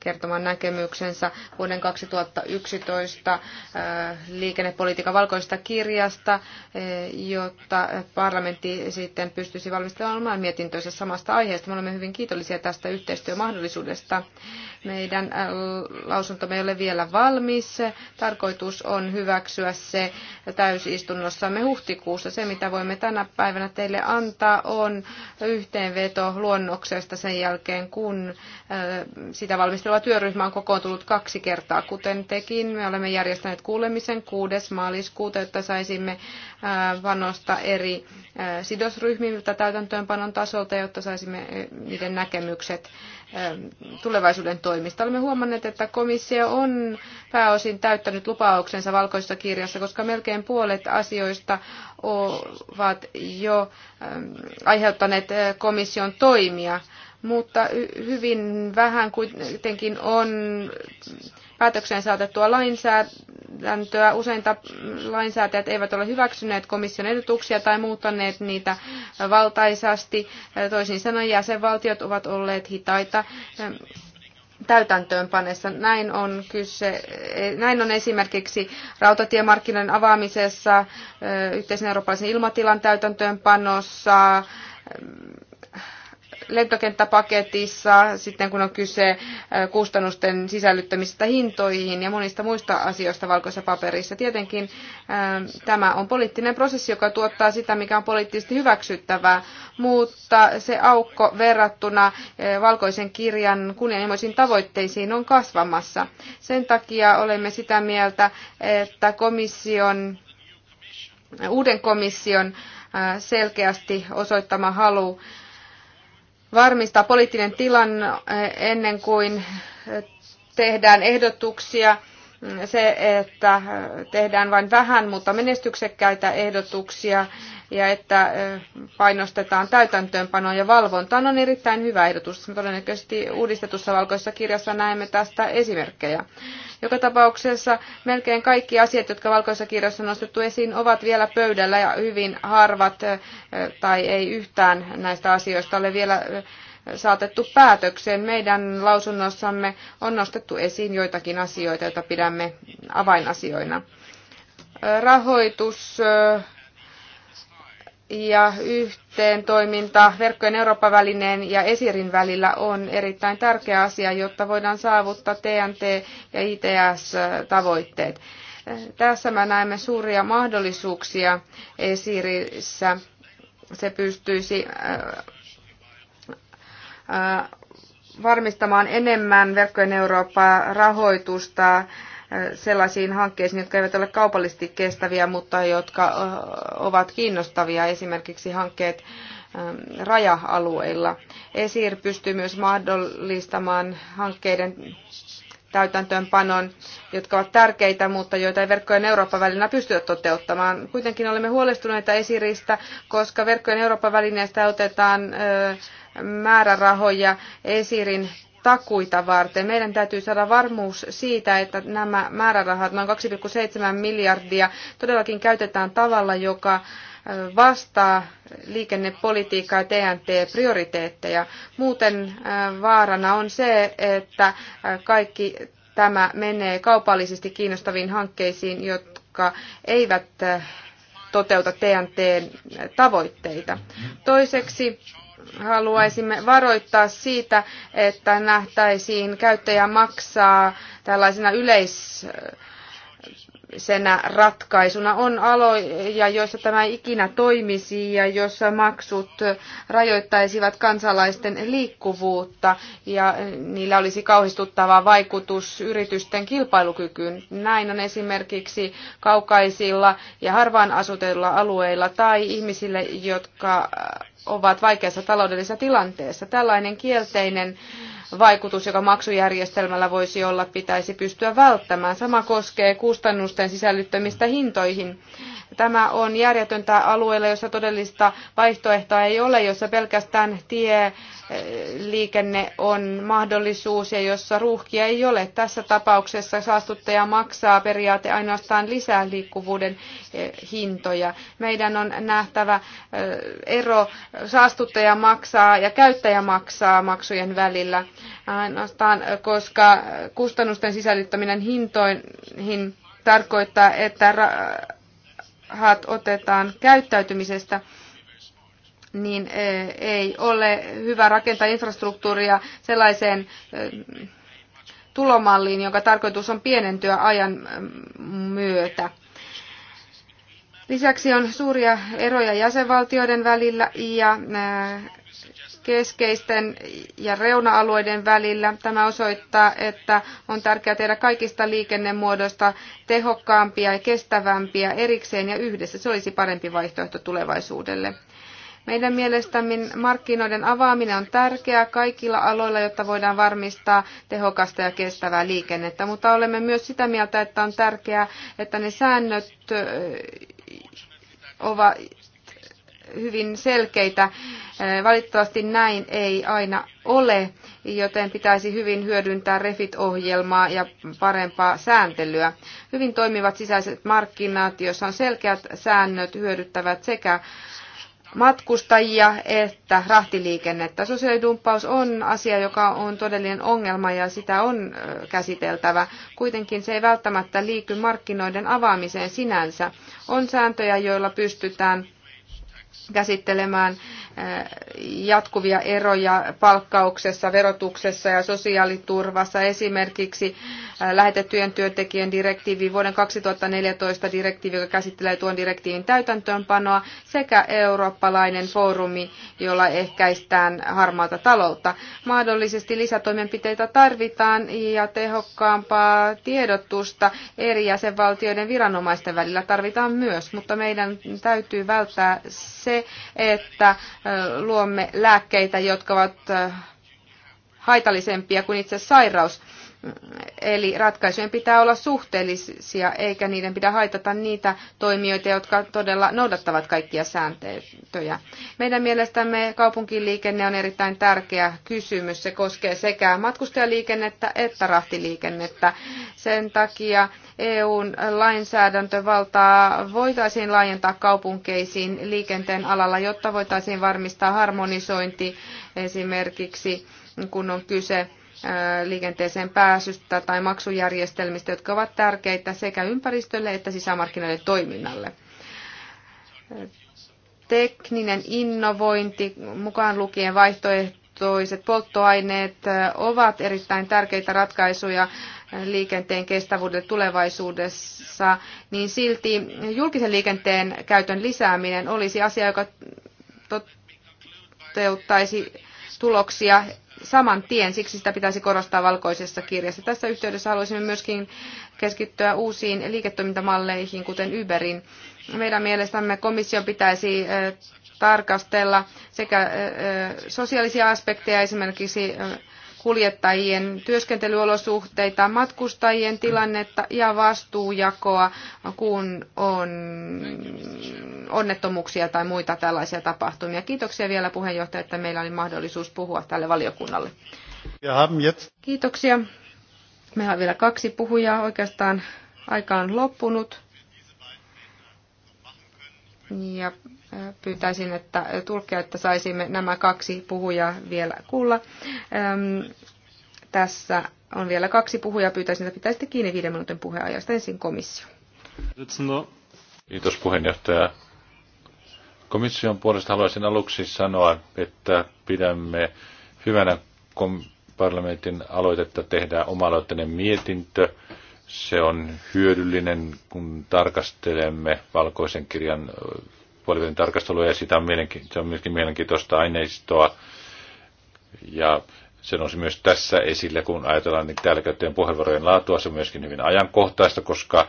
kertomaan näkemyksensä vuoden 2011 liikennepolitiikan valkoista kirjasta, jotta parlamentti sitten pystyisi valmistelemaan omaa mietintönsä samasta aiheesta. Me olemme hyvin kiitollisia tästä yhteistyömahdollisuudesta. Meidän lausuntomme ei ole vielä valmis. Tarkoitus on hyväksyä se täysistunnossamme huhtikuussa. Se, mitä voimme tänä päivänä teille antaa, on yhteenveto luonnoksesta vasta sen jälkeen, kun sitä valmisteleva työryhmä on kokoontunut kaksi kertaa, kuten tekin. Me olemme järjestäneet kuulemisen 6. maaliskuuta, jotta saisimme panosta eri sidosryhmiltä täytäntöönpanon tasolta, jotta saisimme niiden näkemykset. Ähm, tulevaisuuden toimista. Olemme huomanneet, että komissio on pääosin täyttänyt lupauksensa valkoisessa kirjassa, koska melkein puolet asioista ovat jo ähm, aiheuttaneet äh, komission toimia, mutta hyvin vähän kuitenkin on päätökseen saatettua lainsäädäntöä. Usein lainsäätäjät eivät ole hyväksyneet komission ehdotuksia tai muuttaneet niitä valtaisasti. Toisin sanoen jäsenvaltiot ovat olleet hitaita täytäntöönpanessa. Näin on, kyse, näin on esimerkiksi rautatiemarkkinoiden avaamisessa, yhteisen eurooppalaisen ilmatilan täytäntöönpanossa, lentokenttäpaketissa, sitten kun on kyse kustannusten sisällyttämisestä hintoihin ja monista muista asioista valkoisessa paperissa. Tietenkin tämä on poliittinen prosessi, joka tuottaa sitä, mikä on poliittisesti hyväksyttävää, mutta se aukko verrattuna valkoisen kirjan kunnianhimoisiin tavoitteisiin on kasvamassa. Sen takia olemme sitä mieltä, että komission, uuden komission selkeästi osoittama halu varmistaa poliittinen tilanne eh, ennen kuin eh, tehdään ehdotuksia. Se, että eh, tehdään vain vähän, mutta menestyksekkäitä ehdotuksia, ja että painostetaan täytäntöönpanoon ja valvontaan no, on erittäin hyvä ehdotus. Me todennäköisesti uudistetussa valkoisessa kirjassa näemme tästä esimerkkejä. Joka tapauksessa melkein kaikki asiat, jotka valkoisessa kirjassa on nostettu esiin, ovat vielä pöydällä ja hyvin harvat tai ei yhtään näistä asioista ole vielä saatettu päätökseen. Meidän lausunnossamme on nostettu esiin joitakin asioita, joita pidämme avainasioina. Rahoitus ja yhteen toiminta verkkojen Euroopan välineen ja Esirin välillä on erittäin tärkeä asia, jotta voidaan saavuttaa TNT- ja ITS-tavoitteet. Äh, Tässä me näemme suuria mahdollisuuksia Esirissä. Se pystyisi äh, äh, varmistamaan enemmän verkkojen Eurooppaa rahoitusta Äh, sellaisiin hankkeisiin, jotka eivät ole kaupallisesti kestäviä, mutta jotka äh, ovat kiinnostavia, esimerkiksi hankkeet ähm, raja-alueilla. ESIR pystyy myös mahdollistamaan hankkeiden täytäntöönpanon, jotka ovat tärkeitä, mutta joita ei verkkojen Euroopan välinä pystyä toteuttamaan. Kuitenkin olemme huolestuneita esiristä, koska verkkojen Euroopan välineestä otetaan äh, määrärahoja esirin takuita varten. Meidän täytyy saada varmuus siitä, että nämä määrärahat, noin 2,7 miljardia, todellakin käytetään tavalla, joka vastaa liikennepolitiikkaa ja TNT-prioriteetteja. Muuten vaarana on se, että kaikki tämä menee kaupallisesti kiinnostaviin hankkeisiin, jotka eivät toteuta TNTn tavoitteita. Toiseksi haluaisimme varoittaa siitä, että nähtäisiin käyttäjä maksaa tällaisena yleis senä ratkaisuna on aloja, joissa tämä ei ikinä toimisi ja joissa maksut rajoittaisivat kansalaisten liikkuvuutta ja niillä olisi kauhistuttava vaikutus yritysten kilpailukykyyn. Näin on esimerkiksi kaukaisilla ja harvaan asuteilla alueilla tai ihmisille, jotka ovat vaikeassa taloudellisessa tilanteessa. Tällainen kielteinen äh, vaikutus, joka maksujärjestelmällä voisi olla, pitäisi pystyä välttämään. Sama koskee kustannusten sisällyttämistä hintoihin. Tämä on järjetöntä alueella, jossa todellista vaihtoehtoa ei ole, jossa pelkästään tieliikenne eh, on mahdollisuus ja jossa ruuhkia ei ole. Tässä tapauksessa saastuttaja maksaa periaate ainoastaan lisää liikkuvuuden eh, hintoja. Meidän on nähtävä eh, ero saastuttaja maksaa ja käyttäjä maksaa maksujen välillä ainoastaan, koska kustannusten sisällyttäminen hintoihin tarkoittaa, että otetaan käyttäytymisestä, niin eh, ei ole hyvä rakentaa infrastruktuuria sellaiseen eh, tulomalliin, jonka tarkoitus on pienentyä ajan mm, myötä. Lisäksi on suuria eroja jäsenvaltioiden välillä ja eh, keskeisten ja reuna-alueiden välillä. Tämä osoittaa, että on tärkeää tehdä kaikista liikennemuodoista tehokkaampia ja kestävämpiä erikseen ja yhdessä. Se olisi parempi vaihtoehto tulevaisuudelle. Meidän mielestämme markkinoiden avaaminen on tärkeää kaikilla aloilla, jotta voidaan varmistaa tehokasta ja kestävää liikennettä, mutta olemme myös sitä mieltä, että on tärkeää, että ne säännöt, hyvin selkeitä. Äh, valitettavasti näin ei aina ole, joten pitäisi hyvin hyödyntää REFIT-ohjelmaa ja parempaa sääntelyä. Hyvin toimivat sisäiset markkinat, joissa on selkeät säännöt, hyödyttävät sekä matkustajia että rahtiliikennettä. Sosiaalidumppaus on asia, joka on todellinen ongelma ja sitä on käsiteltävä. Kuitenkin se ei välttämättä liity markkinoiden avaamiseen sinänsä. On sääntöjä, joilla pystytään käsittelemään jatkuvia eroja palkkauksessa, verotuksessa ja sosiaaliturvassa. Esimerkiksi lähetettyjen työntekijän direktiivi, vuoden 2014 direktiivi, joka käsittelee tuon direktiivin täytäntöönpanoa, sekä eurooppalainen foorumi, jolla ehkäistään harmaata taloutta. Mahdollisesti lisätoimenpiteitä tarvitaan ja tehokkaampaa tiedotusta eri jäsenvaltioiden viranomaisten välillä tarvitaan myös, mutta meidän täytyy välttää se, että luomme lääkkeitä, jotka ovat haitallisempia kuin itse sairaus. Eli ratkaisujen pitää olla suhteellisia, eikä niiden pidä haitata niitä toimijoita, jotka todella noudattavat kaikkia sääntöjä. Meidän mielestämme kaupunkiliikenne on erittäin tärkeä kysymys. Se koskee sekä matkustajaliikennettä että rahtiliikennettä. Sen takia EUn lainsäädäntövaltaa voitaisiin laajentaa kaupunkeisiin liikenteen alalla, jotta voitaisiin varmistaa harmonisointi esimerkiksi, kun on kyse liikenteeseen pääsystä tai maksujärjestelmistä, jotka ovat tärkeitä sekä ympäristölle että sisämarkkinoiden toiminnalle. Tekninen innovointi, mukaan lukien vaihtoehtoiset polttoaineet, ovat erittäin tärkeitä ratkaisuja liikenteen kestävyydelle tulevaisuudessa, niin silti julkisen liikenteen käytön lisääminen olisi asia, joka toteuttaisi tuloksia saman tien, siksi sitä pitäisi korostaa valkoisessa kirjassa. Tässä yhteydessä haluaisimme myöskin keskittyä uusiin liiketoimintamalleihin, kuten Uberin. Meidän mielestämme komissio pitäisi tarkastella sekä sosiaalisia aspekteja, esimerkiksi kuljettajien työskentelyolosuhteita, matkustajien tilannetta ja vastuujakoa, kun on onnettomuuksia tai muita tällaisia tapahtumia. Kiitoksia vielä puheenjohtaja, että meillä oli mahdollisuus puhua tälle valiokunnalle. Kiitoksia. Meillä on vielä kaksi puhujaa. Oikeastaan aika on loppunut. Ja äh, pyytäisin, että tulkia, että saisimme nämä kaksi puhujaa vielä kuulla. Öm, ähm, tässä on vielä kaksi puhujaa. Pyytäisin, että pitäisitte kiinni viiden minuutin puheenajasta. Ensin komissio. Kiitos puheenjohtaja. Komission puolesta haluaisin aluksi sanoa, että pidämme hyvänä parlamentin aloitetta tehdä oma mietintö. Se on hyödyllinen, kun tarkastelemme valkoisen kirjan puolivälin tarkastelua, ja sitä on se on myöskin mielenkiintoista aineistoa. Ja se nousi myös tässä esille, kun ajatellaan niin täällä käyttäjien puheenvuorojen laatua. Se on myöskin hyvin ajankohtaista, koska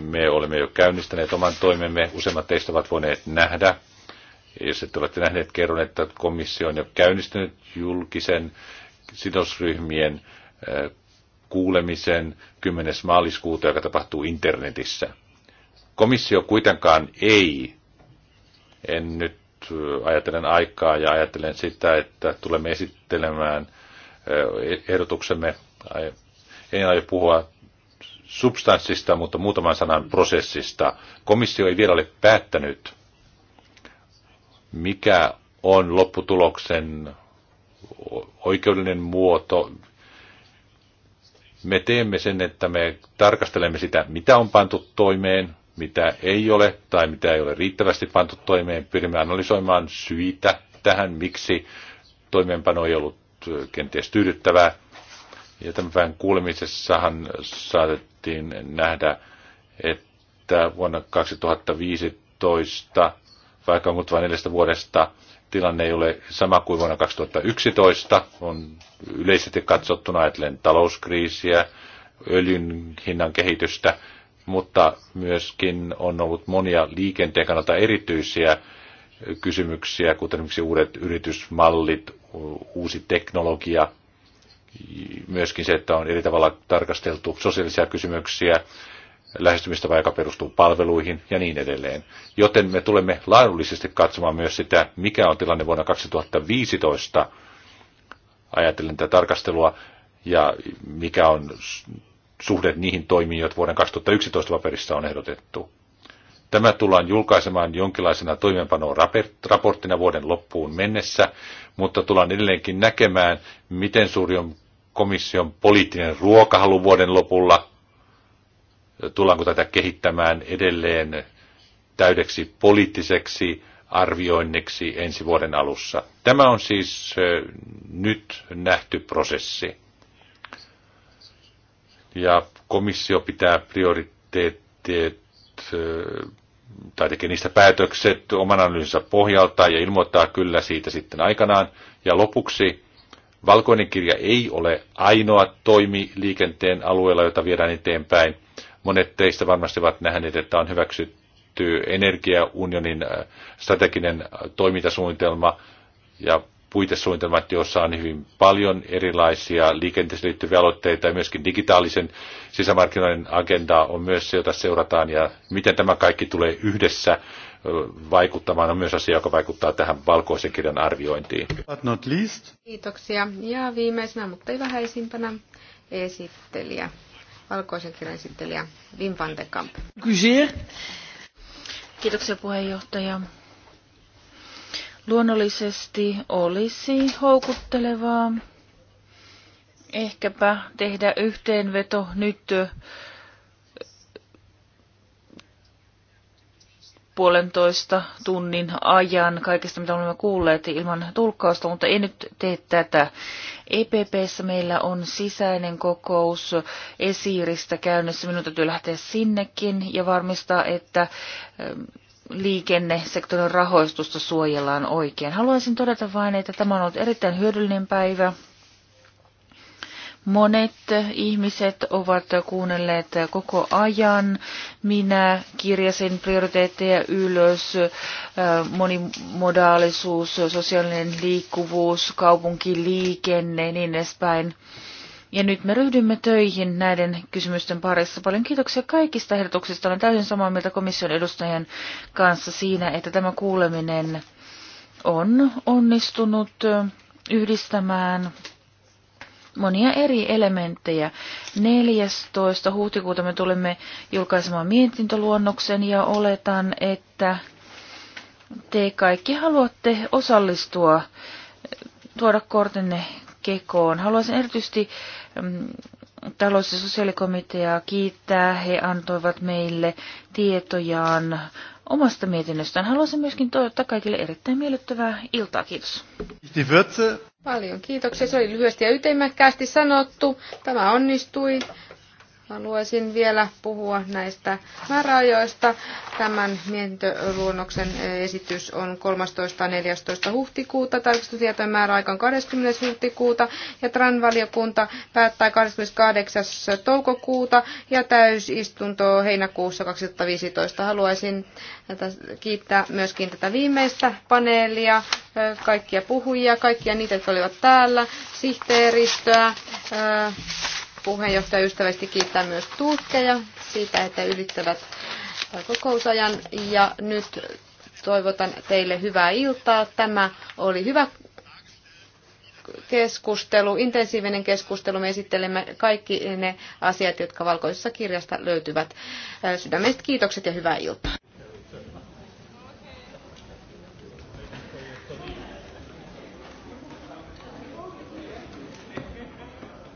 me olemme jo käynnistäneet oman toimemme. Useimmat teistä ovat voineet nähdä, jos et olette nähneet, kerron, että komissio on jo käynnistänyt julkisen sidosryhmien äh, kuulemisen 10. maaliskuuta, joka tapahtuu internetissä. Komissio kuitenkaan ei, en nyt äh, ajatellen aikaa ja ajatellen sitä, että tulemme esittelemään äh, e- ehdotuksemme, en aio puhua substanssista, mutta muutaman sanan prosessista. Komissio ei vielä ole päättänyt mikä on lopputuloksen oikeudellinen muoto. Me teemme sen, että me tarkastelemme sitä, mitä on pantu toimeen, mitä ei ole tai mitä ei ole riittävästi pantu toimeen. Pyrimme analysoimaan syitä tähän, miksi toimeenpano ei ollut kenties tyydyttävää. Ja tämän kuulemisessahan saatettiin nähdä, että vuonna 2015 vaikka on vain neljästä vuodesta, tilanne ei ole sama kuin vuonna 2011. On yleisesti katsottuna ajatellen talouskriisiä, öljyn hinnan kehitystä, mutta myöskin on ollut monia liikenteen kannalta erityisiä kysymyksiä, kuten esimerkiksi uudet yritysmallit, uusi teknologia, myöskin se, että on eri tavalla tarkasteltu sosiaalisia kysymyksiä, lähestymistapa, joka perustuu palveluihin ja niin edelleen. Joten me tulemme laadullisesti katsomaan myös sitä, mikä on tilanne vuonna 2015, ajatellen tätä tarkastelua, ja mikä on suhde niihin toimiin, joita vuoden 2011 paperissa on ehdotettu. Tämä tullaan julkaisemaan jonkinlaisena toimeenpanon raporttina vuoden loppuun mennessä, mutta tullaan edelleenkin näkemään, miten suuri on komission poliittinen ruokahalu vuoden lopulla, tullaanko tätä kehittämään edelleen täydeksi poliittiseksi arvioinniksi ensi vuoden alussa. Tämä on siis nyt nähty prosessi. Ja komissio pitää prioriteetteet tai tekee niistä päätökset oman analyysinsa pohjalta ja ilmoittaa kyllä siitä sitten aikanaan. Ja lopuksi valkoinen kirja ei ole ainoa toimi liikenteen alueella, jota viedään eteenpäin. Monet teistä varmasti ovat nähneet, että on hyväksytty energiaunionin äh, strateginen äh, toimintasuunnitelma ja puitesuunnitelmat, joissa on hyvin paljon erilaisia liikenteeseen liittyviä aloitteita ja myöskin digitaalisen sisämarkkinoiden agenda on myös se, jota seurataan ja miten tämä kaikki tulee yhdessä äh, vaikuttamaan on myös asia, joka vaikuttaa tähän valkoisen kirjan arviointiin. But not least. Kiitoksia. Ja viimeisenä, mutta ei vähäisimpänä, esittelijä valkoisen kirjan esittelijä Wim van de Kamp. Kiitoksia puheenjohtaja. Luonnollisesti olisi houkuttelevaa ehkäpä tehdä yhteenveto nyt puolentoista tunnin ajan kaikesta, mitä olemme kuulleet ilman tulkkausta, mutta ei nyt tee tätä. EPPssä meillä on sisäinen kokous esiiristä käynnissä. Minun täytyy lähteä sinnekin ja varmistaa, että ähm, liikennesektorin rahoitusta suojellaan oikein. Haluaisin todeta vain, että tämä on ollut erittäin hyödyllinen päivä Monet ihmiset ovat kuunnelleet koko ajan. Minä kirjasin prioriteetteja ylös, monimodaalisuus, sosiaalinen liikkuvuus, kaupunkiliikenne ja niin edespäin. Ja nyt me ryhdymme töihin näiden kysymysten parissa. Paljon kiitoksia kaikista ehdotuksista. Olen täysin samaa mieltä komission edustajien kanssa siinä, että tämä kuuleminen on onnistunut yhdistämään monia eri elementtejä. 14. huhtikuuta me tulemme julkaisemaan mietintöluonnoksen ja oletan, että te kaikki haluatte osallistua, tuoda kortenne kekoon. Haluaisin erityisesti mm, talous- ja sosiaalikomitea kiittää. He antoivat meille tietojaan omasta mietinnöstään. Haluaisin myöskin toivottaa kaikille erittäin miellyttävää iltaa. Kiitos. Paljon kiitoksia. Se oli lyhyesti ja ytimekkäästi sanottu. Tämä onnistui. Haluaisin vielä puhua näistä määräajoista. Tämän mietintöluonnoksen eh, esitys on 13.14. huhtikuuta, tarkistustietojen määräaika on 20. huhtikuuta ja TRAN-valiokunta päättää 28. toukokuuta ja täysistunto heinäkuussa 2015. Haluaisin kiittää myöskin tätä viimeistä paneelia, eh, kaikkia puhujia, kaikkia niitä, jotka olivat täällä, sihteeristöä, eh, puheenjohtaja ystävästi kiittää myös tulkkeja siitä, että ylittävät kokousajan. Ja nyt toivotan teille hyvää iltaa. Tämä oli hyvä keskustelu, intensiivinen keskustelu. Me esittelemme kaikki ne asiat, jotka valkoisessa kirjasta löytyvät. Sydämelliset kiitokset ja hyvää iltaa.